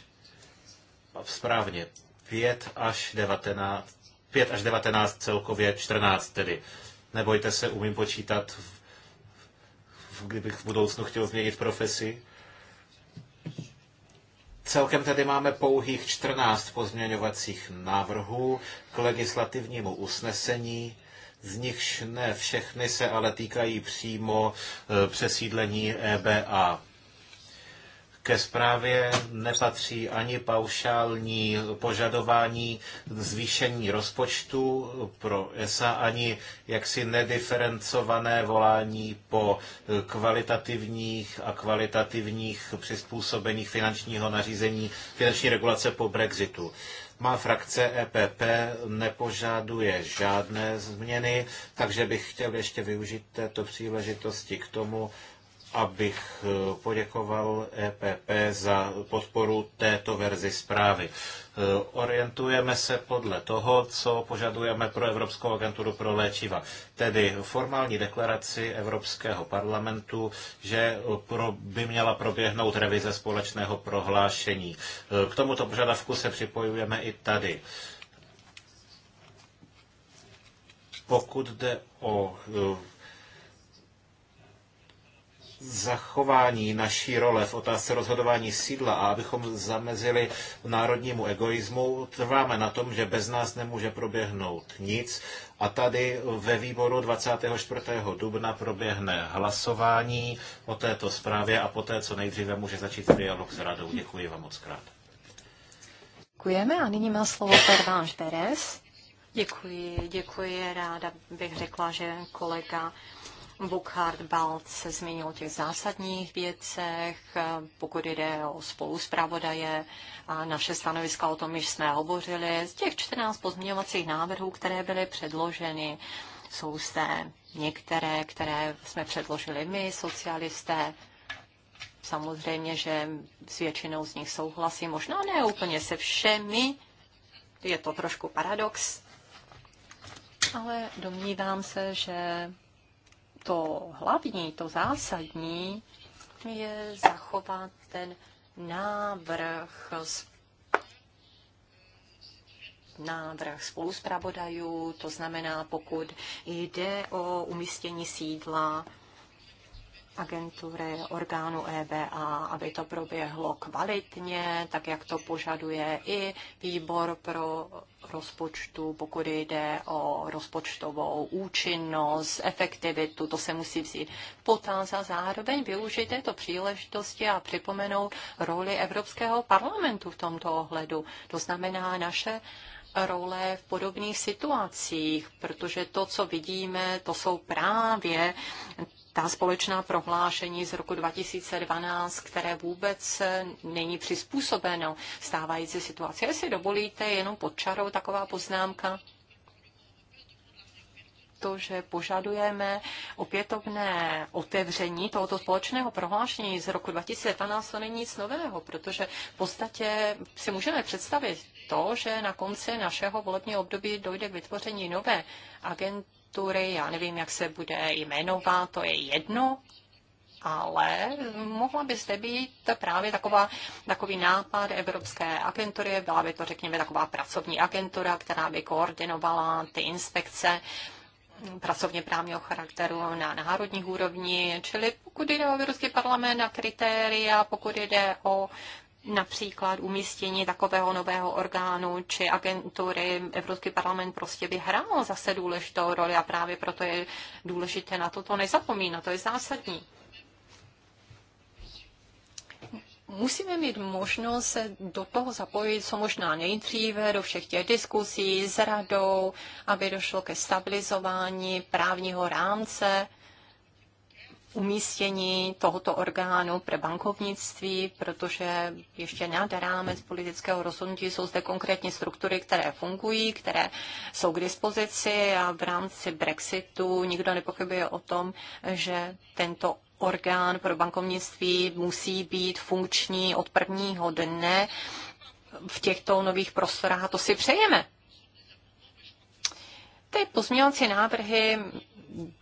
správně 5 až 19, 5 až 19 celkově 14 tedy. Nebojte se, umím počítat, kdybych v budoucnu chtěl změnit profesi. Celkem tedy máme pouhých 14 pozměňovacích návrhů k legislativnímu usnesení, z nichž ne všechny se ale týkají přímo e, přesídlení EBA. Ke zprávě nepatří ani paušální požadování zvýšení rozpočtu pro ESA, ani jaksi nediferencované volání po kvalitativních a kvalitativních přizpůsobeních finančního nařízení, finanční regulace po Brexitu. Má frakce EPP nepožaduje žádné změny, takže bych chtěl ještě využít této příležitosti k tomu, abych eh, poděkoval EPP za podporu této verzi zprávy. Eh, orientujeme se podle toho, co požadujeme pro Evropskou agenturu pro léčiva, tedy formální deklaraci Evropského parlamentu, že by měla proběhnout revize společného prohlášení. Eh, k tomuto požadavku se připojujeme i tady. Pokud jde o zachování naší role v otázce rozhodování sídla a abychom zamezili národnímu egoismu, trváme na tom, že bez nás nemůže proběhnout nic. A tady ve výboru 24. dubna proběhne hlasování o této zprávě a poté, co nejdříve může začít dialog s radou. Děkuji vám moc krát. Děkujeme a nyní má slovo Pervánš Beres. Děkuji, děkuji. Ráda bych řekla, že kolega Bukhard Balc se zmínil o těch zásadních věcech, eh, pokud jde o spoluzpravodaje a naše stanoviska o tom, již jsme hovořili. Z těch 14 pozměňovacích návrhů, které byly předloženy, jsou zde některé, které jsme předložili my, socialisté. Samozřejmě, že s většinou z nich souhlasí, možná ne úplně se všemi, je to trošku paradox, ale domnívám se, že to hlavní, to zásadní je zachovat ten návrh z návrh spoluzpravodajů, to znamená, pokud jde o umístění sídla agentury, orgánu EBA, aby to proběhlo kvalitně, tak jak to požaduje i výbor pro rozpočtu, pokud jde o rozpočtovou účinnost, efektivitu, to se musí vzít potaz a zároveň využít této příležitosti a připomenout roli Evropského parlamentu v tomto ohledu. To znamená naše role v podobných situacích, protože to, co vidíme, to jsou právě ta společná prohlášení z roku 2012, které vůbec není přizpůsobeno stávající situaci. Jestli dovolíte, jenom pod čarou taková poznámka to, že požadujeme opětovné otevření tohoto společného prohlášení z roku 2012, to není nic nového, protože v podstatě si můžeme představit to, že na konci našeho volebního období dojde k vytvoření nové agentury kultury, já nevím, jak se bude jmenovat, to je jedno, ale mohla by zde být právě taková, takový nápad Evropské agentury, byla by to, řekněme, taková pracovní agentura, která by koordinovala ty inspekce pracovně právního charakteru na národní úrovni, čili pokud jde o Evropský parlament a kritéria, pokud jde o například umístění takového nového orgánu či agentury, Evropský parlament prostě by hrál zase důležitou roli a právě proto je důležité na toto nezapomínat, to je zásadní. Musíme mít možnost se do toho zapojit co možná nejdříve, do všech těch diskusí s radou, aby došlo ke stabilizování právního rámce umístění tohoto orgánu pro bankovnictví, protože ještě nad rámec politického rozhodnutí jsou zde konkrétní struktury, které fungují, které jsou k dispozici a v rámci Brexitu nikdo nepochybuje o tom, že tento orgán pro bankovnictví musí být funkční od prvního dne v těchto nových prostorách a to si přejeme. Ty pozměňovací návrhy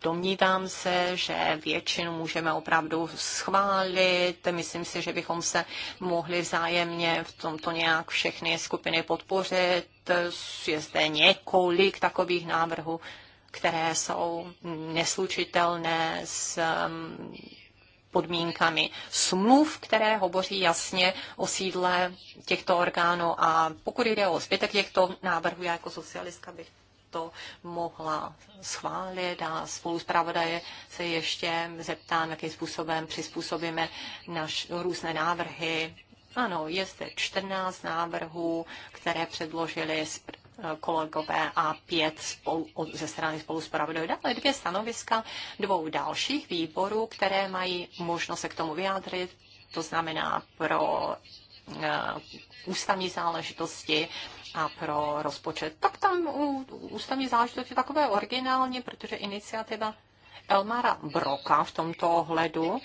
domnívám se, že většinu můžeme opravdu schválit. Myslím si, že bychom se mohli vzájemně v tomto nějak všechny skupiny podpořit. Je zde několik takových návrhů, které jsou neslučitelné s um, podmínkami smluv, které hovoří jasně o sídle těchto orgánů. A pokud jde o zbytek těchto návrhů, já jako socialistka bych to mohla schválit a spolu zpravodaje se ještě zeptám, jakým způsobem přizpůsobíme naš, různé návrhy. Ano, je zde 14 návrhů, které předložili kolegové a pět spolu, ze strany spoluzpravodajů. Dále dvě stanoviska dvou dalších výborů, které mají možnost se k tomu vyjádřit. To znamená pro Eh, ústavní záležitosti a pro rozpočet. Tak tam u ústavní záležitosti je takové originální, protože iniciativa Elmara Broka v tomto ohledu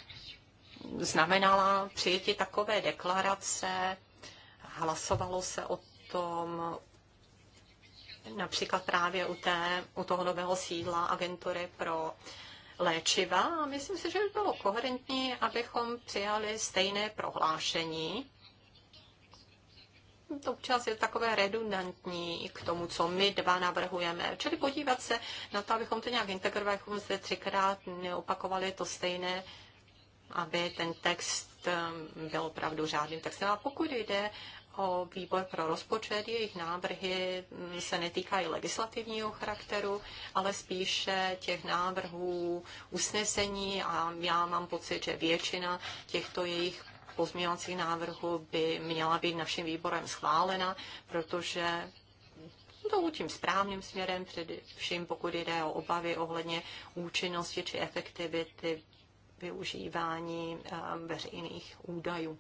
znamenala přijetí takové deklarace, hlasovalo se o tom například právě u, té, u toho nového sídla agentury pro léčiva. Myslím si, že by bylo koherentní, abychom přijali stejné prohlášení to občas je takové redundantní k tomu, co my dva navrhujeme. Čili podívat se na to, abychom to nějak integrovali, abychom se třikrát neopakovali to stejné, aby ten text um, byl opravdu řádným textem. A pokud jde o výbor pro rozpočet, jejich návrhy um, se netýkají legislativního charakteru, ale spíše těch návrhů usnesení a já mám pocit, že většina těchto jejich pozměňovacích návrhů by měla být naším výborem schválena, protože to tím správným směrem, především pokud jde o obavy ohledně účinnosti či efektivity využívání eh, veřejných údajů.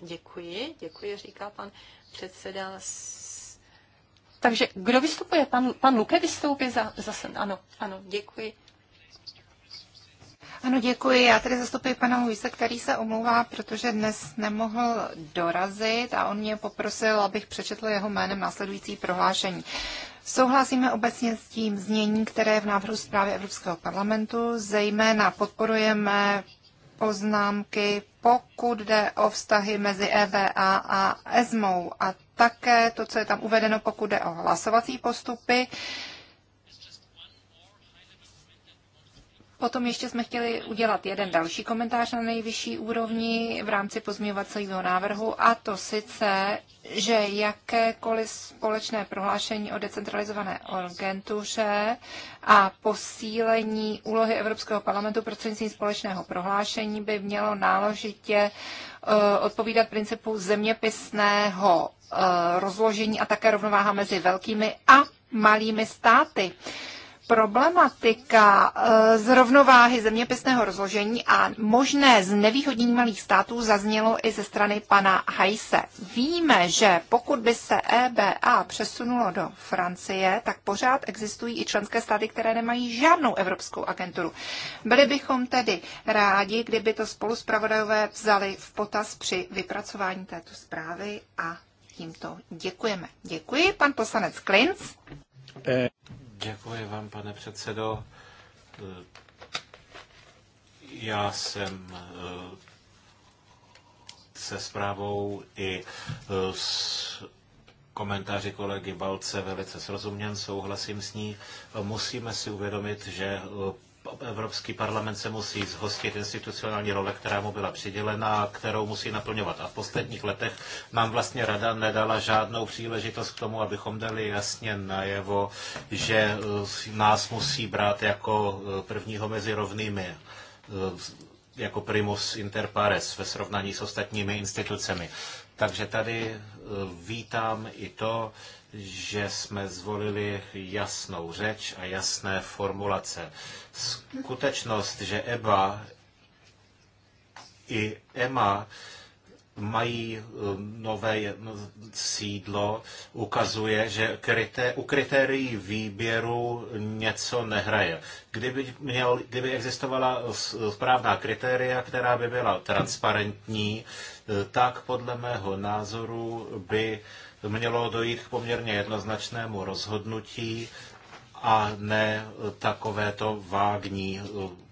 Děkuji, děkuji, říká pan předseda. Takže kdo vystupuje? Pan, pan Luke vystoupí za, za sen. Ano, ano, děkuji. Ano, děkuji. Já tady zastupuji pana Luise, který se omlouvá, protože dnes nemohl dorazit a on mě poprosil, abych přečetl jeho jménem následující prohlášení. Souhlasíme obecně s tím znění, které je v návrhu zprávy Evropského parlamentu, zejména podporujeme poznámky, pokud jde o vztahy mezi EVA a ESMou a také to, co je tam uvedeno, pokud jde o hlasovací postupy. Potom ještě jsme chtěli udělat jeden další komentář na nejvyšší úrovni v rámci pozměňovacího návrhu, a to sice, že jakékoliv společné prohlášení o decentralizované agentuře a posílení úlohy Evropského parlamentu prostřednictvím společného prohlášení by mělo náležitě eh, odpovídat principu zeměpisného eh, rozložení a také rovnováha mezi velkými a malými státy problematika eh, z rovnováhy zeměpisného rozložení a možné znevýhodnění malých států zaznělo i ze strany pana Hajse. Víme, že pokud by se EBA přesunulo do Francie, tak pořád existují i členské státy, které nemají žádnou evropskou agenturu. Byli bychom tedy rádi, kdyby to spolu zpravodajové vzali v potaz při vypracování této zprávy a tímto děkujeme. Děkuji, pan poslanec Klinc. Eh, Děkuji vám, pane předsedo. Já jsem eh, se zprávou i eh, s komentáři kolegy Balce velice srozuměn, souhlasím s ní. Musíme si uvědomit, že eh, Evropský parlament se musí zhostit institucionální role, která mu byla přidělena, kterou musí naplňovat. A v posledních letech nám vlastně rada nedala žádnou příležitost k tomu, abychom dali jasně najevo, že eh, nás musí brát jako eh, prvního mezi rovnými eh, jako primus inter pares ve srovnání s ostatními institucemi. Takže tady vítám i to, že jsme zvolili jasnou řeč a jasné formulace. Skutečnost, že EBA i EMA mají um, nové sídlo, ukazuje, že kryté, u kritérií výběru něco nehraje. Kdyby, měl, kdyby existovala správná kritéria, která by byla transparentní, eh, tak podle mého názoru by mělo dojít k poměrně jednoznačnému rozhodnutí a ne takovéto vágní eh,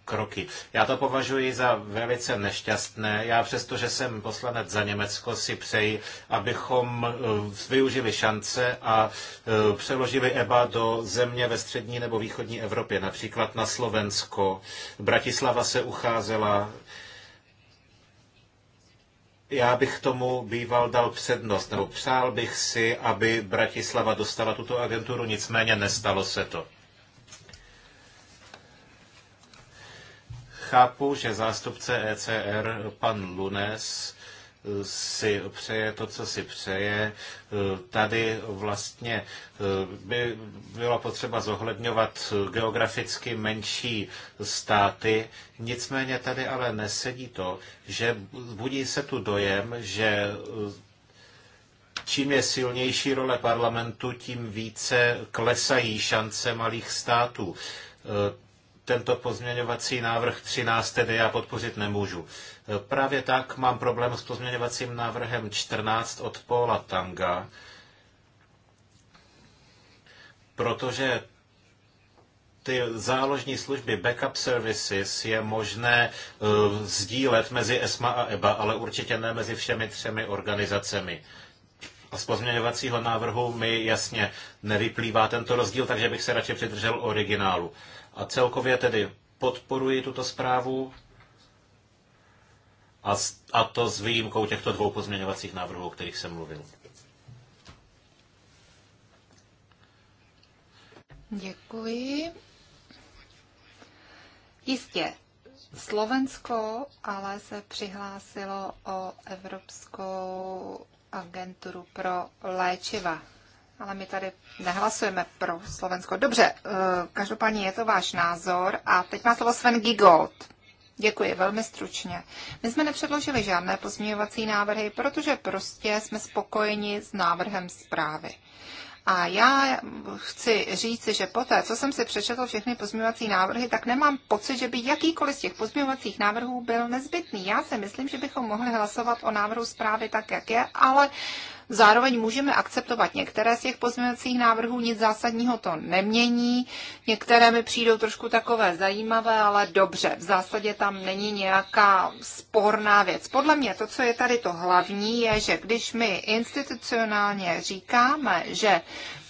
kroky. Já to považuji za velice nešťastné. Já přesto, že jsem poslanec za Německo, si přeji, abychom eh, využili šance a eh, přeložili EBA do země ve střední nebo východní Evropě, například na Slovensko. Bratislava se ucházela já bych tomu býval dal přednost, nebo přál bych si, aby Bratislava dostala tuto agenturu, nicméně nestalo se to. Chápu, že zástupce ECR, pan Lunes, si přeje to, co si přeje. E, tady vlastně e, by bylo potřeba zohledňovat geograficky menší státy, nicméně tady ale nesedí to, že budí se tu dojem, že e, čím je silnější role parlamentu, tím více klesají šance malých států tento pozměňovací návrh 13 tedy já podpořit nemůžu. E, právě tak mám problém s pozměňovacím návrhem 14 od Paula Tanga, protože ty záložní služby, backup services, je možné uh, sdílet mezi ESMA a EBA, ale určitě ne mezi všemi třemi organizacemi. A z pozměňovacího návrhu mi jasně nevyplývá tento rozdíl, takže bych se radši přidržel originálu. A celkově tedy podporuji tuto zprávu a, a to s výjimkou těchto dvou pozměňovacích návrhů, o kterých jsem mluvil. Děkuji. Jistě, Slovensko ale se přihlásilo o Evropskou agenturu pro léčiva ale my tady nehlasujeme pro Slovensko. Dobře, eh, každopádně je to váš názor. A teď má slovo Sven Gigold. Děkuji, velmi stručně. My jsme nepředložili žádné pozměňovací návrhy, protože prostě jsme spokojeni s návrhem zprávy. A já chci říci, že poté, co jsem si přečetl všechny pozměňovací návrhy, tak nemám pocit, že by jakýkoliv z těch pozměňovacích návrhů byl nezbytný. Já si myslím, že bychom mohli hlasovat o návrhu zprávy tak, jak je, ale Zároveň můžeme akceptovat některé z těch pozměňovacích návrhů, nic zásadního to nemění. Některé mi přijdou trošku takové zajímavé, ale dobře, v zásadě tam není nějaká sporná věc. Podle mě to, co je tady to hlavní, je, že když my institucionálně říkáme, že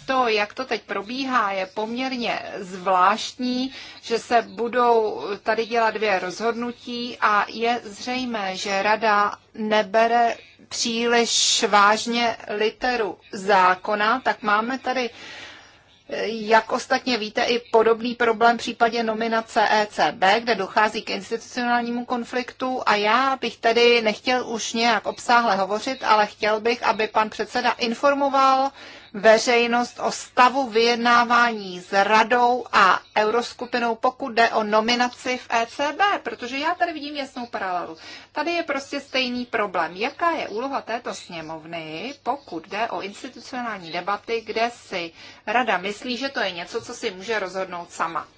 to, jak to teď probíhá, je poměrně zvláštní, že se budou tady dělat dvě rozhodnutí a je zřejmé, že rada nebere příliš vážně literu zákona, tak máme tady jak ostatně víte, i podobný problém v případě nominace ECB, kde dochází k institucionálnímu konfliktu a já bych tedy nechtěl už nějak obsáhle hovořit, ale chtěl bych, aby pan předseda informoval veřejnost o stavu vyjednávání s radou a euroskupinou, pokud jde o nominaci v ECB, protože já tady vidím jasnou paralelu. Tady je prostě stejný problém. Jaká je úloha této sněmovny, pokud jde o institucionální debaty, kde si rada myslí, že to je něco, co si může rozhodnout sama?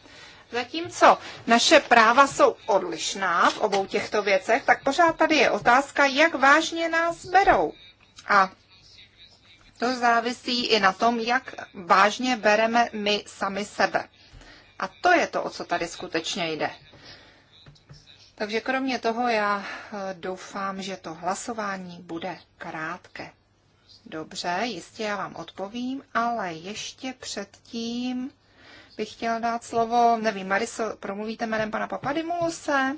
Zatímco naše práva jsou odlišná v obou těchto věcech, tak pořád tady je otázka, jak vážně nás berou. A to závisí i na tom, jak vážně bereme my sami sebe. A to je to, o co tady skutečně jde. Takže kromě toho já eh, doufám, že to hlasování bude krátké. Dobře, jistě já vám odpovím, ale ještě předtím bych chtěl dát slovo, nevím, Mariso, promluvíte jménem pana Papadimuluse?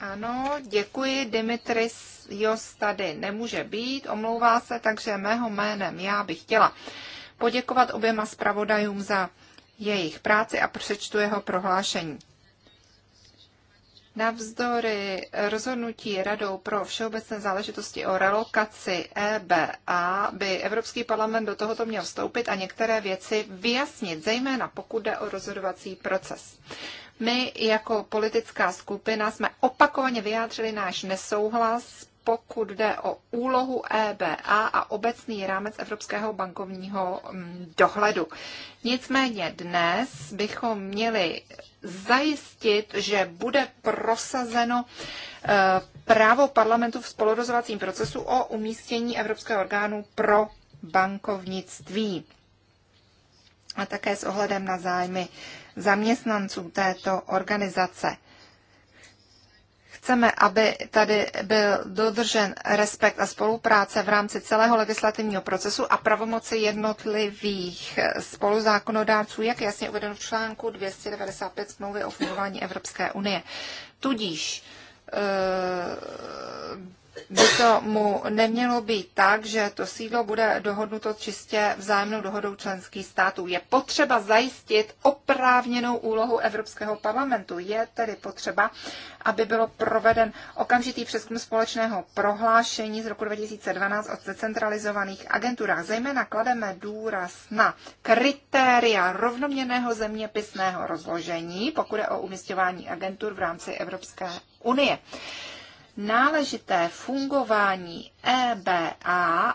Ano, děkuji, Dimitris Jos tady nemůže být, omlouvá se, takže mého jménem já bych chtěla poděkovat oběma zpravodajům za jejich práci a přečtu jeho prohlášení. Navzdory rozhodnutí Radou pro všeobecné záležitosti o relokaci EBA by Evropský parlament do tohoto měl vstoupit a některé věci vyjasnit, zejména pokud jde o rozhodovací proces. My jako politická skupina jsme opakovaně vyjádřili náš nesouhlas s pokud jde o úlohu EBA a obecný rámec Evropského bankovního mm, dohledu. Nicméně dnes bychom měli zajistit, že bude prosazeno e, právo parlamentu v spolurozovacím procesu o umístění Evropského orgánu pro bankovnictví a také s ohledem na zájmy zaměstnanců této organizace. Chceme, aby tady byl dodržen respekt a spolupráce v rámci celého legislativního procesu a pravomoci jednotlivých spoluzákonodárců, jak jasně uvedeno v článku 295 smlouvy o fungování Evropské unie. Tudíž eh, by to mu nemělo být tak, že to sídlo bude dohodnuto čistě vzájemnou dohodou členských států. Je potřeba zajistit oprávněnou úlohu Evropského parlamentu. Je tedy potřeba, aby bylo proveden okamžitý přeskum společného prohlášení z roku 2012 o decentralizovaných agenturách. Zejména klademe důraz na kritéria rovnoměrného zeměpisného rozložení, pokud je o umístěvání agentur v rámci Evropské unie náležité fungování EBA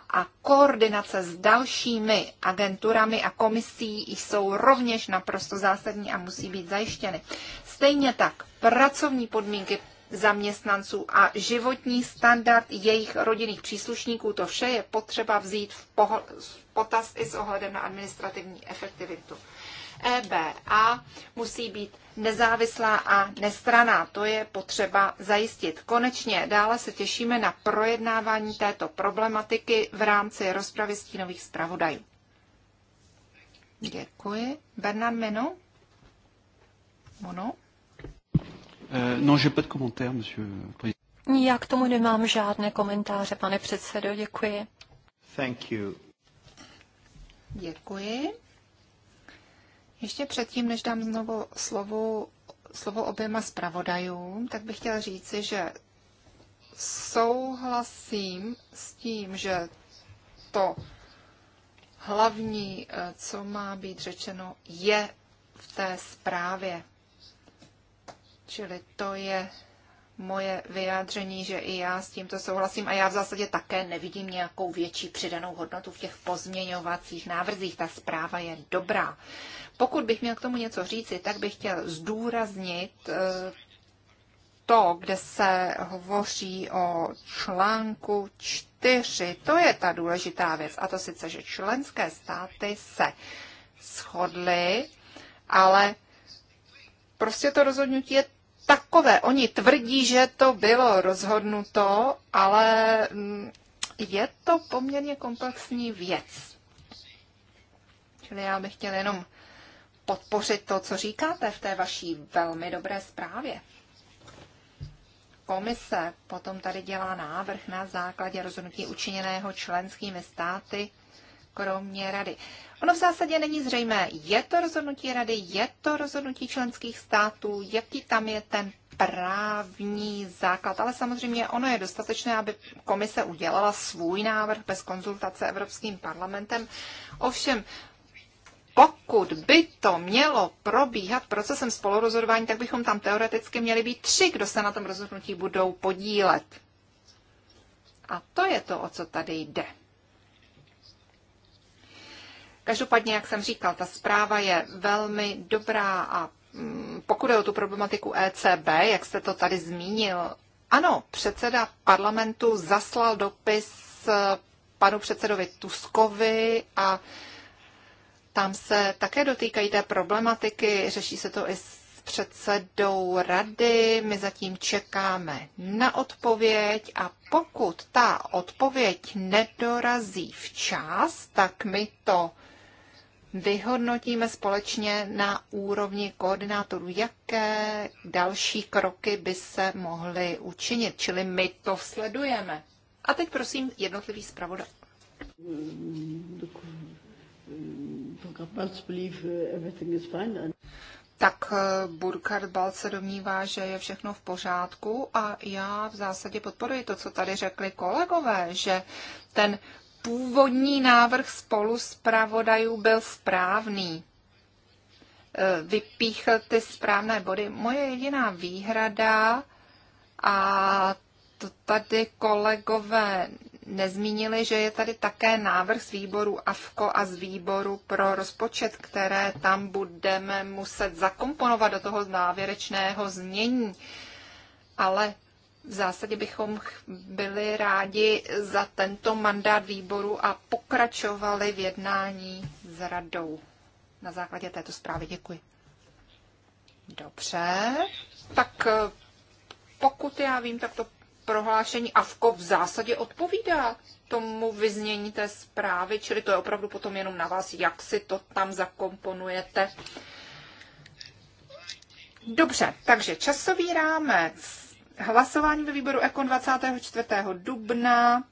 a koordinace s dalšími agenturami a komisí jsou rovněž naprosto zásadní a musí být zajištěny. Stejně tak pracovní podmínky zaměstnanců a životní standard jejich rodinných příslušníků, to vše je potřeba vzít v potaz i s ohledem na administrativní efektivitu. EBA musí být nezávislá a nestraná. To je potřeba zajistit. Konečně dále se těšíme na projednávání této problematiky v rámci rozpravy stínových zpravodajů. Děkuji. Bernard Meno? Mono? No, non, j'ai pas de commentaire, monsieur président. Já k tomu nemám žádné komentáře, pane předsedo, děkuji. Thank you. Děkuji. Ještě předtím, než dám znovu slovo, slovo oběma zpravodajům, tak bych chtěla říci, že souhlasím s tím, že to hlavní, eh, co má být řečeno, je v té zprávě. Čili to je moje vyjádření, že i já s tímto souhlasím a já v zásadě také nevidím nějakou větší přidanou hodnotu v těch pozměňovacích návrzích. Ta zpráva je dobrá. Pokud bych měl k tomu něco říci, tak bych chtěl zdůraznit eh, to, kde se hovoří o článku 4. To je ta důležitá věc. A to sice, že členské státy se shodly, ale prostě to rozhodnutí je takové. Oni tvrdí, že to bylo rozhodnuto, ale mm, je to poměrně komplexní věc. Čili já bych chtěl jenom podpořit to, co říkáte v té vaší velmi dobré zprávě. Komise potom tady dělá návrh na základě rozhodnutí učiněného členskými státy, kromě rady. Ono v zásadě není zřejmé, je to rozhodnutí rady, je to rozhodnutí členských států, jaký tam je ten právní základ, ale samozřejmě ono je dostatečné, aby komise udělala svůj návrh bez konzultace Evropským parlamentem. Ovšem, pokud by to mělo probíhat procesem spolurozhodování, tak bychom tam teoreticky měli být tři, kdo se na tom rozhodnutí budou podílet. A to je to, o co tady jde. Každopádně, jak jsem říkal, ta zpráva je velmi dobrá a mm, pokud je o tu problematiku ECB, jak jste to tady zmínil, ano, předseda parlamentu zaslal dopis eh, panu předsedovi Tuskovi a tam se také dotýkají té problematiky, řeší se to i s předsedou rady, my zatím čekáme na odpověď a pokud ta odpověď nedorazí včas, tak my to vyhodnotíme společně na úrovni koordinátorů, jaké další kroky by se mohly učinit. Čili my to sledujeme. A teď prosím jednotlivý zpravodaj. Tak eh, Burkhard Bal se domnívá, že je všechno v pořádku a já v zásadě podporuji to, co tady řekli kolegové, že ten původní návrh spolu s pravodajů byl správný. E, vypíchl ty správné body. Moje jediná výhrada, a to tady kolegové nezmínili, že je tady také návrh z výboru AFKO a z výboru pro rozpočet, které tam budeme muset zakomponovat do toho závěrečného znění. Ale v zásadě bychom byli rádi za tento mandát výboru a pokračovali v jednání s radou. Na základě této zprávy děkuji. Dobře, tak eh, pokud já vím, tak to prohlášení AFKO v zásadě odpovídá tomu vyznění té zprávy, čili to je opravdu potom jenom na vás, jak si to tam zakomponujete. Dobře, takže časový rámec hlasování ve výboru Ekon 24. dubna,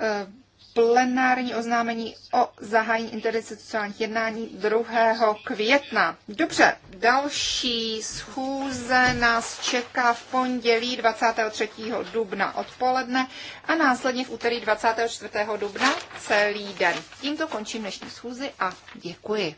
eh, plenární oznámení o zahájení interdisciplinárních jednání 2. května. Dobře, další schůze nás čeká v pondělí 23. dubna odpoledne a následně v úterý 24. dubna celý den. Tímto končím dnešní schůzi a děkuji.